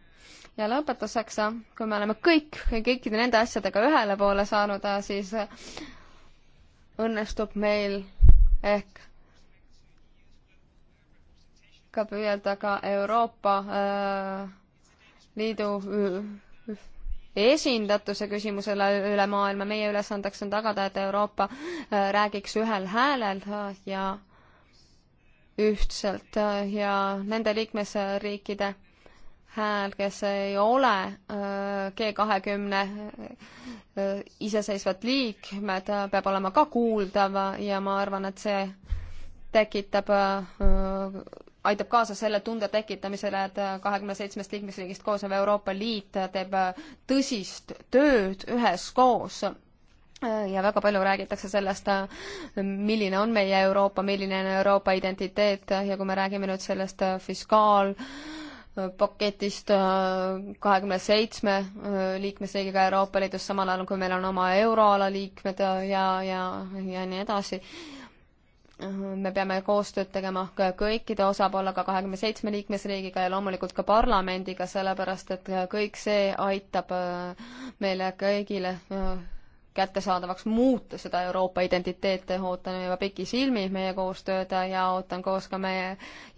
ja lõpetuseks, äh, kui me oleme kõik, kõikide nende asjadega ühele poole saanud, äh, siis õnnestub meil ehk ka püüelda ka Euroopa Liidu esindatuse küsimusele üle maailma. meie ülesandeks on tagada, et Euroopa räägiks ühel häälel ja ühtselt äh, ja nende liikmesriikide hääl, kes ei ole äh, G kahekümne äh, iseseisvad liikmed, peab olema ka kuuldav ja ma arvan, et see tekitab, aitab kaasa selle tunde tekitamisele, et kahekümne seitsmest liikmesriigist koosnev Euroopa Liit teeb tõsist tööd üheskoos ja väga palju räägitakse sellest, milline on meie Euroopa, milline on Euroopa identiteet ja kui me räägime nüüd sellest äh, fiskaalpaketist äh, äh, kahekümne seitsme liikmesriigiga Euroopa Liidus, samal ajal kui meil on oma euroala liikmed ja, ja, ja nii edasi, me peame koostööd tegema kõikide osapoolega, kahekümne seitsme liikmesriigiga ja loomulikult ka parlamendiga, sellepärast et kõik see aitab meile kõigile kättesaadavaks muuta seda Euroopa identiteeti, ootan juba pikisilmi meie koostööd ja ootan koos ka meie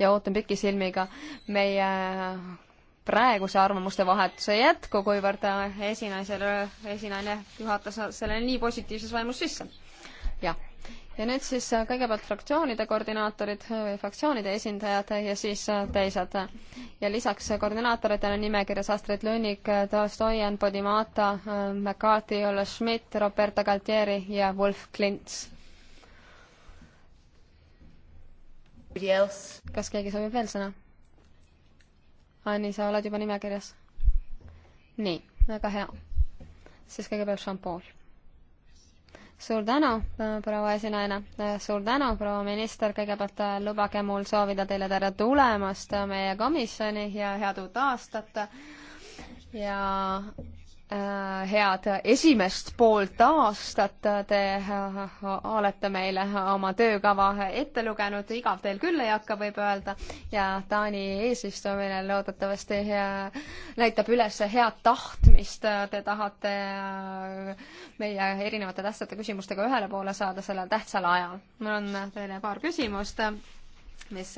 ja ootan pikisilmiga meie praeguse arvamuste vahetuse jätku, kuivõrd esinaisele, esinaine juhatas selle nii positiivses vaimus sisse. jah, ja nüüd siis äh, kõigepealt fraktsioonide koordinaatorid või äh, fraktsioonide esindajad äh, ja siis teised. ja lisaks koordinaatoritele nimekirjas Astrid Lünnik, Tolstoian, Podimata, McCarthy, Olle Schmidt, Roberta Galtieri ja Wolf Klints. kas keegi soovib veel sõna? Anni, sa oled juba nimekirjas? nii, väga hea. siis kõigepealt Jean-Paul suur tänu, äh, proua esinaine, äh, suur tänu, proua minister, kõigepealt äh, lubage mul soovida teile tere tulemast meie komisjoni ja head uut aastat ja Äh, head esimest poolt aastat te äh, olete meile oma töökava ette lugenud, igav teil küll ei hakka, võib öelda, ja Taani eesistumine loodetavasti äh, näitab üles head tahtmist, te tahate meie erinevate tähtsate küsimustega ühele poole saada sellel tähtsal ajal. mul on teile paar küsimust, mis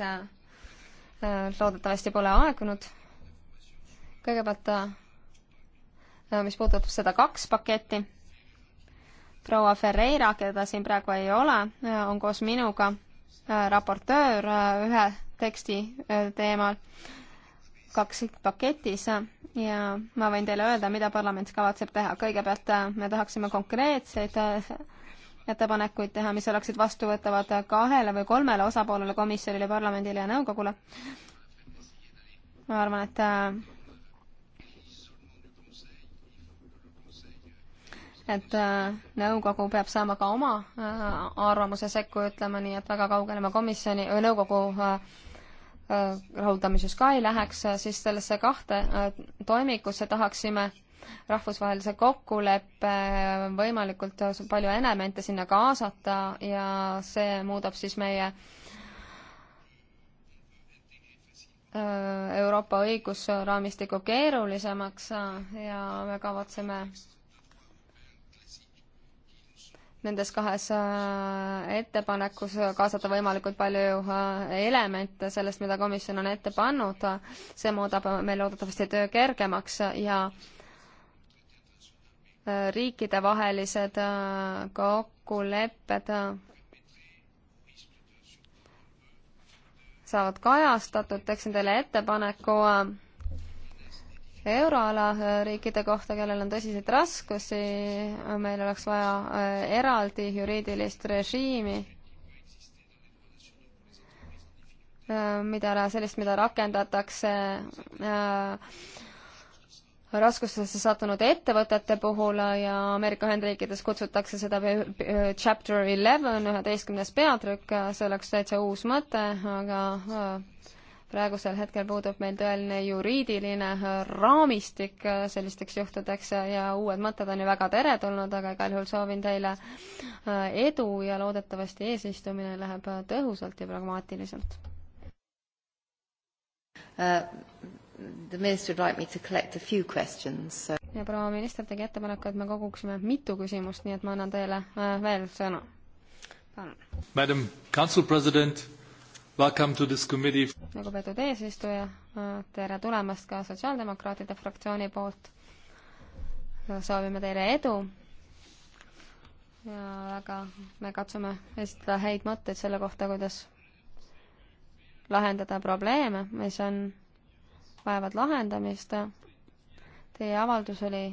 loodetavasti pole aegunud. kõigepealt Äh, mis puudutab seda kaks paketti. proua Ferreira, keda siin praegu ei ole, äh, on koos minuga äh, raportöör ühe teksti teemal kaks paketis ja ma võin teile öelda, mida parlament kavatseb teha. kõigepealt me tahaksime konkreetseid ettepanekuid teha, mis oleksid vastuvõtavad kahele või kolmele osapoolele, komisjonile, parlamendile ja nõukogule. ma arvan, et et äh, nõukogu peab saama ka oma äh, arvamuse sekku ütlema, nii et väga kaugele ma komisjoni, äh, nõukogu rahuldamises ka ei läheks, siis sellesse kahte toimikusse tahaksime rahvusvahelise kokkuleppe võimalikult palju elemente sinna kaasata ja see muudab siis meie Euroopa õigusraamistiku keerulisemaks ja me kavatseme nendes kahes äh, ettepanekus kaasata võimalikult palju äh, elemente sellest, mida komisjon on ette pannud. see muudab meil loodetavasti töö kergemaks ja äh, riikidevahelised kokkulepped saavad kajastatud, teeksin teile ettepaneku euroala äh, riikide kohta, kellel on tõsiseid raskusi, meil oleks vaja äh, eraldi juriidilist režiimi, äh, mida, sellist, mida rakendatakse raskustesse sattunud ettevõtete puhul ja Ameerika Ühendriikides kutsutakse seda chapter eleven, üheteistkümnes peatükk, see oleks täitsa uus mõte, aga praegusel hetkel puudub meil tõeline juriidiline äh, raamistik äh, sellisteks juhtudeks ja uued mõtted on ju väga teretulnud, aga igal juhul soovin teile äh, edu ja loodetavasti eesistumine läheb tõhusalt ja pragmaatiliselt uh,. The minister would like me to collect a few questions so.... ja proua minister tegi ettepaneku, et me koguksime mitu küsimust, nii et ma annan teile veel sõna. palun. Madam Council President lugupeetud eesistuja, äh, tere tulemast ka Sotsiaaldemokraatide fraktsiooni poolt. soovime teile edu ja väga, me katsume esitada häid mõtteid selle kohta, kuidas lahendada probleeme, mis on, vajavad lahendamist. Teie avaldus oli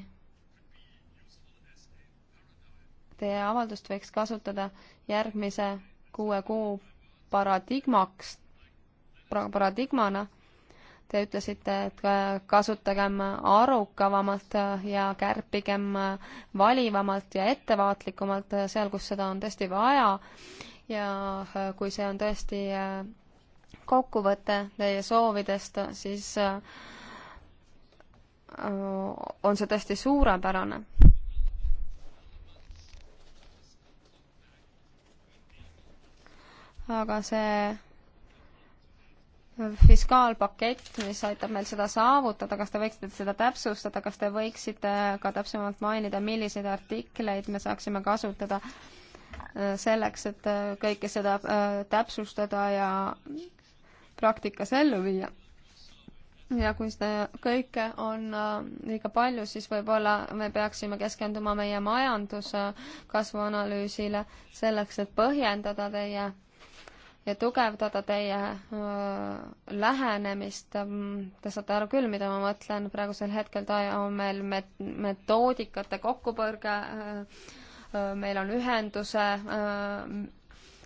teie avaldust võiks kasutada järgmise kuue kuu paradigmaks, paradigmana. Te ütlesite, et kasutagem arukavamalt ja kärpigem valivamalt ja ettevaatlikumalt seal, kus seda on tõesti vaja. ja kui see on tõesti kokkuvõte teie soovidest, siis on see tõesti suurepärane aga see fiskaalpakett, mis aitab meil seda saavutada, kas te võiksite seda täpsustada, kas te võiksite ka täpsemalt mainida, milliseid artikleid me saaksime kasutada äh, selleks, et äh, kõike seda äh, täpsustada ja praktikas ellu viia? ja kui seda kõike on liiga palju, siis võib-olla me peaksime keskenduma meie majanduskasvu analüüsile selleks, et põhjendada teie ja tugevdada teie lähenemist. Te saate aru küll, mida ma mõtlen, praegusel hetkel ta on meil met-, metoodikate kokkupõrge, meil on ühenduse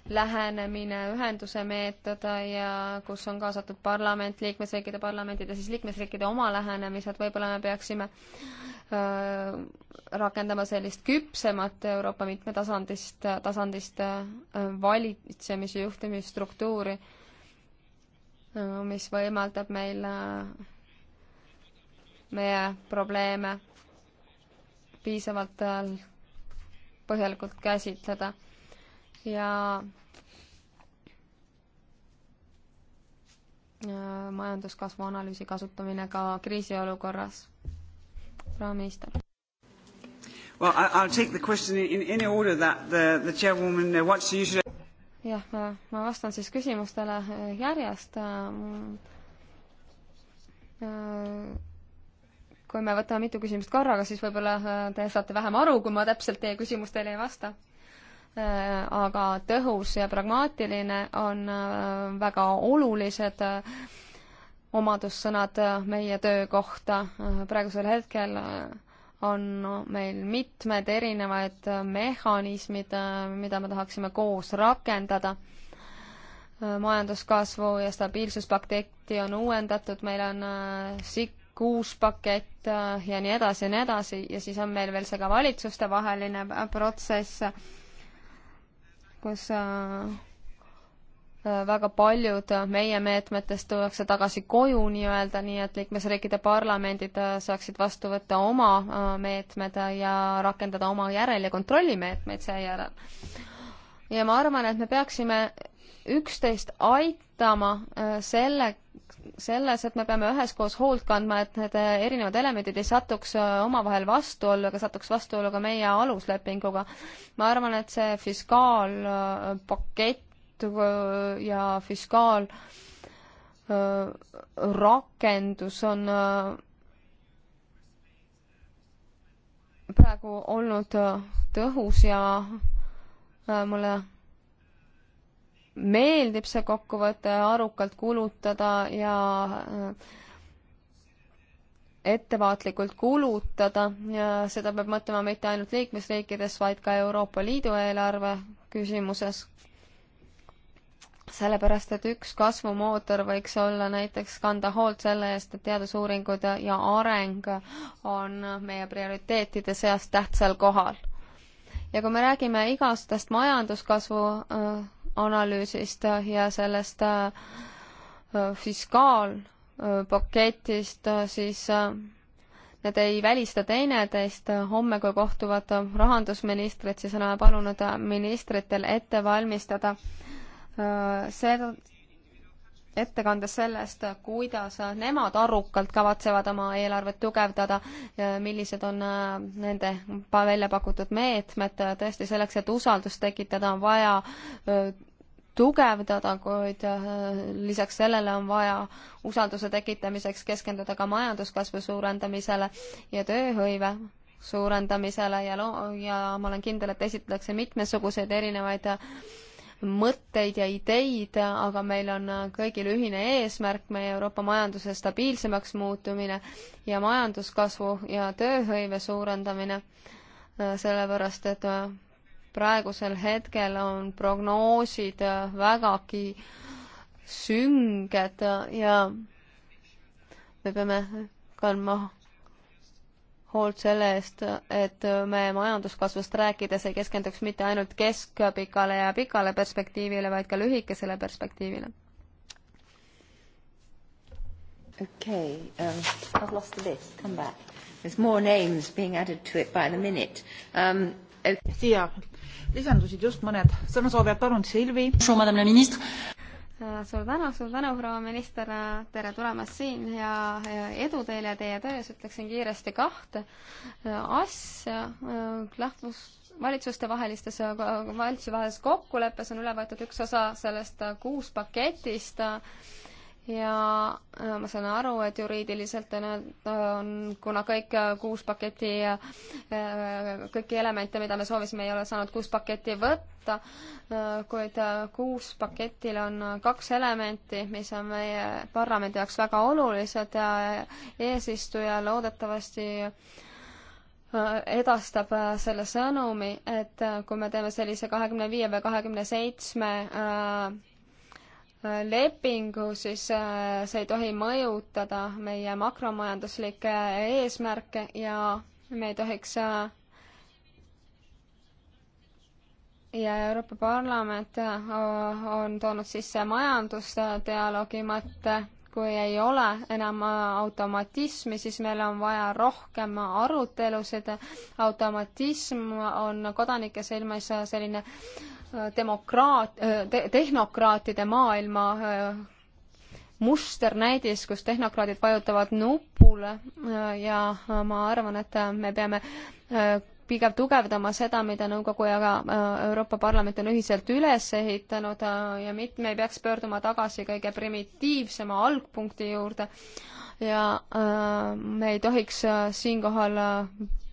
lähenemine, ühenduse meetod ja kus on kaasatud parlament, liikmesriikide parlamendid ja siis liikmesriikide oma lähenemised, võib-olla me peaksime äh, Äh, rakendama sellist küpsemat Euroopa mitmetasandist, tasandist äh, valitsemise juhtimisstruktuuri, äh, mis võimaldab meil meie probleeme piisavalt põhjalikult käsitleda ja majanduskasvu analüüsi kasutamine ka kriisiolukorras proua minister. Well, I'll take the question in any order that the, the chairwoman uh, wants usually jah, ma, ma vastan siis küsimustele äh, järjest. Äh, äh, kui me võtame mitu küsimust korraga, siis võib-olla te saate vähem aru, kui ma täpselt teie küsimustele ei vasta. aga tõhus ja pragmaatiline on väga olulised omadussõnad äh, meie töö kohta. Äh, praegusel hetkel äh, on meil mitmed erinevad mehhanismid, mida me tahaksime koos rakendada. majanduskasvu ja stabiilsuspaketti on uuendatud, meil on SIK kuus pakett ja nii edasi ja nii edasi ja siis on meil veel see ka valitsustevaheline protsess, kus Äh, väga paljud äh, meie meetmetest tuuakse tagasi koju nii-öelda, nii et liikmesriikide parlamendid äh, saaksid vastu võtta oma meetmed ja rakendada oma järel- ja kontrollimeetmeid seejärel. ja ma arvan, et me peaksime üksteist aitama selle, selles, et me peame üheskoos hoolt kandma, et need erinevad elemendid ei satuks omavahel vastuollu ega satuks vastuollu ka meie aluslepinguga. ma arvan, et see fiskaalpakett Äh, ja fiskaalrakendus äh, on äh, praegu olnud tõhus ja mulle meeldib see kokkuvõte arukalt kulutada ja ettevaatlikult kulutada ja seda peab mõtlema mitte ainult liikmesriikides, vaid ka Euroopa Liidu eelarve küsimuses sellepärast, et üks kasvumootor võiks olla näiteks kanda hoolt selle eest, et teadusuuringud ja areng on meie prioriteetide seas tähtsal kohal. ja kui me räägime igastest majanduskasvu äh, analüüsist ja sellest äh, äh, fiskaalpaketist, siis nad ei välista teineteist, homme, kui kohtuvad rahandusministrid, siis oleme palunud ministritel ette valmistada äh, seda, ettekandes sellest, kuidas nemad arukalt kavatsevad oma eelarvet tugevdada, millised on äh, nende välja pakutud meetmed, tõesti selleks, et usaldust tekitada, on vaja äh, tugevdada, kuid äh, lisaks sellele on vaja usalduse tekitamiseks keskenduda ka majanduskasvu suurendamisele ja tööhõive suurendamisele ja loo-, ja ma olen kindel, et esitatakse mitmesuguseid erinevaid äh, mõtteid ja ideid, aga meil on kõigil ühine eesmärk, meie Euroopa majanduse stabiilsemaks muutumine ja majanduskasvu ja tööhõive suurendamine, sellepärast et praegusel hetkel on prognoosid vägagi sünged ja me peame kandma hoolt selle eest, et me majanduskasvust rääkides ei keskenduks mitte ainult keskpikale ja pikale perspektiivile, vaid ka lühikesele perspektiivile. okei okay, um,, I have lost the list, come back. There is more names being added to it by the minute um,. Okay. siia lisandusid just mõned sõnasoovijad, palun Silvi. Äh, suur tänu, suur tänu, proua minister, äh, tere tulemast siin ja edu teile ja teie töös, ütleksin kiiresti kahte äh, asja. lahkus, valitsustevahelistes, valitsuse vahelises kokkuleppes on üle võetud üks osa sellest kuus paketist ja äh, ma saan aru, et juriidiliselt on, on, kuna kõik äh, kuus paketi, äh, kõiki elemente, mida me soovisime, ei ole saanud kuus paketti võtta, kuid kuus paketil on kaks elementi, mis on meie parlamendi jaoks väga olulised ja eesistuja loodetavasti edastab selle sõnumi, et kui me teeme sellise kahekümne viie või kahekümne seitsme lepingu, siis äh, see ei tohi mõjutada meie makromajanduslikke eesmärke ja me ei tohiks äh, ja Euroopa Parlament äh, on toonud sisse majandusdialoogi mõtte, kui ei ole enam automatismi, siis meil on vaja rohkem arutelusid. automatism on kodanike silmis selline äh, demokraat- te,, tehnokraatide maailma äh, musternäidis, kus tehnokraadid vajutavad nupule äh, ja ma arvan, et äh, me peame pigem tugevdama seda, mida Nõukogu ja ka Euroopa Parlament on ühiselt üles ehitanud ja mitte, me ei peaks pöörduma tagasi kõige primitiivsema algpunkti juurde ja me ei tohiks siinkohal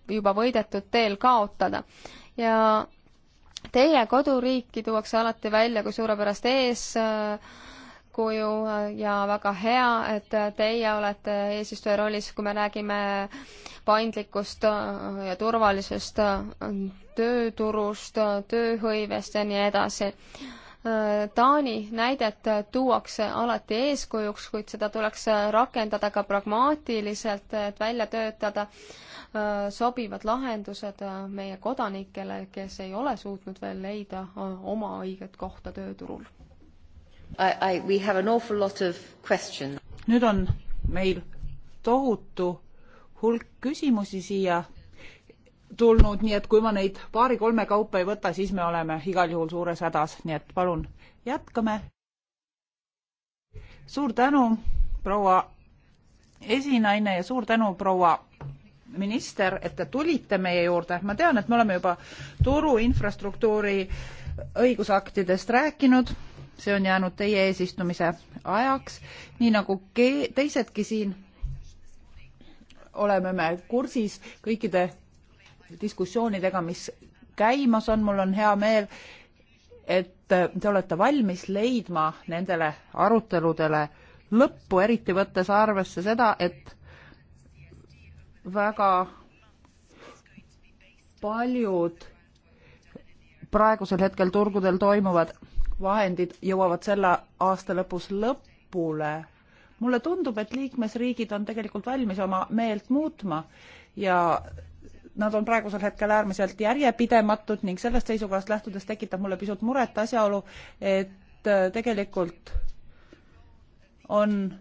juba võidetud teel kaotada. ja Teie koduriiki tuuakse alati välja kui suurepärast eeskuju äh, ja väga hea, et teie olete eesistuja rollis, kui me räägime paindlikkust äh, ja turvalisest äh, tööturust, tööhõivest ja nii edasi Taani näidet tuuakse alati eeskujuks, kuid seda tuleks rakendada ka pragmaatiliselt, et välja töötada äh, sobivad lahendused äh, meie kodanikele, kes ei ole suutnud veel leida äh, oma õiget kohta tööturul. nüüd on meil tohutu hulk küsimusi siia tulnud, nii et kui ma neid paari-kolme kaupa ei võta, siis me oleme igal juhul suures hädas, nii et palun jätkame. suur tänu, proua esinaine ja suur tänu, proua minister, et te tulite meie juurde. ma tean, et me oleme juba turu infrastruktuuri õigusaktidest rääkinud, see on jäänud teie eesistumise ajaks, nii nagu teisedki siin oleme me kursis kõikide diskussioonidega, mis käimas on, mul on hea meel, et te olete valmis leidma nendele aruteludele lõppu, eriti võttes arvesse seda, et väga paljud praegusel hetkel turgudel toimuvad vahendid jõuavad selle aasta lõpus lõpule. mulle tundub, et liikmesriigid on tegelikult valmis oma meelt muutma ja nad on praegusel hetkel äärmiselt järjepidematud ning sellest seisukohast lähtudes tekitab mulle pisut muret asjaolu, et äh, tegelikult on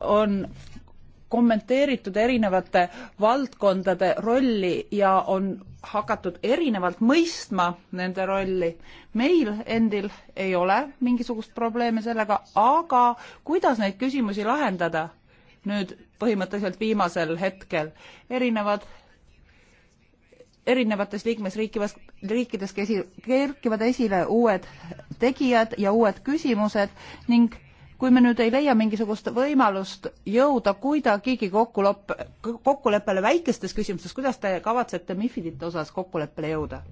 on kommenteeritud erinevate valdkondade rolli ja on hakatud erinevalt mõistma nende rolli. meil endil ei ole mingisugust probleemi sellega, aga kuidas neid küsimusi lahendada nüüd põhimõtteliselt viimasel hetkel, erinevad erinevates liikmesriikides, riikides kesi, kerkivad esile uued tegijad ja uued küsimused ning kui me nüüd ei leia mingisugust võimalust jõuda kuidagigi kokkuleppe, kokkuleppele väikestes küsimustes, kuidas te kavatsete MIFIDite osas kokkuleppele jõuda?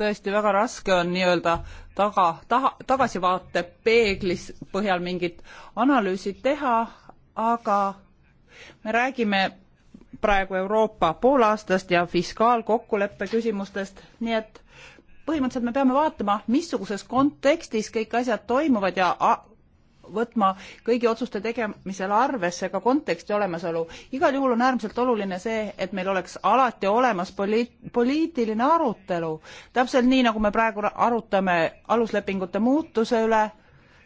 tõesti väga raske on nii-öelda taga, taha, tagasivaate peeglis põhjal mingit analüüsi teha, aga me räägime praegu Euroopa poolaastast ja fiskaalkokkuleppe küsimustest, nii et põhimõtteliselt me peame vaatama, missuguses kontekstis kõik asjad toimuvad ja võtma kõigi otsuste tegemisel arvesse ka konteksti olemasolu. igal juhul on äärmiselt oluline see, et meil oleks alati olemas poliit-, poliitiline arutelu. täpselt nii, nagu me praegu arutame aluslepingute muutuse üle,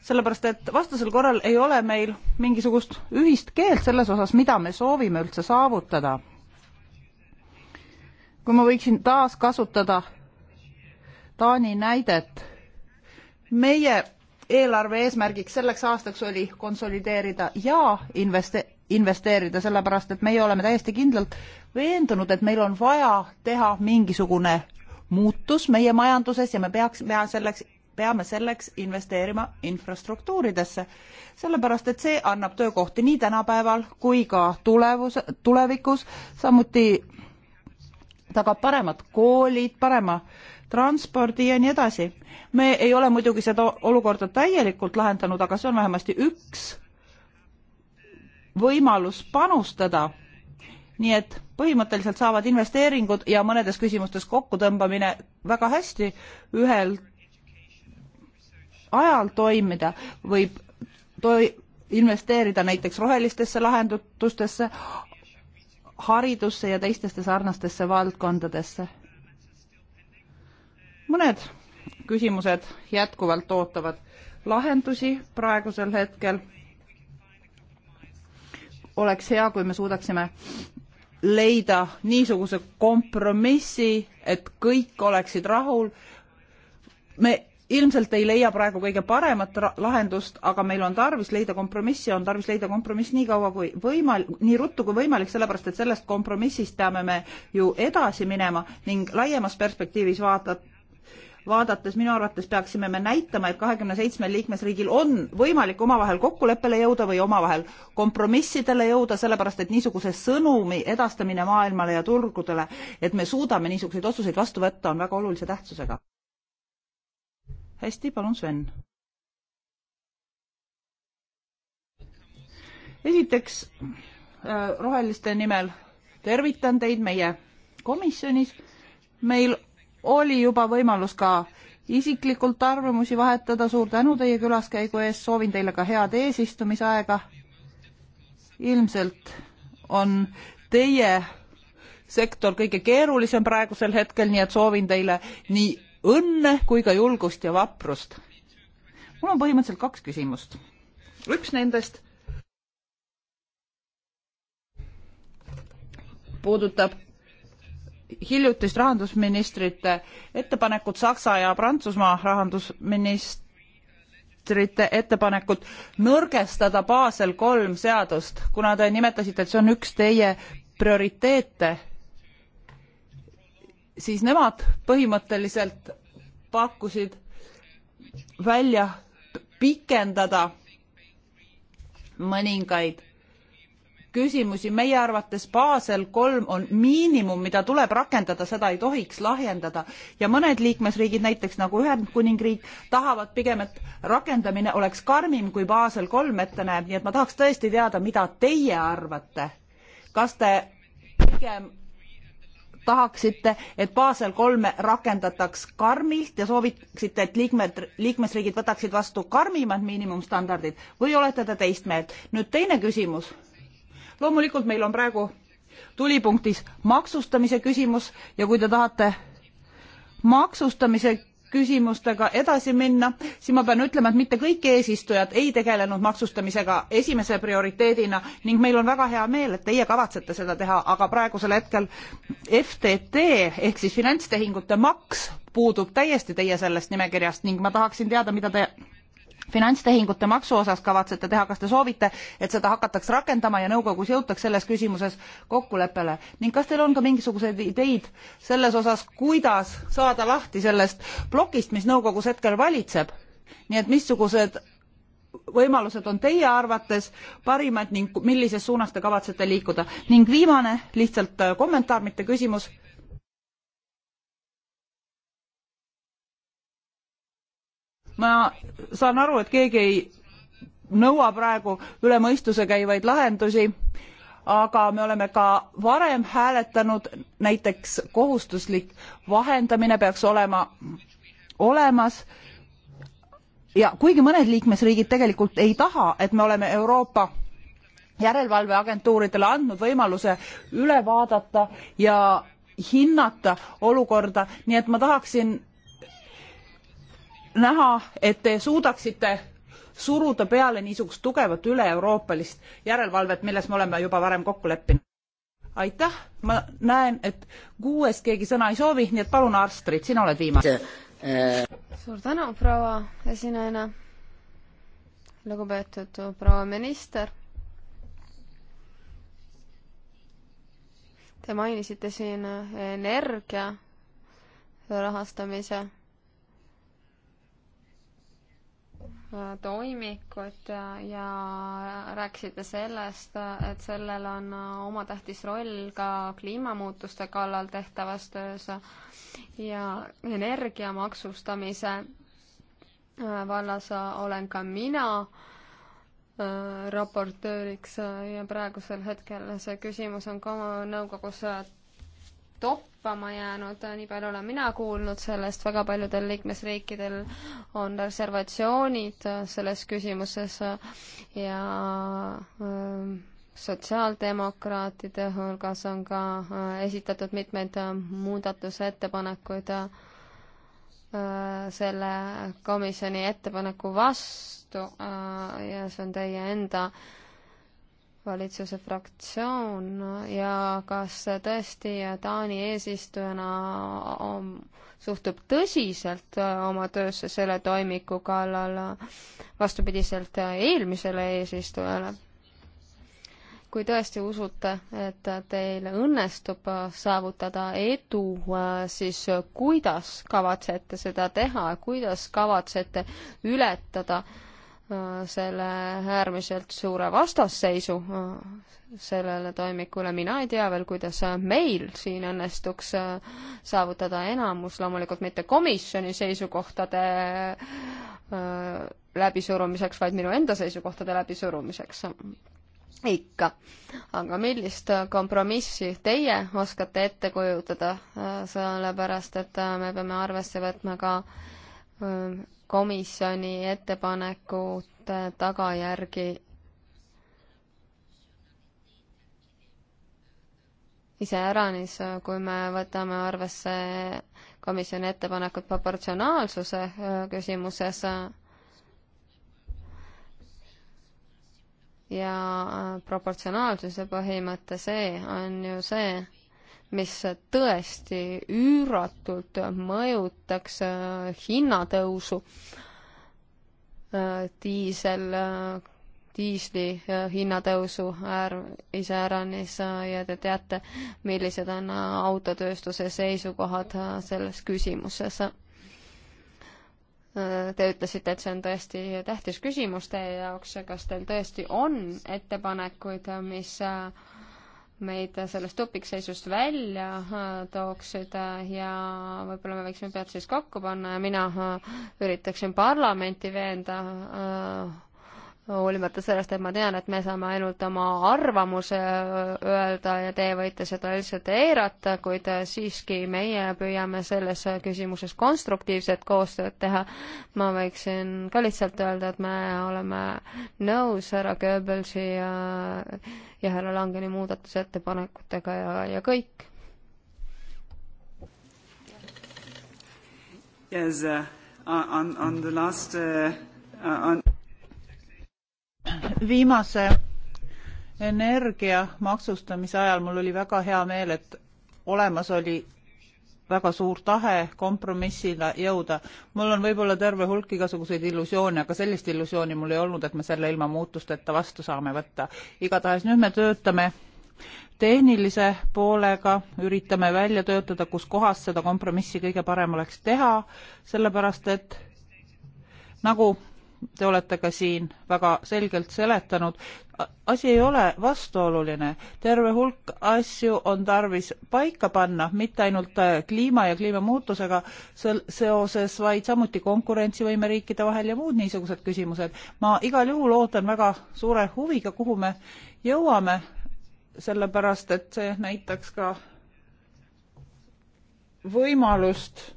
sellepärast et vastasel korral ei ole meil mingisugust ühist keelt selles osas, mida me soovime üldse saavutada. kui ma võiksin taas kasutada Taani näidet, meie eelarve eesmärgiks selleks aastaks oli konsolideerida ja investe-, investeerida, sellepärast et meie oleme täiesti kindlalt veendunud, et meil on vaja teha mingisugune muutus meie majanduses ja me peaks, peame selleks peame selleks investeerima infrastruktuuridesse, sellepärast et see annab töökohti nii tänapäeval kui ka tulevus, tulevikus, samuti tagab paremad koolid, parema transpordi ja nii edasi. me ei ole muidugi seda olukorda täielikult lahendanud, aga see on vähemasti üks võimalus panustada. nii et põhimõtteliselt saavad investeeringud ja mõnedes küsimustes kokkutõmbamine väga hästi ühel ajal toimida, võib toi-, investeerida näiteks rohelistesse lahendustesse, haridusse ja teistesse sarnastesse valdkondadesse. mõned küsimused jätkuvalt ootavad lahendusi praegusel hetkel. oleks hea, kui me suudaksime leida niisuguse kompromissi, et kõik oleksid rahul. me ilmselt ei leia praegu kõige paremat lahendust, aga meil on tarvis leida kompromissi, on tarvis leida kompromiss nii kaua kui võimalik, nii ruttu kui võimalik, sellepärast et sellest kompromissist peame me ju edasi minema ning laiemas perspektiivis vaata-, vaadates minu arvates peaksime me näitama, et kahekümne seitsmel liikmesriigil on võimalik omavahel kokkuleppele jõuda või omavahel kompromissidele jõuda, sellepärast et niisuguse sõnumi edastamine maailmale ja turgudele, et me suudame niisuguseid otsuseid vastu võtta, on väga olulise tähtsusega hästi, palun, Sven. esiteks äh, roheliste nimel tervitan teid meie komisjonis. meil oli juba võimalus ka isiklikult arvamusi vahetada, suur tänu teie külaskäigu eest, soovin teile ka head eesistumisaega. ilmselt on teie sektor kõige keerulisem praegusel hetkel, nii et soovin teile nii õnne kui ka julgust ja vaprust. mul on põhimõtteliselt kaks küsimust. üks nendest puudutab hiljutist rahandusministrite ettepanekut, Saksa ja Prantsusmaa rahandusministrite ettepanekut nõrgestada Basel kolm seadust, kuna te nimetasite, et see on üks teie prioriteete siis nemad põhimõtteliselt pakkusid välja pikendada mõningaid küsimusi. meie arvates baasel kolm on miinimum, mida tuleb rakendada, seda ei tohiks lahjendada ja mõned liikmesriigid, näiteks nagu Ühendkuningriik, tahavad pigem, et rakendamine oleks karmim, kui baasel kolm ette näeb, nii et ma tahaks tõesti teada, mida teie arvate. kas te pigem tahaksite, et Basel kolme rakendataks karmilt ja sooviksite, et liikmed, liikmesriigid võtaksid vastu karmimad miinimumstandardid või olete te teist meelt? nüüd teine küsimus. loomulikult meil on praegu tulipunktis maksustamise küsimus ja kui te tahate maksustamise küsimustega edasi minna, siis ma pean ütlema, et mitte kõik eesistujad ei tegelenud maksustamisega esimese prioriteedina ning meil on väga hea meel, et teie kavatsete seda teha, aga praegusel hetkel FTT ehk siis finantstehingute maks puudub täiesti teie sellest nimekirjast ning ma tahaksin teada, mida te finantstehingute maksu osas kavatsete teha, kas te soovite, et seda hakataks rakendama ja nõukogus jõutaks selles küsimuses kokkuleppele ning kas teil on ka mingisuguseid ideid selles osas, kuidas saada lahti sellest plokist, mis nõukogus hetkel valitseb? nii et missugused võimalused on teie arvates parimad ning millises suunas te kavatsete liikuda? ning viimane lihtsalt äh, kommentaar, mitte küsimus ma saan aru, et keegi ei nõua praegu üle mõistuse käivaid lahendusi, aga me oleme ka varem hääletanud, näiteks kohustuslik vahendamine peaks olema olemas ja kuigi mõned liikmesriigid tegelikult ei taha, et me oleme Euroopa järelevalveagentuuridele andnud võimaluse üle vaadata ja hinnata olukorda, nii et ma tahaksin näha, et te suudaksite suruda peale niisugust tugevat üle-euroopalist järelevalvet, milles me oleme juba varem kokku leppinud. aitäh, ma näen, et kuues keegi sõna ei soovi, nii et palun, Arstrid, sina oled viimane. suur tänu, proua esinejana. lugupeetud proua minister. Te mainisite siin energia rahastamise toimikut ja rääkisite sellest, et sellel on oma tähtis roll ka kliimamuutuste kallal tehtavas töös ja energia maksustamise äh, vallas olen ka mina äh, raportööriks ja praegusel hetkel see küsimus on ka nõukogus äh, toppama jäänud, nii palju olen mina kuulnud sellest, väga paljudel liikmesriikidel on reservatsioonid selles küsimuses ja ähm, sotsiaaldemokraatide hulgas on ka äh, esitatud mitmeid äh, muudatusettepanekuid äh, selle komisjoni ettepaneku vastu ja see on teie enda äh, valitsuse fraktsioon ja kas tõesti Taani eesistujana suhtub tõsiselt oma töösse selle toimiku kallal, vastupidiselt eelmisele eesistujale? kui tõesti usute, et teil õnnestub saavutada edu, siis kuidas kavatsete seda teha, kuidas kavatsete ületada äh, Äh, selle äärmiselt suure vastasseisu äh, sellele toimikule, mina ei tea veel, kuidas äh, meil siin õnnestuks saavutada enamus, loomulikult mitte komisjoni seisukohtade läbisurumiseks, vaid minu enda seisukohtade läbisurumiseks. ikka. aga millist kompromissi teie oskate ette kujutada, sellepärast et me peame arvesse võtma ka komisjoni ettepanekute tagajärgi iseäranis, kui me võtame arvesse komisjoni ettepanekut proportsionaalsuse äh, küsimuses ja äh, proportsionaalsuse põhimõte, see on ju see, mis tõesti üüratult mõjutaks äh, hinnatõusu äh, diisel, äh, diisli hinnatõusu äär-, iseäranis ja te teate, millised on autotööstuse seisukohad selles küsimuses. Te ütlesite, et see on tõesti tähtis küsimus teie jaoks, kas teil tõesti on ettepanekuid, mis äh, meid sellest tupikseisust välja äh, tooksid äh, ja võib-olla me võiksime pead siis kokku panna ja mina äh, üritaksin parlamenti veenda hoolimata sellest, et ma tean, et me saame ainult oma arvamuse öelda ja te võite seda lihtsalt eirata, kuid äh, siiski meie püüame selles küsimuses konstruktiivset koostööd teha. ma võiksin ka lihtsalt öelda, et me oleme nõus härra Goebbelsi ja, ja härra Langeni muudatusettepanekutega ja, ja kõik. Yes, uh, on, on the last uh, uh on viimase energia maksustamise ajal mul oli väga hea meel, et olemas oli väga suur tahe kompromissile jõuda. mul on võib-olla terve hulk igasuguseid illusioone, aga sellist illusiooni mul ei olnud, et me selle ilma muutusteta vastu saame võtta. igatahes nüüd me töötame tehnilise poolega, üritame välja töötada, kus kohas seda kompromissi kõige parem oleks teha, sellepärast et nagu te olete ka siin väga selgelt seletanud, asi ei ole vastuoluline, terve hulk asju on tarvis paika panna, mitte ainult äh, kliima ja kliimamuutusega seoses, vaid samuti konkurentsivõime riikide vahel ja muud niisugused küsimused. ma igal juhul ootan väga suure huviga, kuhu me jõuame, sellepärast et see näitaks ka võimalust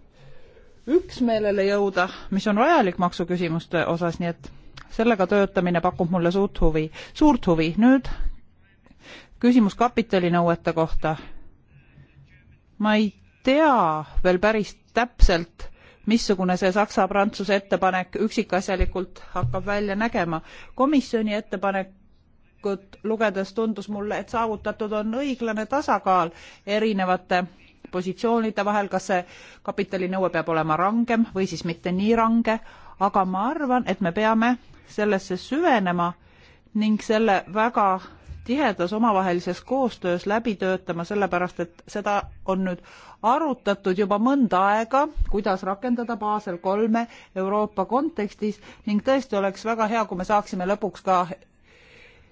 üksmeelele jõuda, mis on vajalik maksuküsimuste osas, nii et sellega töötamine pakub mulle suurt huvi, suurt huvi. nüüd küsimus kapitalinõuete kohta. ma ei tea veel päris täpselt, missugune see Saksa-Prantsuse ettepanek üksikasjalikult hakkab välja nägema. komisjoni ettepanekut lugedes tundus mulle, et saavutatud on õiglane tasakaal erinevate positsioonide vahel, kas see kapitalinõue peab olema rangem või siis mitte nii range, aga ma arvan, et me peame sellesse süvenema ning selle väga tihedas omavahelises koostöös läbi töötama, sellepärast et seda on nüüd arutatud juba mõnda aega, kuidas rakendada Basel kolme Euroopa kontekstis ning tõesti oleks väga hea, kui me saaksime lõpuks ka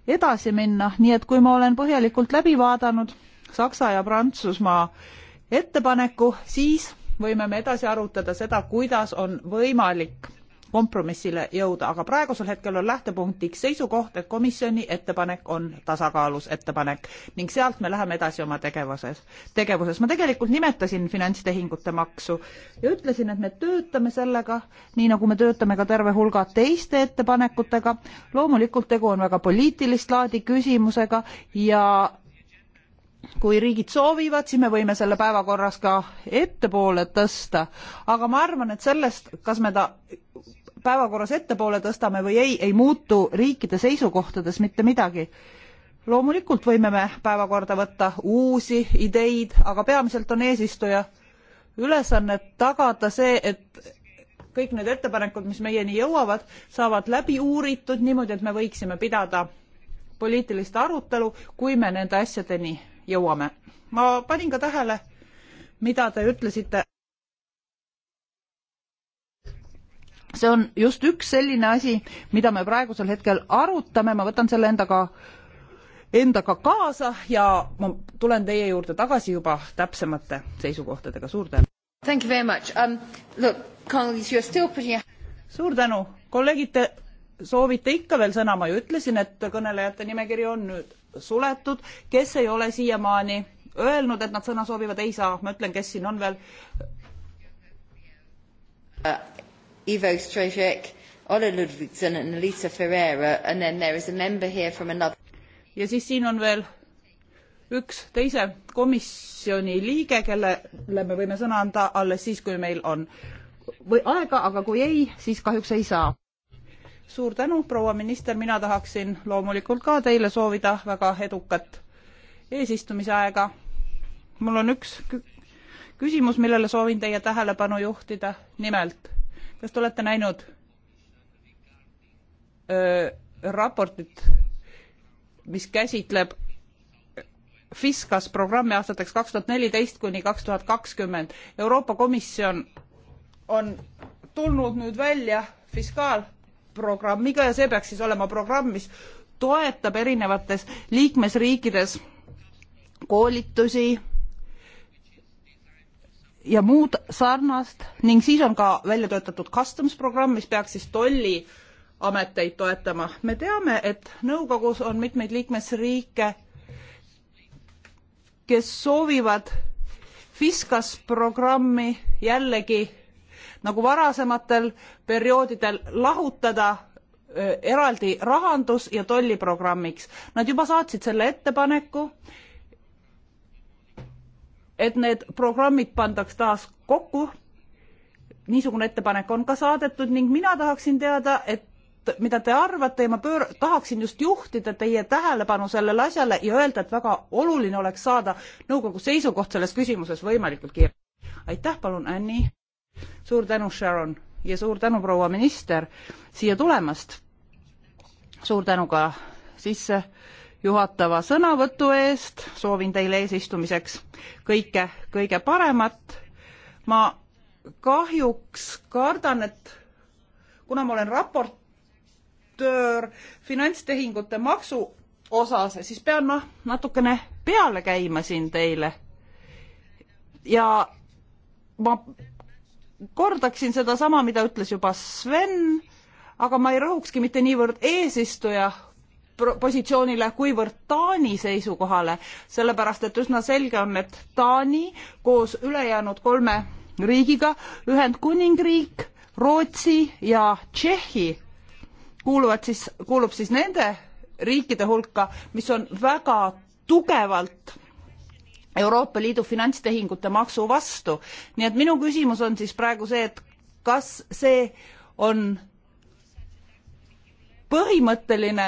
edasi minna, nii et kui ma olen põhjalikult läbi vaadanud Saksa ja Prantsusmaa ettepaneku, siis võime me edasi arutada seda, kuidas on võimalik kompromissile jõuda, aga praegusel hetkel on lähtepunktiks seisukoht, et komisjoni ettepanek on tasakaalus ettepanek ning sealt me läheme edasi oma tegevuses, tegevuses. ma tegelikult nimetasin finantstehingute maksu ja ütlesin, et me töötame sellega, nii nagu me töötame ka terve hulga teiste ettepanekutega. loomulikult tegu on väga poliitilist laadi küsimusega ja kui riigid soovivad, siis me võime selle päevakorras ka ettepoole tõsta, aga ma arvan, et sellest, kas me ta päevakorras ettepoole tõstame või ei, ei muutu riikide seisukohtades mitte midagi. loomulikult võime me päevakorda võtta uusi ideid, aga peamiselt on eesistuja ülesanne tagada see, et kõik need ettepanekud, mis meieni jõuavad, saavad läbi uuritud niimoodi, et me võiksime pidada poliitilist arutelu, kui me nende asjadeni jõuame. ma panin ka tähele, mida te ütlesite. see on just üks selline asi, mida me praegusel hetkel arutame, ma võtan selle endaga, endaga kaasa ja ma tulen teie juurde tagasi juba täpsemate seisukohtadega, suur tänu. Thank you very much um,. Look, colleagues, you are still putting suur tänu, kolleegid, te soovite ikka veel sõna, ma ju ütlesin, et kõnelejate nimekiri on nüüd suletud, kes ei ole siiamaani öelnud, et nad sõna soovivad, ei saa, ma ütlen, kes siin on veel. Uh, Ivo Strežek, Olle Ludvigson and Elisa Ferreira and then there is a member here from another. ja siis siin on veel üks teise komisjoni liige, kellele me võime sõna anda alles siis, kui meil on või aega, aga kui ei, siis kahjuks ei saa suur tänu, proua minister, mina tahaksin loomulikult ka teile soovida väga edukat eesistumise aega. mul on üks küsimus, millele soovin teie tähelepanu juhtida. nimelt, kas te olete näinud öö, raportit, mis käsitleb Fiskas programmi aastateks kaks tuhat neliteist kuni kaks tuhat kakskümmend. Euroopa Komisjon on tulnud nüüd välja fiskaal programmiga ja see peaks siis olema programm, mis toetab erinevates liikmesriikides koolitusi ja muud sarnast ning siis on ka välja töötatud customs programm, mis peaks siis tolliameteid toetama. me teame, et nõukogus on mitmeid liikmesriike, kes soovivad Fiskas programmi jällegi nagu varasematel perioodidel lahutada eraldi rahandus ja tolliprogrammiks. Nad juba saatsid selle ettepaneku, et need programmid pandaks taas kokku. niisugune ettepanek on ka saadetud ning mina tahaksin teada, et mida te arvate ja ma pöör-, tahaksin just juhtida teie tähelepanu sellele asjale ja öelda, et väga oluline oleks saada nõukogu seisukoht selles küsimuses võimalikult kiiresti. aitäh, palun, Anni suur tänu, Sharon, ja suur tänu, proua minister, siia tulemast. suur tänu ka sissejuhatava sõnavõtu eest, soovin teile eesistumiseks kõike kõige paremat. ma kahjuks kardan, et kuna ma olen raportöör finantstehingute maksu osas, siis pean ma natukene peale käima siin teile. ja ma kordaksin sedasama, mida ütles juba Sven, aga ma ei rõhukski mitte niivõrd eesistuja positsioonile, kuivõrd Taani seisukohale, sellepärast et üsna selge on, et Taani koos ülejäänud kolme riigiga, Ühendkuningriik, Rootsi ja Tšehhi kuuluvad siis, kuulub siis nende riikide hulka, mis on väga tugevalt Euroopa Liidu finantstehingute maksu vastu. nii et minu küsimus on siis praegu see, et kas see on põhimõtteline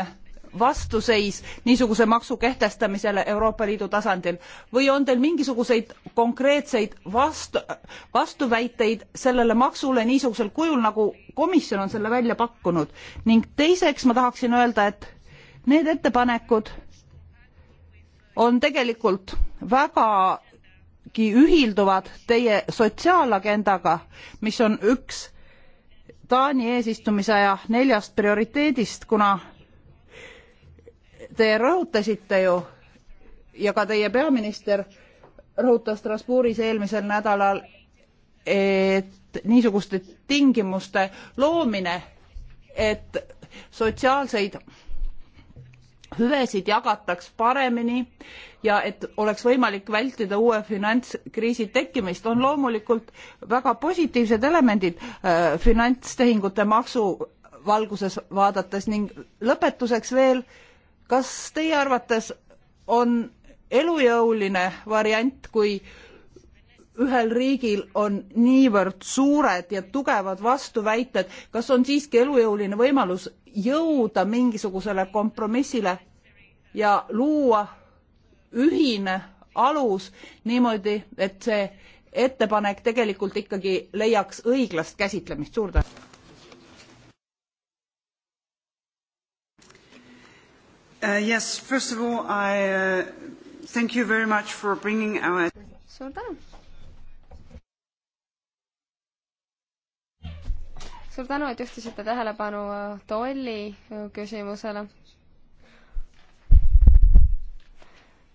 vastuseis niisuguse maksu kehtestamisele euroopa liidu tasandil või on teil mingisuguseid konkreetseid vastu vastuväiteid sellele maksule niisugusel kujul nagu komisjon on selle välja pakkunud ning teiseks ma tahaksin öelda et need ettepanekud on tegelikult vägagi ühilduvad teie sotsiaalagendaga, mis on üks Taani eesistumise aja neljast prioriteedist, kuna te rõhutasite ju ja ka teie peaminister rõhutas Strasbourgis eelmisel nädalal, et niisuguste tingimuste loomine, et sotsiaalseid hüvesid jagataks paremini, ja et oleks võimalik vältida uue finantskriisi tekkimist, on loomulikult väga positiivsed elemendid äh, finantstehingute maksu valguses vaadates ning lõpetuseks veel, kas teie arvates on elujõuline variant, kui ühel riigil on niivõrd suured ja tugevad vastuväited, kas on siiski elujõuline võimalus jõuda mingisugusele kompromissile ja luua ühine alus niimoodi, et see ettepanek tegelikult ikkagi leiaks õiglast käsitlemist. suur tänu. Uh, yes, first of all, I uh, thank you very much for bringing our. Suur tänu. suur tänu, et juhtisite tähelepanu uh, tolli uh, küsimusele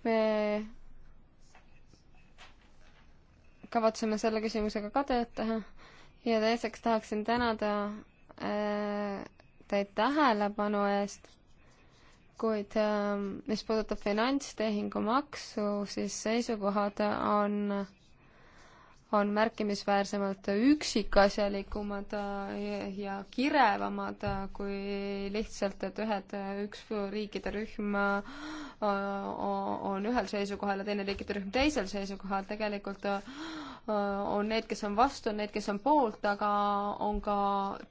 me kavatseme selle küsimusega ka tööd teha ja teiseks tahaksin tänada äh, teid tähelepanu eest, kuid äh, mis puudutab finantstehingu maksu, siis seisukohad on äh, on märkimisväärsemalt üksikasjalikumad äh, ja kirevamad äh, kui lihtsalt, et ühed, äh, üks riikide rühm on ühel seisukohal ja teine riikide rühm teisel seisukohal. tegelikult Äh, on need, kes on vastu, on need, kes on poolt, aga on ka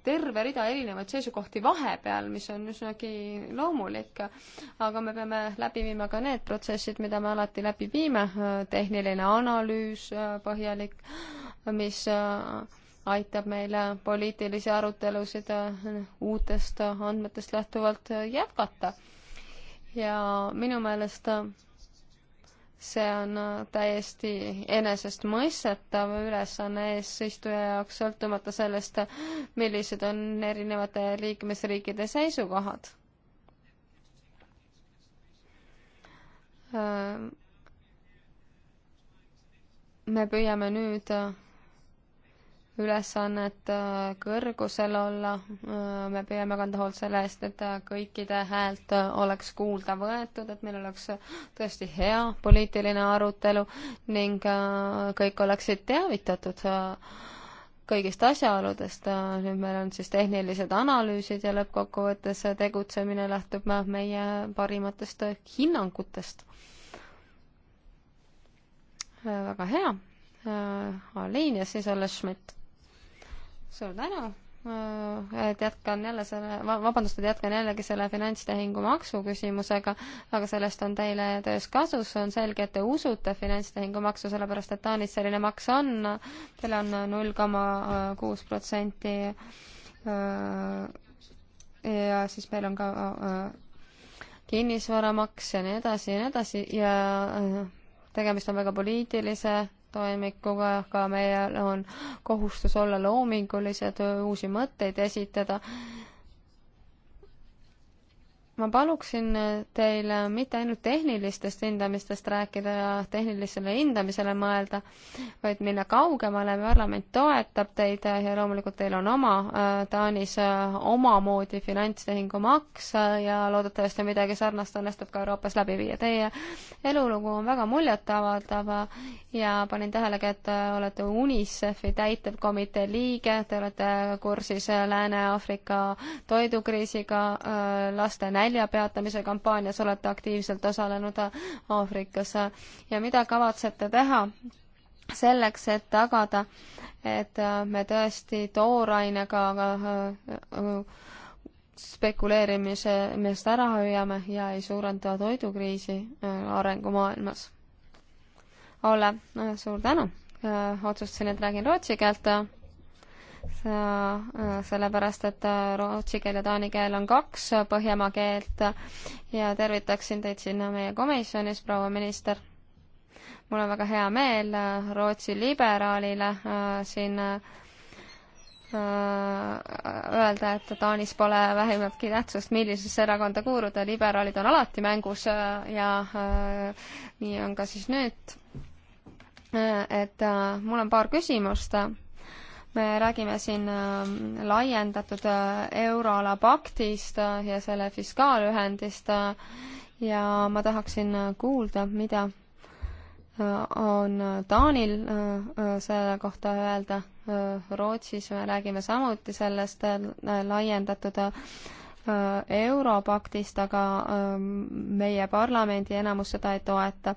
terve rida erinevaid seisukohti vahepeal, mis on üsnagi loomulik. aga me peame läbi viima ka need protsessid, mida me alati läbi viime, äh, tehniline analüüs äh, põhjalik, mis aitab meil poliitilisi arutelusid uutest andmetest lähtuvalt jätkata. ja minu meelest see on äh, täiesti enesestmõistetav ülesanne eesistuja jaoks, sõltumata sellest, millised on erinevate liikmesriikide seisukohad. Äh, me püüame nüüd äh, ülesannet äh, kõrgusel olla. Äh, me püüame kanda hoolt selle eest, et äh, kõikide häält oleks kuulda võetud, et meil oleks tõesti hea poliitiline arutelu ning kõik oleksid teavitatud kõigist asjaoludest. nüüd meil on siis tehnilised analüüsid ja lõppkokkuvõttes tegutsemine lähtub meie parimatest hinnangutest. väga hea. Aliin ja siis alles Schmidt suur tänu et äh, jätkan jälle selle, vabandust, et jätkan jällegi selle finantstehingu maksu küsimusega, aga sellest on teile töös kasu, see on selge, et te usute finantstehingu maksu, sellepärast et Taanis selline maks on, teil on null koma kuus protsenti äh, ja siis meil on ka äh, kinnisvaramaks ja nii edasi ja nii edasi ja tegemist on väga poliitilise toimikuga, aga meil on kohustus olla loomingulised, uusi mõtteid esitada ma paluksin teil mitte ainult tehnilistest hindamistest rääkida ja tehnilisele hindamisele mõelda, vaid minna kaugemale, parlament toetab teid ja loomulikult teil on oma äh, Taanis äh, omamoodi finantstehingumaks äh, ja loodetavasti midagi sarnast õnnestub ka Euroopas läbi viia. Teie elulugu on väga muljetavaldav ja panin tähelegi, et olete UNICEF-i täitevkomitee liige, te olete kursis Lääne-Aafrika toidukriisiga, laste näljaga, väljapeatamise kampaanias olete aktiivselt osalenud Aafrikas ja mida kavatsete teha selleks, et tagada, et me tõesti toorainega äh, äh, spekuleerimise meest ära hoiame ja ei suurenda toidukriisi äh, arengumaailmas. Ole, suur tänu! otsustasin, et räägin rootsi keelt Äh, sellepärast, et äh, rootsi keel ja taani keel on kaks äh, Põhjamaa keelt ja tervitaksin teid sinna meie komisjonis, proua minister. mul on väga hea meel Rootsi liberaalile siin öelda, et Taanis pole vähimatki tähtsust, millisesse erakonda kuuluda, liberaalid on alati mängus ja nii on ka siis nüüd. et mul on paar küsimust me räägime siin ähm, laiendatud äh, euroala paktist äh, ja selle fiskaalühendist äh, ja ma tahaksin kuulda, mida on Taanil selle kohta öelda. Rootsis me räägime samuti sellest laiendatud Europaktist, aga meie parlamendi enamus seda ei toeta.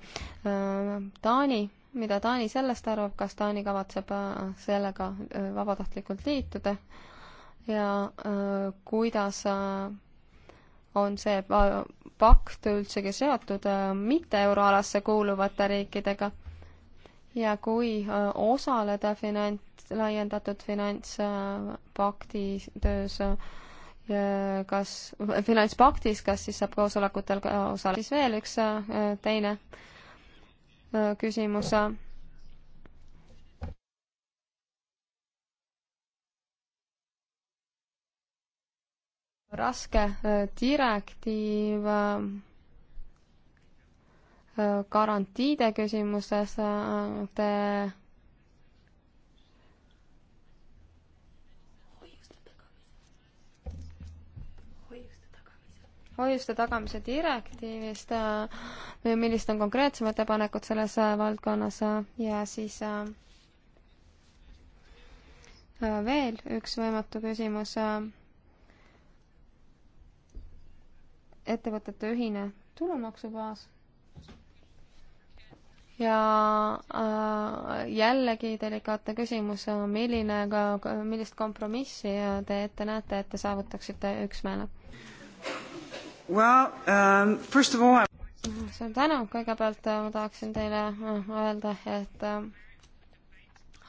Taani mida Taani sellest arvab, kas Taani kavatseb äh, sellega äh, vabatahtlikult liituda ja äh, kuidas on see pakt üldsegi seotud mitte euroalasse kuuluvate riikidega ja kui osaleda finants, laiendatud finantspakti töös Ja kas finantspaktis, kas siis saab koosolekutel osaleda, siis veel üks teine küsimus. raske direktiiv garantiide küsimuses te hoiuste tagamise direktiivist, äh, millised on konkreetsem ettepanekud selles äh, valdkonnas äh, ja siis veel üks võimatu küsimus. ettevõtete ühine tulumaksubaas. ja jällegi delikaatne küsimus, milline, millist kompromissi te ette näete, et te saavutaksite üksmeele? Well, um, first of all I... suur tänu, kõigepealt äh, ma tahaksin teile äh, öelda, et äh,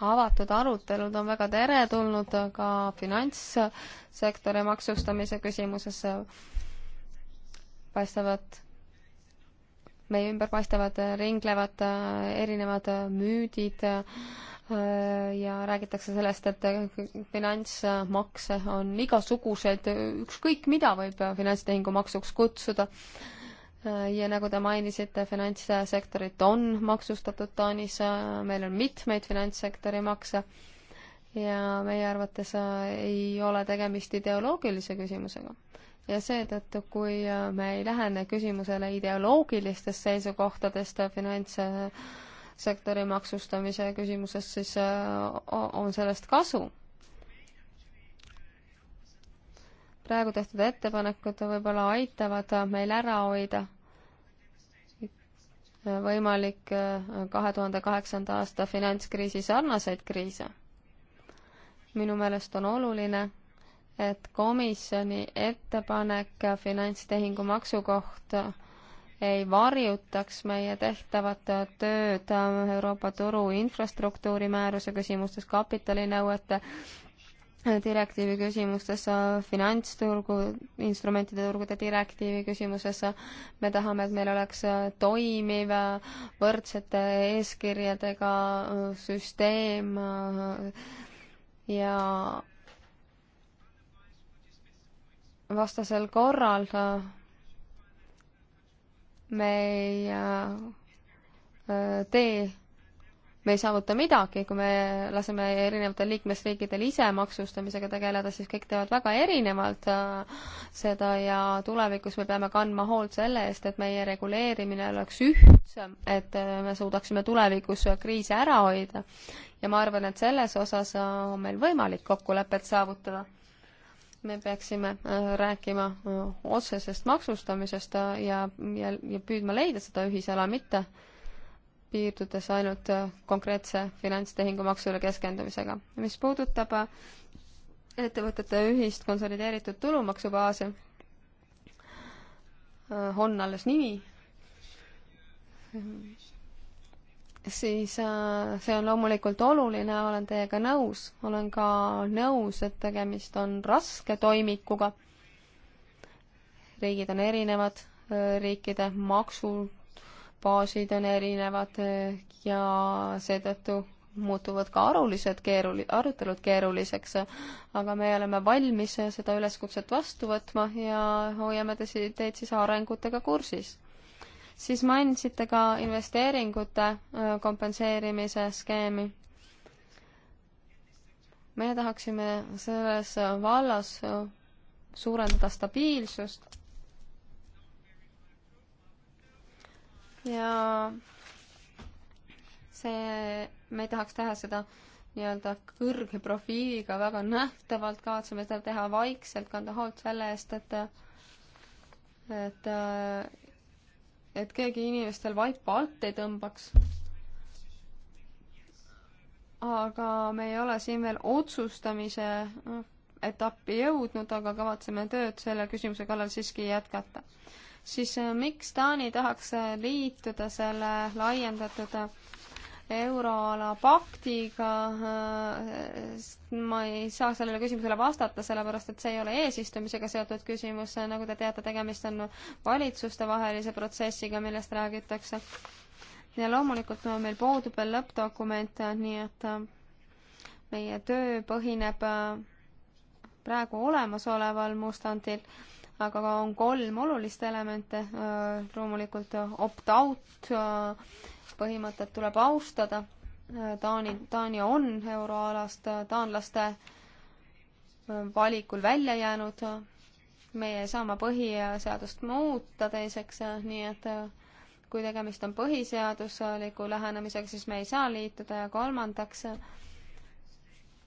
avatud arutelud on väga teretulnud ka finantssektori maksustamise küsimuses. paistavad, meie ümber paistavad, ringlevad erinevad müüdid Äh, ja räägitakse sellest, et äh, finantsmakse on igasugused, ükskõik mida võib äh, finantstehingu maksuks kutsuda. ja nagu te mainisite, finantssektorit on maksustatud Taanis, meil on mitmeid finantssektori makse ja meie arvates ei ole tegemist ideoloogilise küsimusega ja seetõttu, kui me ei lähene küsimusele ideoloogilistest seisukohtadest finants sektori maksustamise küsimuses, siis äh, on sellest kasu. praegu tehtud ettepanekud võib-olla aitavad meil ära hoida võimalik äh, kahe tuhande kaheksanda aasta finantskriisi sarnaseid kriise. minu meelest on oluline, et komisjoni ettepanek finantstehingu maksu kohta ei varjutaks meie tehtavat tööd Euroopa turu infrastruktuuri määruse küsimustes, kapitalinõuete direktiivi küsimustes, finantsturgu, instrumentide turgude direktiivi küsimuses. me tahame, et meil oleks toimiv võrdsete eeskirjadega süsteem ja vastasel korral me ei äh, äh, tee, me ei saavuta midagi, kui me laseme erinevatel liikmesriikidel ise maksustamisega tegeleda, siis kõik teevad väga erinevalt äh, seda ja tulevikus me peame kandma hoolt selle eest, et meie reguleerimine oleks ühtsem, et me suudaksime tulevikus kriise ära hoida. ja ma arvan, et selles osas on meil võimalik kokkulepet saavutada me peaksime äh, rääkima äh, otsesest maksustamisest äh, ja, ja, ja püüdma leida seda ühisala, mitte piirdudes ainult konkreetse finantstehingu maksule keskendumisega. mis puudutab ettevõtete ühist konsolideeritud tulumaksubaasi, on alles nimi siis äh, see on loomulikult oluline, olen teiega nõus, olen ka nõus, et tegemist on raske toimikuga. riigid on erinevad, äh, riikide maksubaasid on erinevad äh, ja seetõttu muutuvad ka arulised keeruli-, arutelud keeruliseks, aga me oleme valmis seda üleskutset vastu võtma ja hoiame te si-, teid siis arengutega kursis siis mainisite ka investeeringute äh, kompenseerimise skeemi. meie tahaksime selles vallas äh, suurendada stabiilsust ja see, me ei tahaks teha seda nii-öelda kõrge profiiliga väga nähtavalt, kavatseme seda teha vaikselt, kanda hoolt selle eest, et et äh, et keegi inimestel vaipa alt ei tõmbaks. aga me ei ole siin veel otsustamise noh, etappi jõudnud, aga kavatseme tööd selle küsimuse kallal siiski jätkata. siis äh, miks Taani tahaks äh, liituda selle laiendatud äh, euroala paktiga. ma ei saa sellele küsimusele vastata, sellepärast et see ei ole eesistumisega seotud küsimus, nagu te teate, tegemist on valitsustevahelise protsessiga, millest räägitakse. ja loomulikult no, meil puudub veel lõppdokument, nii et äh, meie töö põhineb äh, praegu olemasoleval mustandil, aga on kolm olulist elemente, äh, loomulikult opt-out, põhimõtet tuleb austada. Taani, Taani on euroalast taanlaste valikul välja jäänud. meie ei saa oma põhiseadust muuta teiseks, nii et kui tegemist on põhiseadusliku lähenemisega, siis me ei saa liituda ja kolmandaks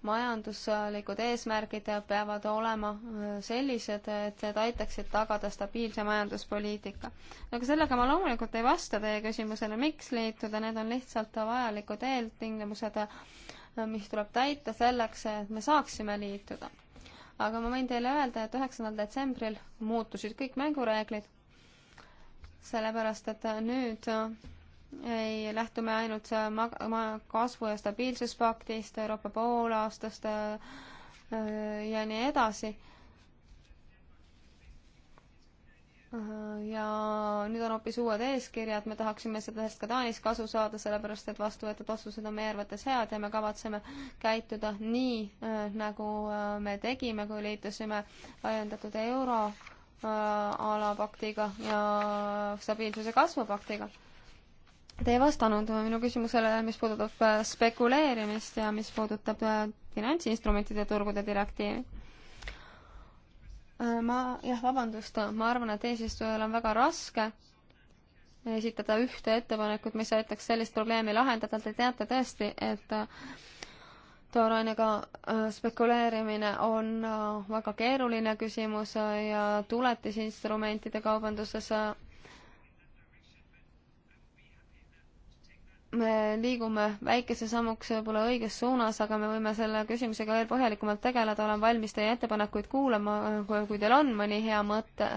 majanduslikud eesmärgid peavad olema äh, sellised, et need aitaksid tagada stabiilse majanduspoliitika. aga sellega ma loomulikult ei vasta teie küsimusele, miks liituda, need on lihtsalt vajalikud eeltingimused, äh, mis tuleb täita selleks, et me saaksime liituda. aga ma võin teile öelda, et üheksandal detsembril muutusid kõik mängureeglid, sellepärast et nüüd ei lähtu me ainult mag-, ma-, kasvu- ja stabiilsuspaktist, Euroopa poolaastast äh, ja nii edasi. Äh, ja nüüd on hoopis uued eeskirjad, me tahaksime sellest ka Taanis kasu saada, sellepärast et vastu võetud otsused on meie arvates head ja me kavatseme käituda nii, äh, nagu me tegime, kui liitusime laiendatud euro alapaktiga ja stabiilsuse kasvupaktiga Te ei vastanud minu küsimusele, mis puudutab äh, spekuleerimist ja mis puudutab äh, finantsinstrumentide turgude direktiivi. Äh, ma, jah, vabandust, ma arvan, et eesistujal on väga raske esitada ühte ettepanekut, mis aitaks sellist probleemi lahendada, te teate tõesti, et toorainega spekuleerimine on väga keeruline küsimus ja tuletisinstrumentide kaubanduses me liigume väikese sammukese võib-olla õiges suunas, aga me võime selle küsimusega veel põhjalikumalt tegeleda, olen valmis teie ettepanekuid kuulama, kui teil on mõni hea mõte,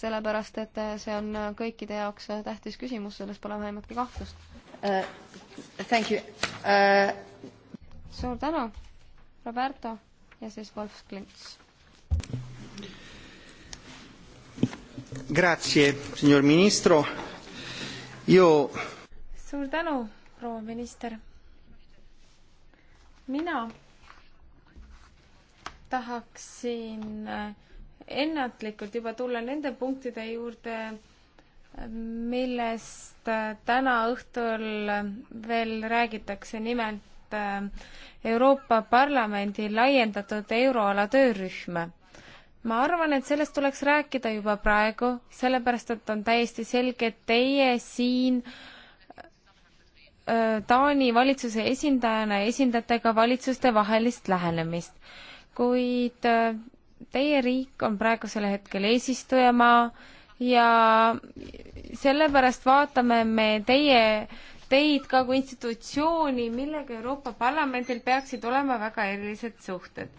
sellepärast et see on kõikide jaoks tähtis küsimus, selles pole vähematki kahtlust uh,. Thank you uh.... suur tänu, Roberto ja siis Wolf Klints. Grazie, signor ministro. Io suur tänu, proua minister. mina tahaksin äh, ennatlikult juba tulla nende punktide juurde, millest äh, täna õhtul äh, veel räägitakse, nimelt Euroopa Parlamendi laiendatud euroala töörühm. ma arvan, et sellest tuleks rääkida juba praegu, sellepärast et on täiesti selge, et teie siin äh, Äh, Taani valitsuse esindajana esindate ka valitsuste vahelist lähenemist, kuid äh, teie riik on praegusel hetkel eesistujamaa ja sellepärast vaatame me teie, teid ka kui institutsiooni, millega Euroopa Parlamendil peaksid olema väga erilised suhted,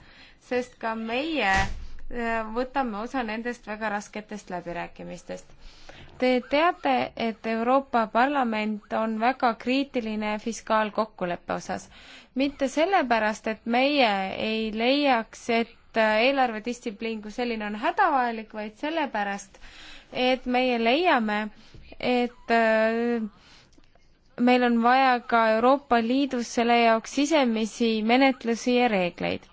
sest ka meie äh, võtame osa nendest väga rasketest läbirääkimistest Te teate, et Euroopa Parlament on väga kriitiline fiskaalkokkuleppe osas. mitte sellepärast, et meie ei leiaks, et eelarvedistsipliin kui selline on hädavajalik, vaid sellepärast, et meie leiame, et äh, meil on vaja ka Euroopa Liidus selle jaoks sisemisi menetlusi ja reegleid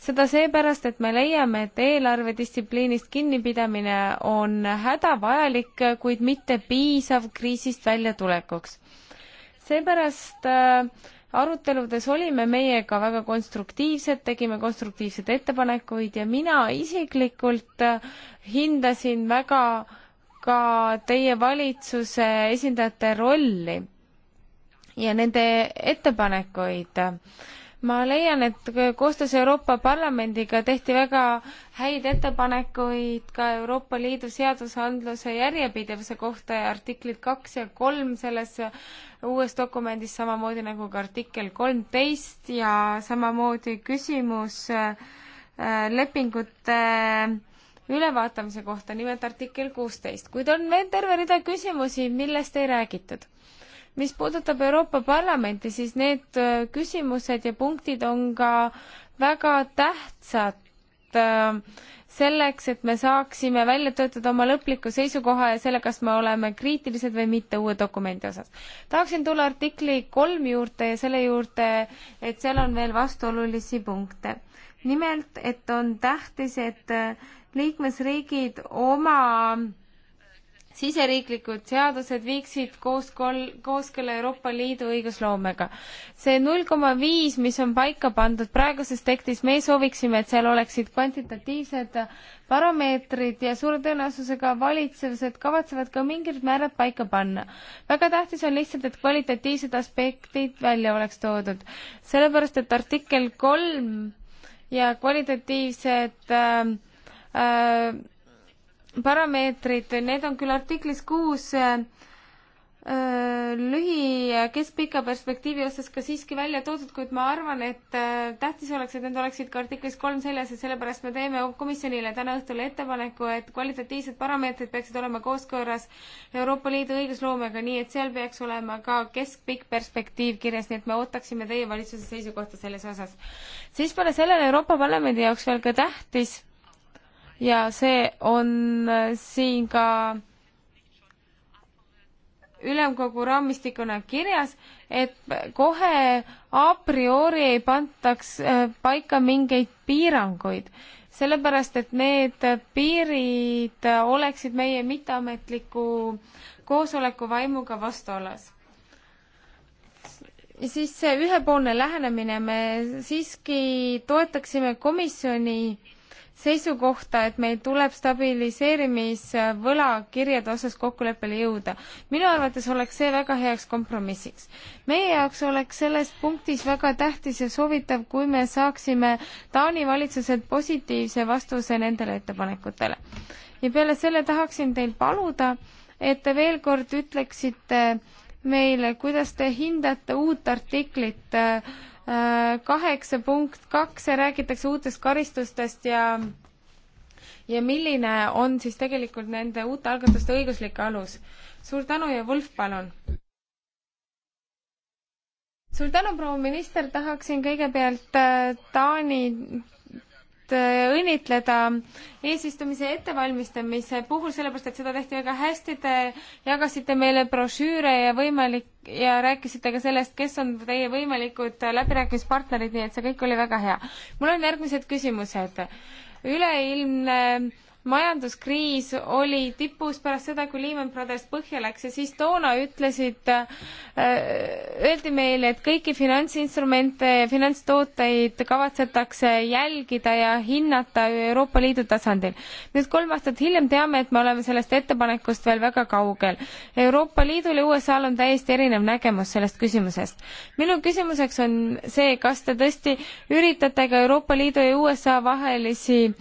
seda seepärast, et me leiame, et eelarvedistsipliinist kinnipidamine on hädavajalik, kuid mitte piisav kriisist väljatulekuks. seepärast äh, aruteludes olime meiega väga konstruktiivsed, tegime konstruktiivseid ettepanekuid ja mina isiklikult äh, hindasin väga ka teie valitsuse esindajate rolli ja nende ettepanekuid ma leian, et koostöös Euroopa Parlamendiga tehti väga häid ettepanekuid ka Euroopa Liidu seadusandluse järjepidevuse kohta ja artiklid kaks ja kolm selles uues dokumendis, samamoodi nagu ka artikkel kolmteist ja samamoodi küsimus äh, lepingute ülevaatamise kohta, nimelt artikkel kuusteist, kuid on veel terve rida küsimusi, millest ei räägitud mis puudutab Euroopa Parlamenti, siis need äh, küsimused ja punktid on ka väga tähtsad äh, selleks, et me saaksime välja töötada oma lõpliku seisukoha ja selle, kas me oleme kriitilised või mitte uue dokumendi osas. tahaksin tulla artikli kolm juurde ja selle juurde, et seal on veel vastuolulisi punkte. nimelt, et on tähtis, et äh, liikmesriigid oma siseriiklikud seadused viiksid koos kol-, kooskõla Euroopa Liidu õigusloomega. see null koma viis, mis on paika pandud praeguses tekstis, me sooviksime, et seal oleksid kvantitatiivsed parameetrid ja suure tõenäosusega valitsused kavatsevad ka mingid määrad paika panna. väga tähtis on lihtsalt, et kvalitatiivsed aspektid välja oleks toodud, sellepärast et artikkel kolm ja kvalitatiivsed äh, äh, parameetrid, need on küll artiklis kuus äh, lühi- ja keskpika perspektiivi osas ka siiski välja toodud, kuid ma arvan, et äh, tähtis oleks, et need oleksid ka artiklis kolm seljas ja sellepärast me teeme komisjonile täna õhtul ettepaneku, et kvalitatiivsed parameetrid peaksid olema kooskõras Euroopa Liidu õigusloomega, nii et seal peaks olema ka keskpikk perspektiiv kirjas, nii et me ootaksime teie valitsuse seisukohta selles osas. siis peale sellele Euroopa Parlamendi jaoks veel ka tähtis ja see on äh, siin ka ülemkogu raamistikuna kirjas, et kohe a priori ei pantaks äh, paika mingeid piiranguid, sellepärast et need piirid oleksid meie mitteametliku koosoleku vaimuga vastuolas. siis see ühepoolne lähenemine, me siiski toetaksime komisjoni äh, seisukohta, et meil tuleb stabiliseerimisvõlakirjade osas kokkuleppele jõuda. minu arvates oleks see väga heaks kompromissiks. meie jaoks oleks selles punktis väga tähtis ja soovitav, kui me saaksime Taani valitsuselt positiivse vastuse nendele ettepanekutele. ja peale selle tahaksin teil paluda, et te veel kord ütleksite meile, kuidas te hindate uut artiklit äh, kaheksa punkt kaks, räägitakse uutest karistustest ja ja milline on siis tegelikult nende uute algatuste õiguslik alus? suur tänu ja Wolf, palun! suur tänu, proua minister, tahaksin kõigepealt äh, Taani teid äh, õnnitleda eesistumise ettevalmistamise puhul, sellepärast et seda tehti väga hästi, te jagasite meile brošüüre ja võimalik ja rääkisite ka sellest, kes on teie võimalikud läbirääkimispartnerid, nii et see kõik oli väga hea. mul on järgmised küsimused. üleilmne majanduskriis oli tipus pärast seda, kui Lehman Brothers põhja läks ja siis toona ütlesid, äh, öeldi meile, et kõiki finantsinstrumente ja finantstooteid kavatsetakse jälgida ja hinnata Euroopa Liidu tasandil. nüüd kolm aastat hiljem teame, et me oleme sellest ettepanekust veel väga kaugel. Euroopa Liidul ja USA-l on täiesti erinev nägemus sellest küsimusest. minu küsimuseks on see, kas te tõesti üritate ka Euroopa Liidu ja USA vahelisi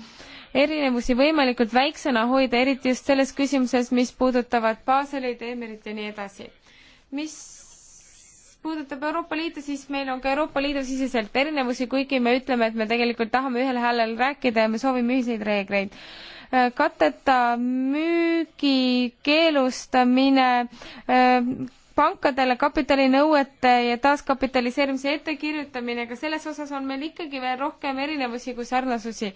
erinevusi võimalikult väiksena hoida, eriti just selles küsimuses, mis puudutavad Baselit, Emerit ja nii edasi. mis puudutab Euroopa Liitu, siis meil on ka Euroopa Liidu siseselt erinevusi, kuigi me ütleme, et me tegelikult tahame ühel häälel rääkida ja me soovime ühiseid reegleid. Äh, katteta müügi keelustamine äh, pankadele kapitalinõuete ja taaskapitaliseerimise ettekirjutamine, aga selles osas on meil ikkagi veel rohkem erinevusi kui sarnasusi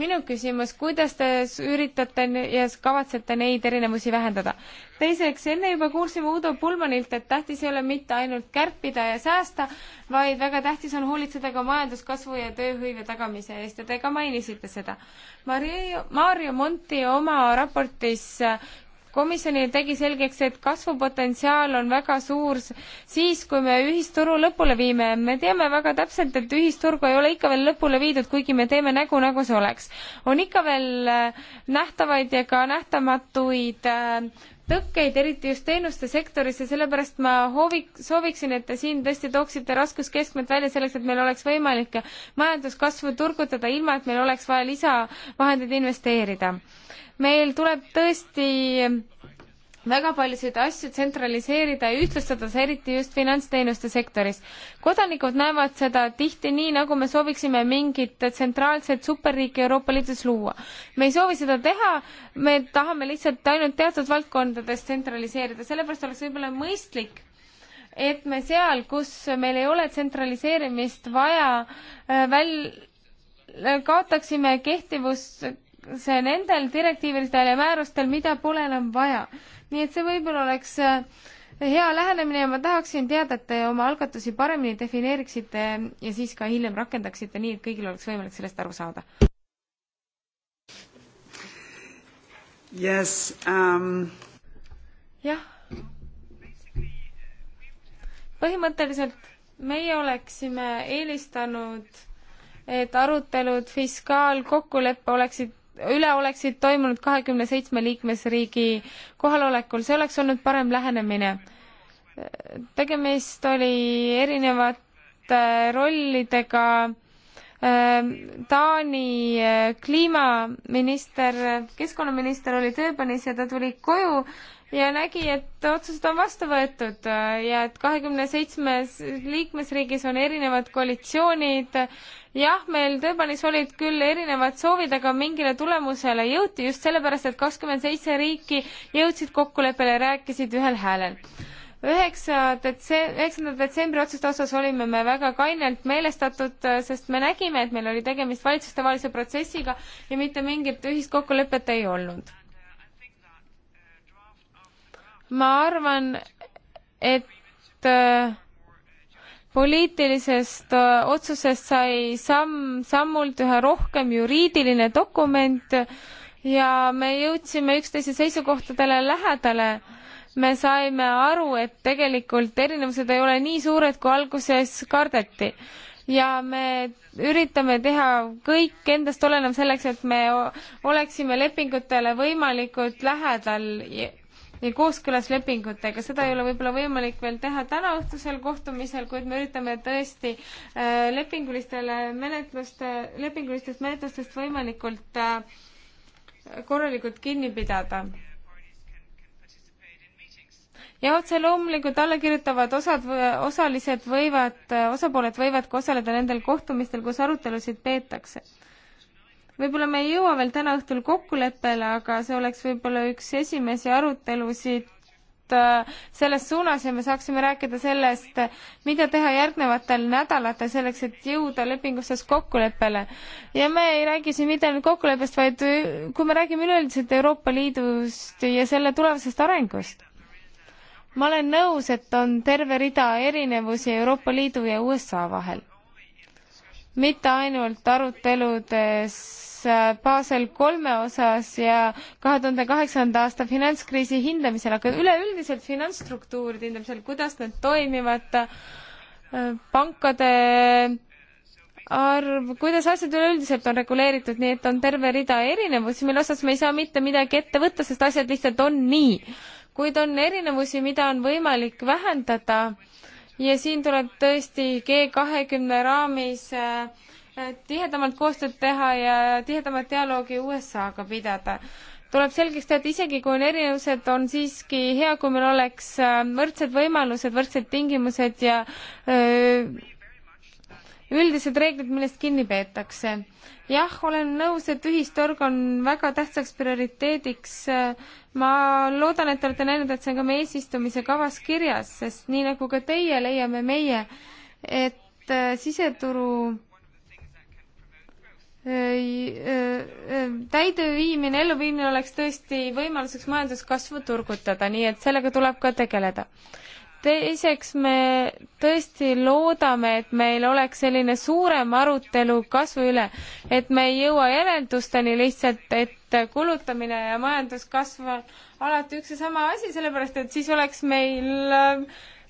minu küsimus, kuidas te üritate ja kavatsete neid erinevusi vähendada? teiseks, enne juba kuulsime Udo Pulmanilt, et tähtis ei ole mitte ainult kärpida ja säästa, vaid väga tähtis on hoolitseda ka majanduskasvu ja tööhõive tagamise eest ja te ka mainisite seda. Mario, Mario Monti oma raportis komisjonile tegi selgeks, et kasvupotentsiaal on väga suur siis, kui me ühisturu lõpule viime. me teame väga täpselt, et ühisturgu ei ole ikka veel lõpule viidud, kuigi me teeme nägu, nagu see oleks. on ikka veel äh, nähtavaid ja ka nähtamatuid äh, tõkkeid, eriti just teenuste sektoris ja sellepärast ma hoovik-, sooviksin, et te siin tõesti tooksite raskuskeskmed välja selleks, et meil oleks võimalik majanduskasvu turgutada, ilma et meil oleks vaja lisavahendeid investeerida meil tuleb tõesti väga paljusid asju tsentraliseerida ja ühtlustada see eriti just finantsteenuste sektoris. kodanikud näevad seda tihti nii, nagu me sooviksime mingit tsentraalset superriiki Euroopa Liidus luua. me ei soovi seda teha, me tahame lihtsalt ainult teatud valdkondades tsentraliseerida, sellepärast oleks võib-olla mõistlik et me seal, kus meil ei ole tsentraliseerimist vaja, äh, väl-, kaotaksime kehtivus, see nendel direktiividel ja määrustel, mida pole enam vaja. nii et see võib-olla oleks äh, hea lähenemine ja ma tahaksin teada, et te oma algatusi paremini defineeriksite ja siis ka hiljem rakendaksite nii, et kõigil oleks võimalik sellest aru saada. Yes, um... jah. põhimõtteliselt meie oleksime eelistanud, et arutelud fiskaalkokkuleppe oleksid üle oleksid toimunud kahekümne seitsme liikmesriigi kohalolekul, see oleks olnud parem lähenemine. tegemist oli erinevate rollidega. Ehm, Taani eh, kliimaminister, keskkonnaminister oli Tööbanis ja ta tuli koju ja nägi, et otsused on vastu võetud äh, ja et kahekümne seitsmes liikmesriigis on erinevad koalitsioonid. jah, meil Durbanis olid küll erinevad soovid, aga mingile tulemusele jõuti just sellepärast, et kakskümmend seitse riiki jõudsid kokkuleppele ja rääkisid ühel häälel üheksa detsem-, üheksanda detsembri otsuste osas olime me väga kainelt meelestatud, äh, sest me nägime, et meil oli tegemist valitsustevahelise protsessiga ja mitte mingit ühist kokkulepet ei olnud ma arvan, et äh, poliitilisest äh, otsusest sai samm-sammult üha rohkem juriidiline dokument ja me jõudsime üksteise seisukohtadele lähedale. me saime aru, et tegelikult erinevused ei ole nii suured, kui alguses kardeti. ja me üritame teha kõik endast olenev selleks, et me oleksime lepingutele võimalikult lähedal kooskõlas lepingutega. seda ei ole võib-olla võimalik veel teha tänaõhtusel kohtumisel, kuid me üritame tõesti äh, lepingulistele menetluste, lepingulistest menetlustest võimalikult äh, korralikult kinni pidada ja otse loomulikult alla kirjutavad osad, osalised võivad, osapooled võivad ka osaleda nendel kohtumistel, kus arutelusid peetakse võib-olla me ei jõua veel täna õhtul kokkuleppele, aga see oleks võib-olla üks esimesi arutelusid äh, selles suunas ja me saaksime rääkida sellest, mida teha järgnevatel nädalatel selleks, et jõuda lepinguses kokkuleppele. ja me ei räägi siin mitte ainult kokkuleppest, vaid äh, kui me räägime üleüldiselt Euroopa Liidust ja selle tulevasest arengust. ma olen nõus, et on terve rida erinevusi Euroopa Liidu ja USA vahel mitte ainult aruteludes äh, Basel kolme osas ja kahe tuhande kaheksanda aasta finantskriisi hindamisel, aga üleüldiselt finantsstruktuuride hindamisel, kuidas need toimivad, äh, pankade arv, kuidas asjad üleüldiselt on reguleeritud, nii et on terve rida erinevusi, mille osas me ei saa mitte midagi ette võtta, sest asjad lihtsalt on nii. kuid on erinevusi, mida on võimalik vähendada ja siin tuleb tõesti G kahekümne raamis äh, tihedamalt koostööd teha ja tihedamat dialoogi USA-ga pidada. tuleb selgeks teha, et isegi kui on erinevused, on siiski hea, kui meil oleks äh, võrdsed võimalused, võrdsed tingimused ja öö, äh, üldised reeglid, millest kinni peetakse jah, olen nõus, et ühisturg on väga tähtsaks prioriteediks. ma loodan, et te olete näinud, et see on ka meie eesistumise kavas kirjas, sest nii nagu ka teie, leiame meie, et äh, siseturu äh, äh, täideviimine, elluviimine oleks tõesti võimaluseks majanduskasvu turgutada, nii et sellega tuleb ka tegeleda teiseks, me tõesti loodame, et meil oleks selline suurem arutelu kasvu üle, et me ei jõua järeldusteni lihtsalt, et kulutamine ja majanduskasv on alati üks ja sama asi, sellepärast et siis oleks meil ähm,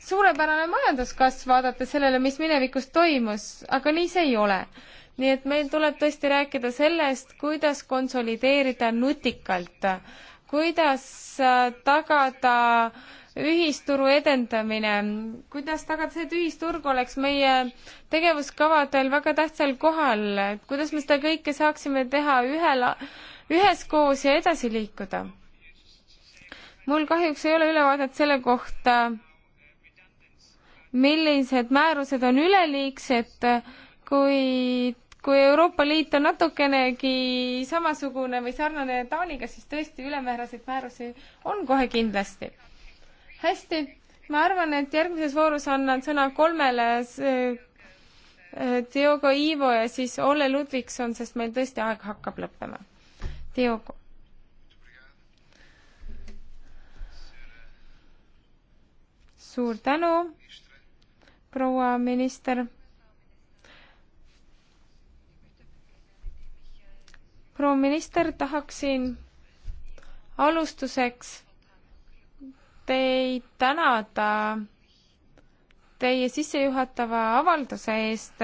suurepärane majanduskasv, vaadates sellele, mis minevikus toimus, aga nii see ei ole. nii et meil tuleb tõesti rääkida sellest, kuidas konsolideerida nutikalt, kuidas äh, tagada äh, ühisturu edendamine, kuidas tagada see, et ühisturg oleks meie tegevuskavadel väga tähtsal kohal, et kuidas me seda kõike saaksime teha ühel, üheskoos ja edasi liikuda? mul kahjuks ei ole ülevaadet selle kohta, millised määrused on üleliigsed, kuid kui Euroopa Liit on natukenegi samasugune või sarnane Taaniga, siis tõesti ülemääraseid määrusi on kohe kindlasti hästi, ma arvan, et järgmises voorus annan sõna kolmele äh, Diogo Ivo ja siis Olle Ludvigson, sest meil tõesti aeg hakkab lõppema. Diogo. suur tänu, proua minister. proua minister, tahaksin alustuseks teid tänada teie sissejuhatava avalduse eest.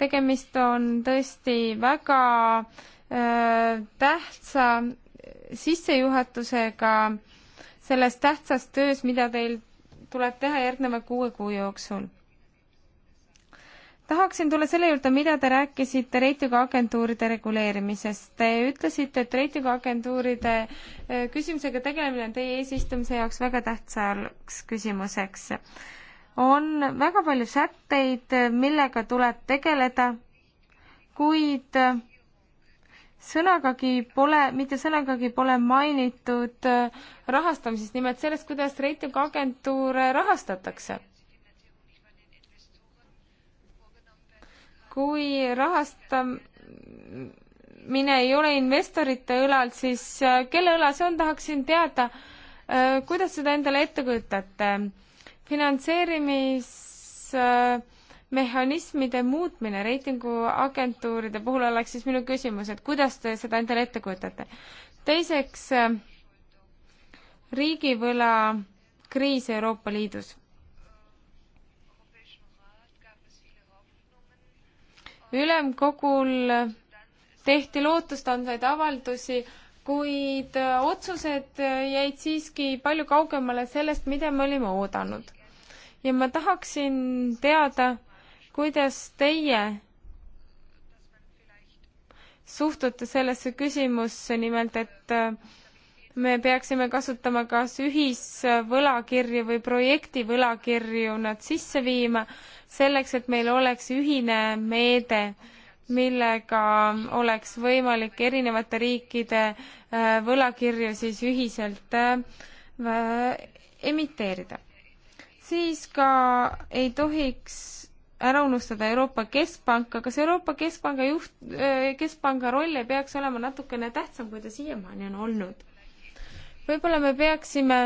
tegemist on tõesti väga äh, tähtsa sissejuhatusega selles tähtsas töös, mida teil tuleb teha järgneva kuue kuu jooksul tahaksin tulla selle juurde, mida te rääkisite reitinguagentuuride reguleerimisest. Te ütlesite, et reitinguagentuuride e, küsimusega tegelemine on teie eesistumise jaoks väga tähtsaks küsimuseks. on väga palju sätteid, millega tuleb tegeleda, kuid sõnagagi pole, mitte sõnagagi pole mainitud e, rahastamisest, nimelt sellest, kuidas reitinguagentuure rahastatakse kui rahastamine ei ole investorite õlal, siis äh, kelle õla see on, tahaksin teada, äh, kuidas seda endale ette kujutate? finantseerimismehhanismide muutmine reitinguagentuuride puhul oleks siis minu küsimus, et kuidas te seda endale ette kujutate? teiseks, äh, riigivõla kriis Euroopa Liidus ülemkogul tehti lootustandvaid avaldusi, kuid äh, otsused äh, jäid siiski palju kaugemale sellest, mida me olime oodanud. ja ma tahaksin teada, kuidas teie suhtute sellesse küsimusse, nimelt et äh, me peaksime kasutama kas ühisvõlakirju või projektivõlakirju nad sisse viima, selleks et meil oleks ühine meede, millega oleks võimalik erinevate riikide äh, võlakirju siis ühiselt äh, emiteerida. siis ka ei tohiks ära unustada Euroopa Keskpanka, kas Euroopa Keskpanga juht, äh, Keskpanga roll ei peaks olema natukene tähtsam, kui ta siiamaani on olnud? võib-olla me peaksime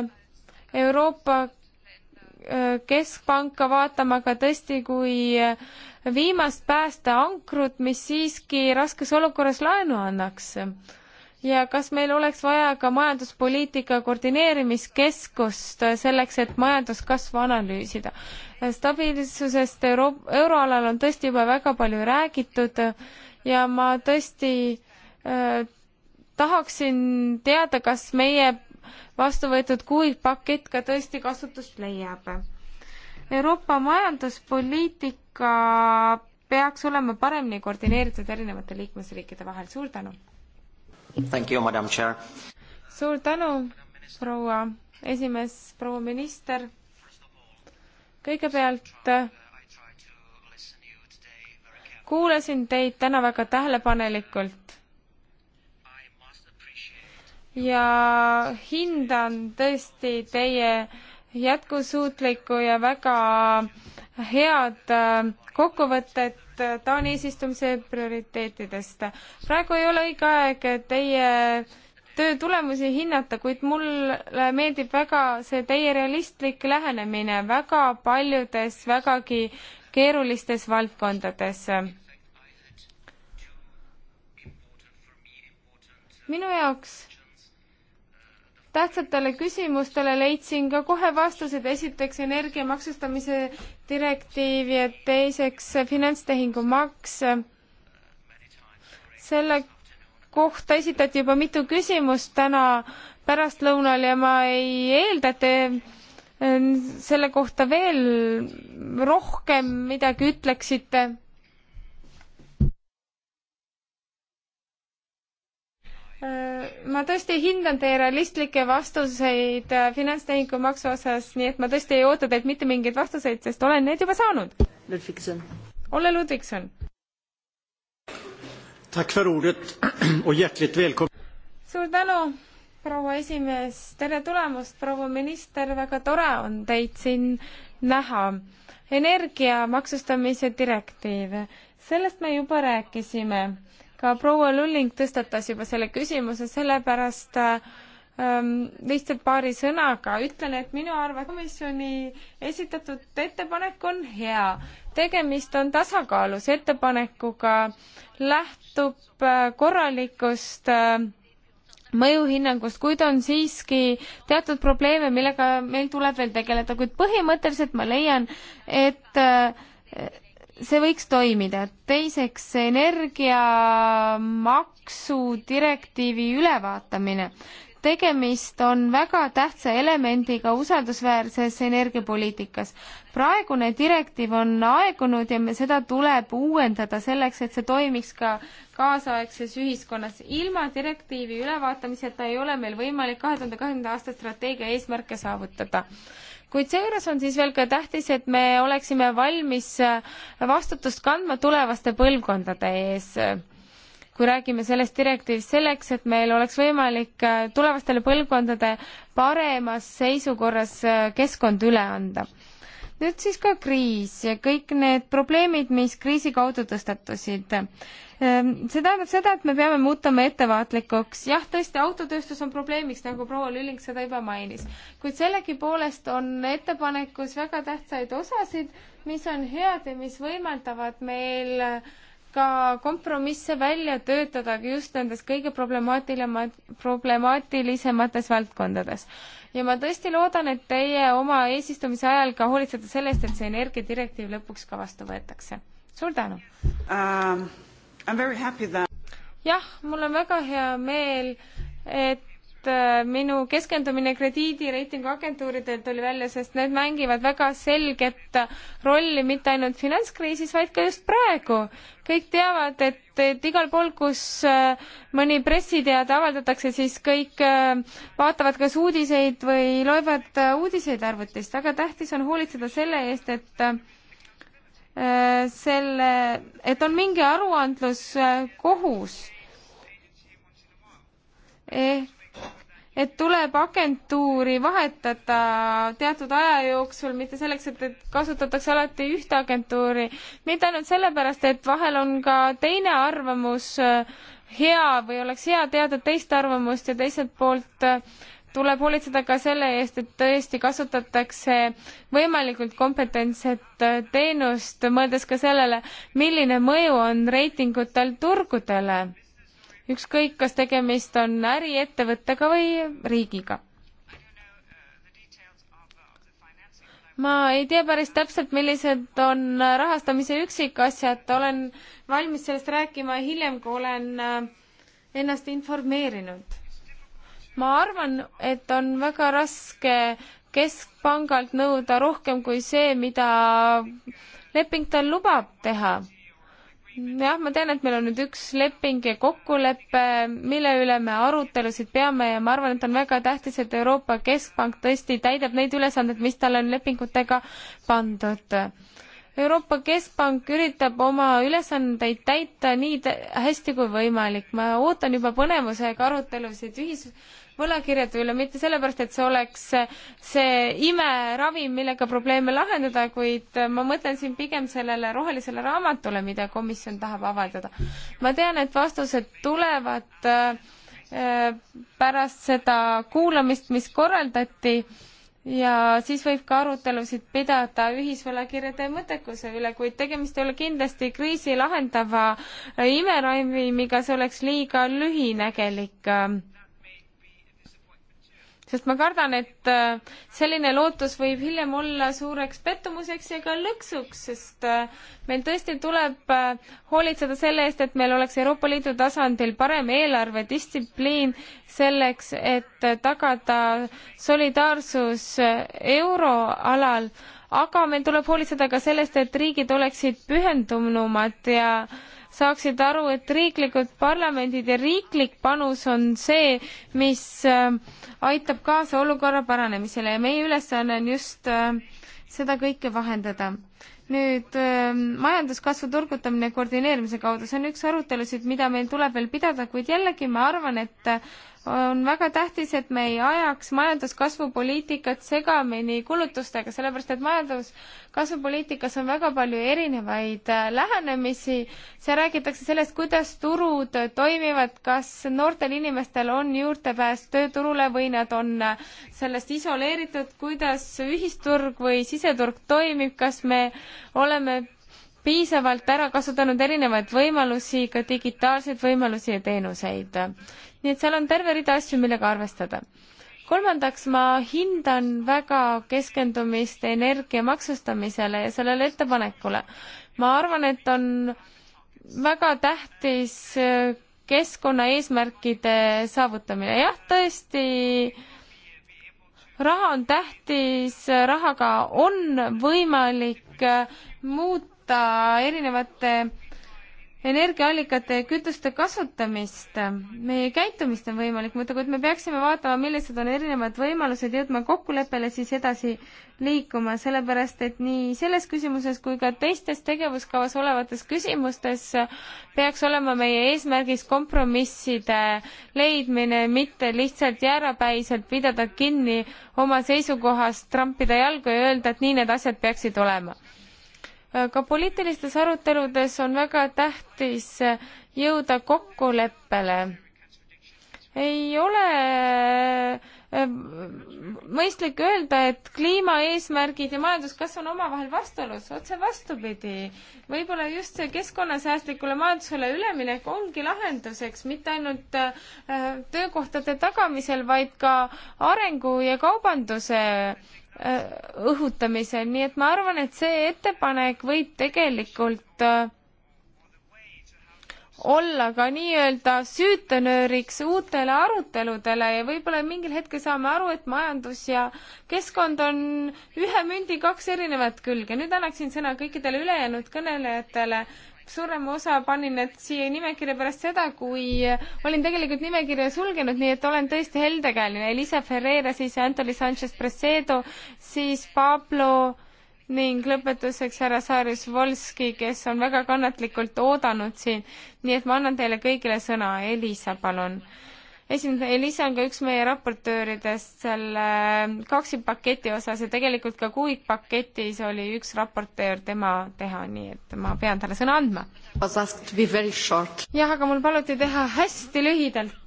Euroopa äh, Keskpanka vaatama ka tõesti kui äh, viimast päästeankrut, mis siiski raskes olukorras laenu annaks ja kas meil oleks vaja ka majanduspoliitika koordineerimiskeskust äh, selleks, et majanduskasvu analüüsida? stabiilsusest euro, euroalal on tõesti juba väga palju räägitud ja ma tõesti äh, tahaksin teada, kas meie vastu võetud kuiv pakett ka tõesti kasutust leiab. Euroopa majanduspoliitika peaks olema paremini koordineeritud erinevate liikmesriikide vahel, suur tänu! suur tänu, proua esimees, proua minister! kõigepealt kuulasin teid täna väga tähelepanelikult ja hindan tõesti teie jätkusuutlikku ja väga head äh, kokkuvõtet äh, Taani eesistumise prioriteetidest. praegu ei ole õige aeg teie töö tulemusi hinnata, kuid mulle meeldib väga see teie realistlik lähenemine väga paljudes vägagi keerulistes valdkondades. minu jaoks tähtsatele küsimustele leidsin ka kohe vastused, esiteks energia maksustamise direktiiv ja teiseks finantstehingumaks. selle kohta esitati juba mitu küsimust täna pärastlõunal ja ma ei eelda, et te äh, selle kohta veel rohkem midagi ütleksite Äh, ma tõesti hindan teie realistlikke vastuseid äh, finantstehingu maksu osas, nii et ma tõesti ei oota teilt mitte mingeid vastuseid, sest olen need juba saanud. Ludvigson. Olle Ludvigson. suur tänu, proua esimees, tere tulemast, proua minister, väga tore on teid siin näha. energia maksustamise direktiiv, sellest me juba rääkisime ka proua Lulling tõstatas juba selle küsimuse, sellepärast ähm, lihtsalt paari sõnaga ütlen, et minu arvates komisjoni esitatud ettepanek on hea. tegemist on tasakaalus ettepanekuga, lähtub äh, korralikust äh, mõjuhinnangust, kuid on siiski teatud probleeme, millega meil tuleb veel tegeleda, kuid põhimõtteliselt ma leian, et äh, see võiks toimida. teiseks, energiamaksu direktiivi ülevaatamine tegemist on väga tähtsa elemendiga usaldusväärses energiapoliitikas. praegune direktiiv on aegunud ja me seda tuleb uuendada selleks, et see toimiks ka kaasaegses ühiskonnas. ilma direktiivi ülevaatamiseta ei ole meil võimalik kahe tuhande kahekümnenda aasta strateegia eesmärke saavutada kuid seejuures on siis veel ka tähtis, et me oleksime valmis vastutust kandma tulevaste põlvkondade ees kui räägime sellest direktiivist selleks, et meil oleks võimalik äh, tulevastele põlvkondade paremas seisukorras äh, keskkond üle anda. nüüd siis ka kriis ja kõik need probleemid, mis kriisi kaudu tõstatusid ehm, see tähendab seda, et me peame muutuma ettevaatlikuks. jah, tõesti, autotööstus on probleemiks, nagu proua Lüling seda juba mainis, kuid sellegipoolest on ettepanekus väga tähtsaid osasid, mis on head ja mis võimaldavad meil äh, ka kompromisse välja töötada just nendes kõige problemaatilisemates valdkondades. ja ma tõesti loodan, et teie oma eesistumise ajal ka hoolitsete sellest, et see energiadirektiiv lõpuks ka vastu võetakse. suur tänu um,! That... jah, mul on väga hea meel, et Äh, minu keskendumine krediidireitingu agentuuridelt oli välja, sest need mängivad väga selget rolli mitte ainult finantskriisis, vaid ka just praegu. kõik teavad, et, et igal pool, kus äh, mõni pressiteade avaldatakse, siis kõik äh, vaatavad kas uudiseid või loevad uudiseid arvutist. väga tähtis on hoolitseda selle eest, et selle, et on mingi aruandluskohus ehk et tuleb agentuuri vahetada teatud aja jooksul, mitte selleks, et, et kasutatakse alati ühte agentuuri, mitte ainult sellepärast, et vahel on ka teine arvamus äh, hea või oleks hea teada teist arvamust ja teiselt poolt äh, tuleb hoolitseda ka selle eest, et tõesti kasutatakse võimalikult kompetentset äh, teenust, mõeldes ka sellele, milline mõju on reitingutel turgudele ükskõik, kas tegemist on äriettevõttega või riigiga. ma ei tea päris täpselt, millised on rahastamise üksikasjad, olen valmis sellest rääkima hiljem, kui olen äh, ennast informeerinud. ma arvan, et on väga raske keskpangalt nõuda rohkem kui see, mida leping tal lubab teha jah, ma tean, et meil on nüüd üks leping ja kokkulepe, mille üle me arutelusid peame ja ma arvan, et on väga tähtis, et Euroopa Keskpank tõesti täidab neid ülesandeid, mis talle on lepingutega pandud. Euroopa Keskpank üritab oma ülesandeid täita nii hästi kui võimalik. ma ootan juba põnevusega arutelusid ühis- võlakirjade üle, mitte sellepärast, et see oleks see imeravim, millega probleeme lahendada, kuid ma mõtlen siin pigem sellele rohelisele raamatule, mida komisjon tahab avaldada. ma tean, et vastused tulevad äh, pärast seda kuulamist, mis korraldati ja siis võib ka arutelusid pidada ühisvõlakirjade mõttekuse üle, kuid tegemist ei ole kindlasti kriisi lahendava imeraimiga, see oleks liiga lühinägelik äh, sest ma kardan, et äh, selline lootus võib hiljem olla suureks pettumuseks ja ka lõksuks, sest äh, meil tõesti tuleb äh, hoolitseda selle eest, et meil oleks Euroopa Liidu tasandil parem eelarvedistsipliin selleks, et tagada solidaarsus euroalal, aga meil tuleb hoolitseda ka sellest, et riigid oleksid pühendunumad ja saaksid aru, et riiklikud parlamendid ja riiklik panus on see, mis äh, aitab kaasa olukorra paranemisele ja meie ülesanne on just äh, seda kõike vahendada nüüd äh, majanduskasvu turgutamine koordineerimise kaudu, see on üks arutelusid, mida meil tuleb veel pidada, kuid jällegi ma arvan, et äh, on väga tähtis, et me ei ajaks majanduskasvupoliitikat segamini kulutustega, sellepärast et majanduskasvupoliitikas on väga palju erinevaid äh, lähenemisi. seal räägitakse sellest, kuidas turud toimivad, kas noortel inimestel on juurdepääs tööturule või nad on äh, sellest isoleeritud, kuidas ühisturg või siseturg toimib, kas me oleme piisavalt ära kasutanud erinevaid võimalusi, ka digitaalseid võimalusi ja teenuseid. nii et seal on terve rida asju, millega arvestada. kolmandaks, ma hindan väga keskendumist energia maksustamisele ja sellele ettepanekule. ma arvan, et on väga tähtis keskkonnaeesmärkide saavutamine, jah, tõesti raha on tähtis, rahaga on võimalik muuta muuta erinevate energiaallikate ja kütuste kasutamist, meie käitumist on võimalik muuta, kuid me peaksime vaatama, millised on erinevad võimalused jõudma kokkuleppele, siis edasi liikuma, sellepärast et nii selles küsimuses kui ka teistes tegevuskavas olevates küsimustes peaks olema meie eesmärgiks kompromisside leidmine, mitte lihtsalt jäärapäiselt pidada kinni oma seisukohast, trampida jalgu ja öelda, et nii need asjad peaksid olema ka poliitilistes aruteludes on väga tähtis jõuda kokkuleppele. ei ole eh, mõistlik öelda, et kliimaeesmärgid ja majanduskasv on omavahel vastuolus, otse vastupidi. võib-olla just see keskkonnasäästlikule majandusele üleminek ongi lahenduseks, mitte ainult eh, töökohtade tagamisel, vaid ka arengu ja kaubanduse Äh, õhutamisel, nii et ma arvan, et see ettepanek võib tegelikult äh, olla ka nii-öelda süütenööriks uutele aruteludele ja võib-olla mingil hetkel saame aru, et majandus ja keskkond on ühe mündi kaks erinevat külge. nüüd annaksin sõna kõikidele ülejäänud kõnelejatele suurema osa panin need siia nimekirja pärast seda, kui olin tegelikult nimekirja sulgenud, nii et olen tõesti heldekäeline. Elisa Ferreira, siis Anthony Sanchez Presedo, siis Pablo ning lõpetuseks härra Saarjus Volski, kes on väga kannatlikult oodanud siin. nii et ma annan teile kõigile sõna. Elisa, palun esimene, Elisa on ka üks meie raportööridest selle kaksi paketi osas ja tegelikult ka kuuik paketis oli üks raportöör tema teha, nii et ma pean talle sõna andma. jah, aga mul paluti teha hästi lühidalt.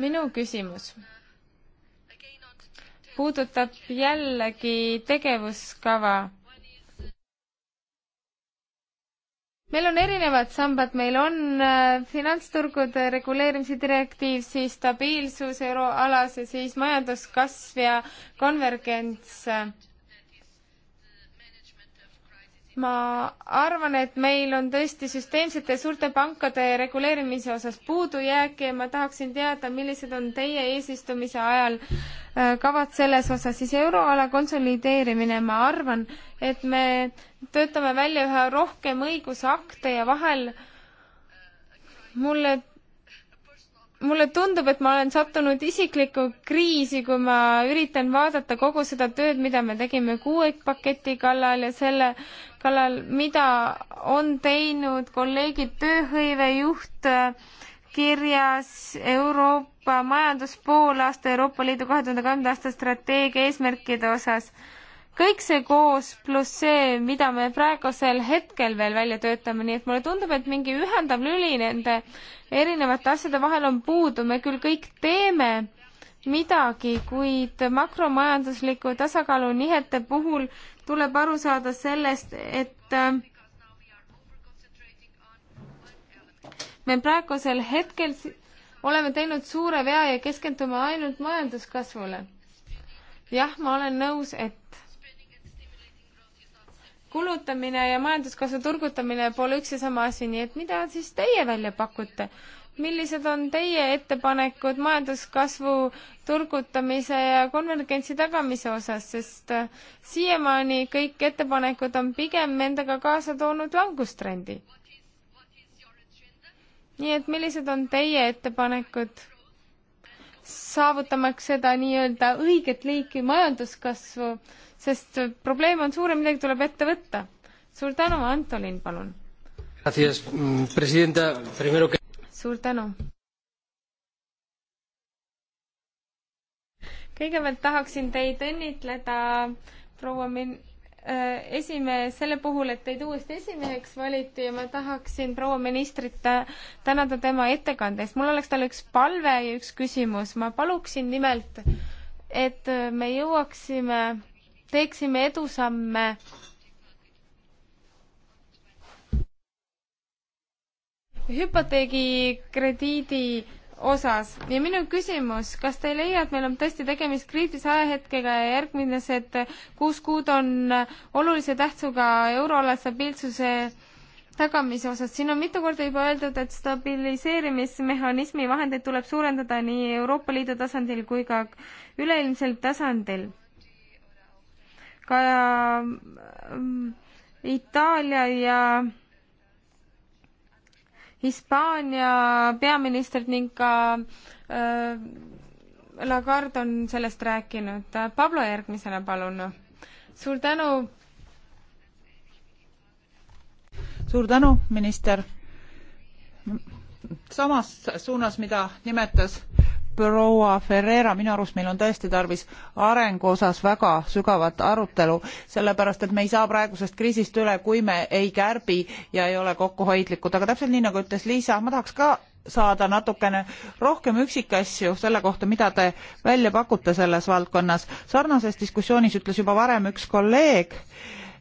minu küsimus puudutab jällegi tegevuskava meil on erinevad sambad, meil on äh, finantsturgude reguleerimise direktiiv, siis stabiilsus euroalas ja siis majanduskasv ja konvergents äh, ma arvan, et meil on tõesti süsteemsete suurte pankade reguleerimise osas puudujääke ja ma tahaksin teada, millised on teie eesistumise ajal äh, kavad selles osas, siis euroala konsolideerimine, ma arvan, et me töötame välja üha rohkem õigusakte ja vahel mulle mulle tundub, et ma olen sattunud isiklikku kriisi, kui ma üritan vaadata kogu seda tööd, mida me tegime kuuekpaketi kallal ja selle kallal, mida on teinud kolleegid tööhõivejuht äh, kirjas Euroopa majanduspoolaasta Euroopa Liidu kahe tuhande kahekümnenda aasta strateegia eesmärkide osas kõik see koos pluss see, mida me praegusel hetkel veel välja töötame, nii et mulle tundub, et mingi ühendav lüli nende erinevate asjade vahel on puudu, me küll kõik teeme midagi, kuid makromajandusliku tasakaalu nihete puhul tuleb aru saada sellest, et äh, me praegusel hetkel oleme teinud suure vea ja keskendume ainult majanduskasvule. jah, ma olen nõus, et kulutamine ja majanduskasvu turgutamine pole üks ja sama asi, nii et mida siis teie välja pakute? millised on teie ettepanekud majanduskasvu turgutamise ja konvergentsi tagamise osas, sest äh, siiamaani kõik ettepanekud on pigem endaga kaasa toonud langustrendi. nii et millised on teie ettepanekud? saavutamaks seda nii-öelda õiget liiki majanduskasvu, sest probleem on suurem, midagi tuleb ette võtta. suur tänu, Antolin, palun. Mm, suur tänu. kõigepealt tahaksin teid õnnitleda proua min-, Äh, esimees selle puhul, et teid uuesti esimeheks valiti ja ma tahaksin proua ministrit tänada tema ettekande eest. mul oleks talle üks palve ja üks küsimus. ma paluksin nimelt, et me jõuaksime, teeksime edusamme hüpoteegikrediidi osas ja minu küsimus, kas te ei leia, et meil on tõesti tegemist kriitilise ajahetkega ja järgmised kuus kuud on olulise tähtsuga euroala stabiilsuse tagamise osas, siin on mitu korda juba öeldud, et stabiliseerimismehhanismi vahendeid tuleb suurendada nii Euroopa Liidu tasandil kui ka üleilmsel tasandil. ka mm, Itaalia ja Hispaania peaministrid ning ka äh, Lagard on sellest rääkinud. Pablo järgmisena, palun. suur tänu. suur tänu, minister. samas suunas, mida nimetas proua Ferreira, minu arust meil on tõesti tarvis arengu osas väga sügavat arutelu, sellepärast et me ei saa praegusest kriisist üle, kui me ei kärbi ja ei ole kokkuhoidlikud, aga täpselt nii, nagu ütles Liisa, ma tahaks ka saada natukene rohkem üksikasju selle kohta, mida te välja pakute selles valdkonnas. sarnases diskussioonis ütles juba varem üks kolleeg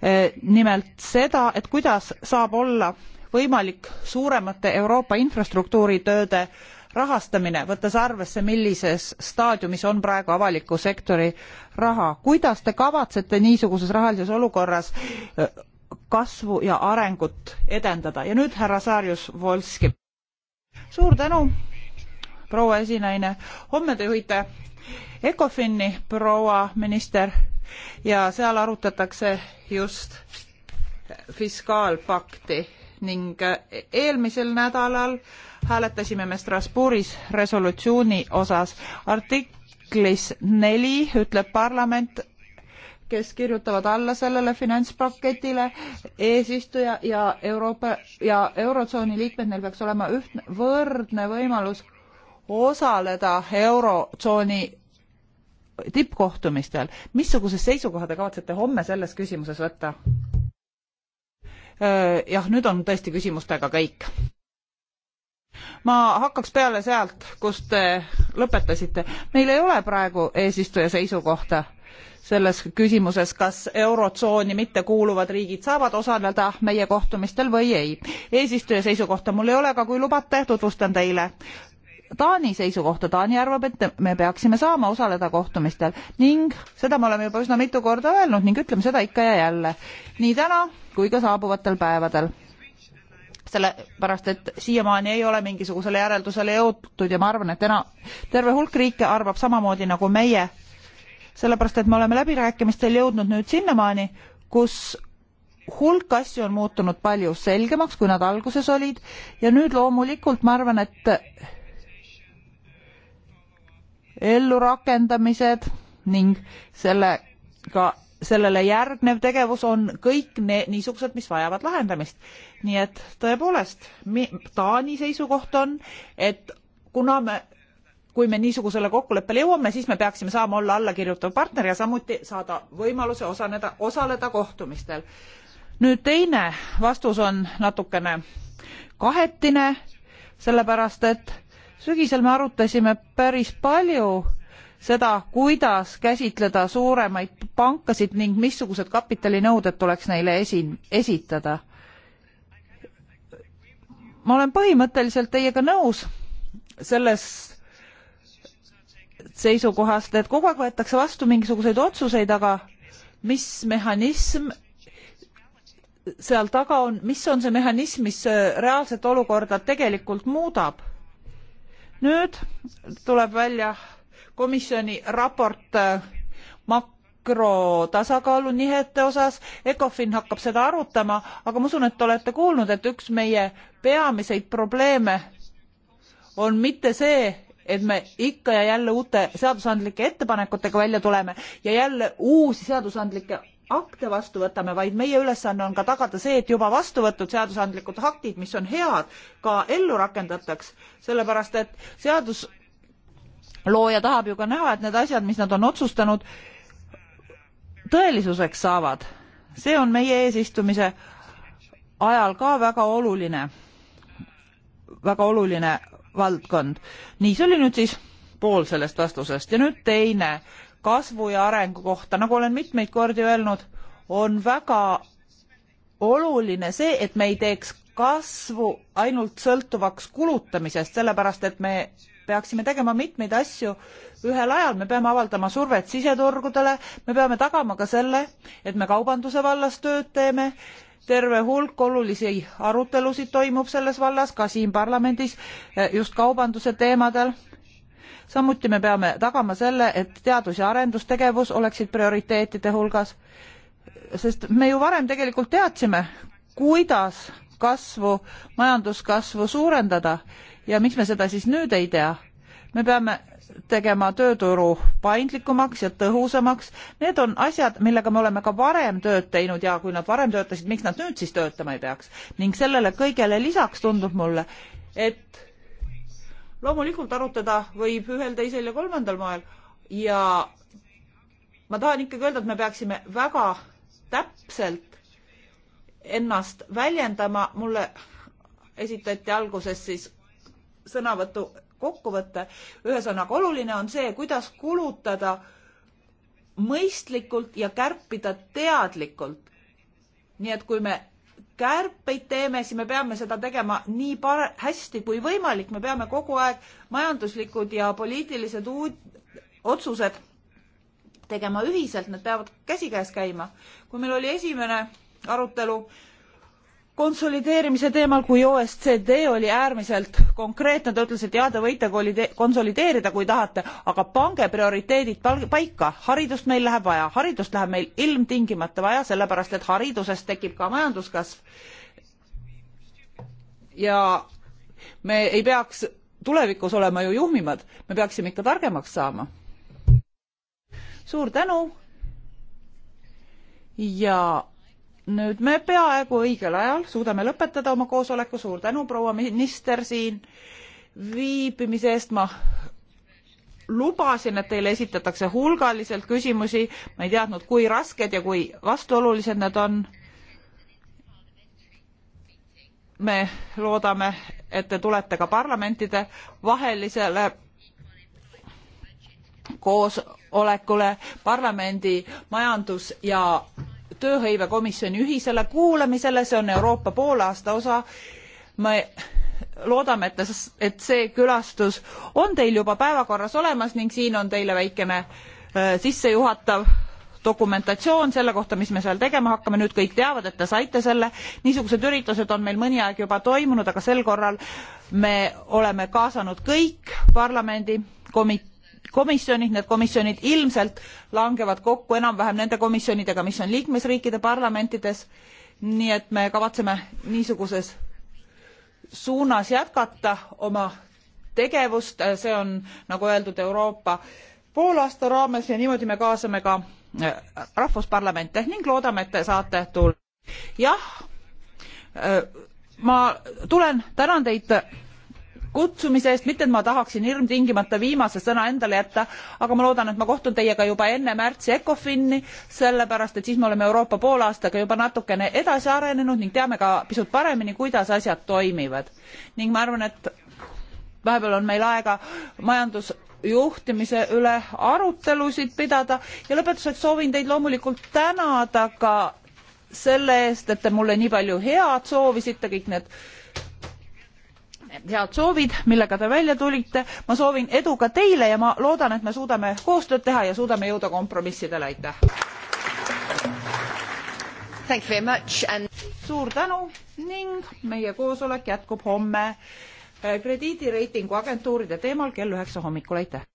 eh, nimelt seda, et kuidas saab olla võimalik suuremate Euroopa infrastruktuuritööde rahastamine võttes arvesse millises staadiumis on praegu avaliku sektori raha kuidas te kavatsete niisuguses rahalises olukorras kasvu ja arengut edendada ja nüüd härra Saarjus Volski suur tänu proua esinaine homme te juhite ECOFIN-i proua minister ja seal arutatakse just fiskaalpakti ning eelmisel nädalal äh, hääletasime me Strasbourgis resolutsiooni osas. artiklis neli ütleb parlament, kes kirjutavad alla sellele finantspaketile, eesistuja ja Euroopa ja Eurotsooni liikmed, neil peaks olema ühtne, võrdne võimalus osaleda Eurotsooni tippkohtumistel. missuguse seisukoha te kavatsete homme selles küsimuses võtta? jah, nüüd on tõesti küsimustega kõik ma hakkaks peale sealt, kus te lõpetasite. meil ei ole praegu eesistuja seisukohta selles küsimuses, kas eurotsooni mittekuuluvad riigid saavad osaleda meie kohtumistel või ei. eesistuja seisukohta mul ei ole, aga kui lubate, tutvustan teile. Taani seisukohta, Taani arvab, et me peaksime saama osaleda kohtumistel ning seda me oleme juba üsna mitu korda öelnud ning ütleme seda ikka ja jälle, nii täna kui ka saabuvatel päevadel sellepärast et siiamaani ei ole mingisugusele järeldusele jõutud ja ma arvan, et täna terve hulk riike arvab samamoodi nagu meie, sellepärast et me oleme läbirääkimistel jõudnud nüüd sinnamaani, kus hulk asju on muutunud palju selgemaks, kui nad alguses olid ja nüüd loomulikult ma arvan, et ellurakendamised ning sellega sellele järgnev tegevus on kõik ne, niisugused, mis vajavad lahendamist. nii et tõepoolest, Taani seisukoht on, et kuna me, kui me niisugusele kokkuleppele jõuame, siis me peaksime saama olla allakirjutav partner ja samuti saada võimaluse osaneda, osaleda kohtumistel. nüüd teine vastus on natukene kahetine, sellepärast et sügisel me arutasime päris palju seda, kuidas käsitleda suuremaid pankasid ning missugused kapitalinõuded tuleks neile esin-, esitada. ma olen põhimõtteliselt teiega nõus selles seisukohast, et kogu aeg võetakse vastu mingisuguseid otsuseid, aga mis mehhanism seal taga on, mis on see mehhanism, mis reaalset olukorda tegelikult muudab? nüüd tuleb välja komisjoni raport äh, makrotasakaalu nihete osas, Ecofin hakkab seda arutama, aga ma usun, et te olete kuulnud, et üks meie peamiseid probleeme on mitte see, et me ikka ja jälle uute seadusandlike ettepanekutega välja tuleme ja jälle uusi seadusandlikke akte vastu võtame, vaid meie ülesanne on ka tagada see, et juba vastu võetud seadusandlikud aktid, mis on head, ka ellu rakendataks, sellepärast et seadus looja tahab ju ka näha, et need asjad, mis nad on otsustanud, tõelisuseks saavad. see on meie eesistumise ajal ka väga oluline, väga oluline valdkond. nii, see oli nüüd siis pool sellest vastusest ja nüüd teine kasvu ja arengu kohta, nagu olen mitmeid kordi öelnud, on väga oluline see, et me ei teeks kasvu ainult sõltuvaks kulutamisest, sellepärast et me peaksime tegema mitmeid asju ühel ajal, me peame avaldama survet siseturgudele, me peame tagama ka selle, et me kaubanduse vallas tööd teeme, terve hulk olulisi arutelusid toimub selles vallas, ka siin parlamendis, eh, just kaubanduse teemadel. samuti me peame tagama selle, et teadus- ja arendustegevus oleksid prioriteetide hulgas, sest me ju varem tegelikult teadsime, kuidas kasvu, majanduskasvu suurendada ja miks me seda siis nüüd ei tea? me peame tegema tööturu paindlikumaks ja tõhusamaks. Need on asjad, millega me oleme ka varem tööd teinud ja kui nad varem töötasid, miks nad nüüd siis töötama ei peaks? ning sellele kõigele lisaks tundub mulle, et loomulikult arutada võib ühel, teisel ja kolmandal moel ja ma tahan ikkagi öelda, et me peaksime väga täpselt ennast väljendama. mulle esitati alguses siis sõnavõtu kokkuvõte. ühesõnaga, oluline on see, kuidas kulutada mõistlikult ja kärpida teadlikult. nii et kui me kärpeid teeme, siis me peame seda tegema nii par-, hästi kui võimalik, me peame kogu aeg majanduslikud ja poliitilised uud-, otsused tegema ühiselt, need peavad käsikäes käima. kui meil oli esimene arutelu konsolideerimise teemal kui oscd oli äärmiselt konkreetne ta ütles et jaa te võite konsolideerida kui tahate aga pange prioriteedid paika haridust meil läheb vaja haridust läheb meil ilmtingimata vaja sellepärast et haridusest tekib ka majanduskasv ja me ei peaks tulevikus olema ju juhmimad me peaksime ikka targemaks saama suur tänu ja nüüd me peaaegu õigel ajal suudame lõpetada oma koosoleku, suur tänu, proua minister siin viibimise eest, ma lubasin, et teile esitatakse hulgaliselt küsimusi, ma ei teadnud, kui rasked ja kui vastuolulised need on. me loodame, et te tulete ka parlamentide vahelisele koosolekule parlamendi majandus ja tööhõivekomisjoni ühisele kuulamisele, see on Euroopa poolaasta osa. me loodame, et, et see külastus on teil juba päevakorras olemas ning siin on teile väikene äh, sissejuhatav dokumentatsioon selle kohta mis me seal tegema hakkame nüüd kõik teavad et te saite selle niisugused üritused on meil mõni aeg juba toimunud aga sel korral me oleme kaasanud kõik parlamendi komiteed komisjonid, need komisjonid ilmselt langevad kokku enam-vähem nende komisjonidega, mis on liikmesriikide parlamentides, nii et me kavatseme niisuguses suunas jätkata oma tegevust, see on, nagu öeldud, Euroopa poolaasta raames ja niimoodi me kaasame ka äh, rahvusparlamente ning loodame, et te saate tulla. jah, äh, ma tulen, tänan teid kutsumise eest, mitte et ma tahaksin hirmtingimata viimase sõna endale jätta, aga ma loodan, et ma kohtun teiega juba enne märtsi ECOFIN-i, sellepärast et siis me oleme Euroopa poolaastaga juba natukene edasi arenenud ning teame ka pisut paremini, kuidas asjad toimivad. ning ma arvan, et vahepeal on meil aega majandusjuhtimise üle arutelusid pidada ja lõpetuseks soovin teid loomulikult tänada ka selle eest, et te mulle nii palju head soovisite, kõik need head soovid, millega te välja tulite. ma soovin edu ka teile ja ma loodan, et me suudame koostööd teha ja suudame jõuda kompromissidele, aitäh. And... suur tänu ning meie koosolek jätkub homme krediidireitingu agentuuride teemal kell üheksa hommikul, aitäh.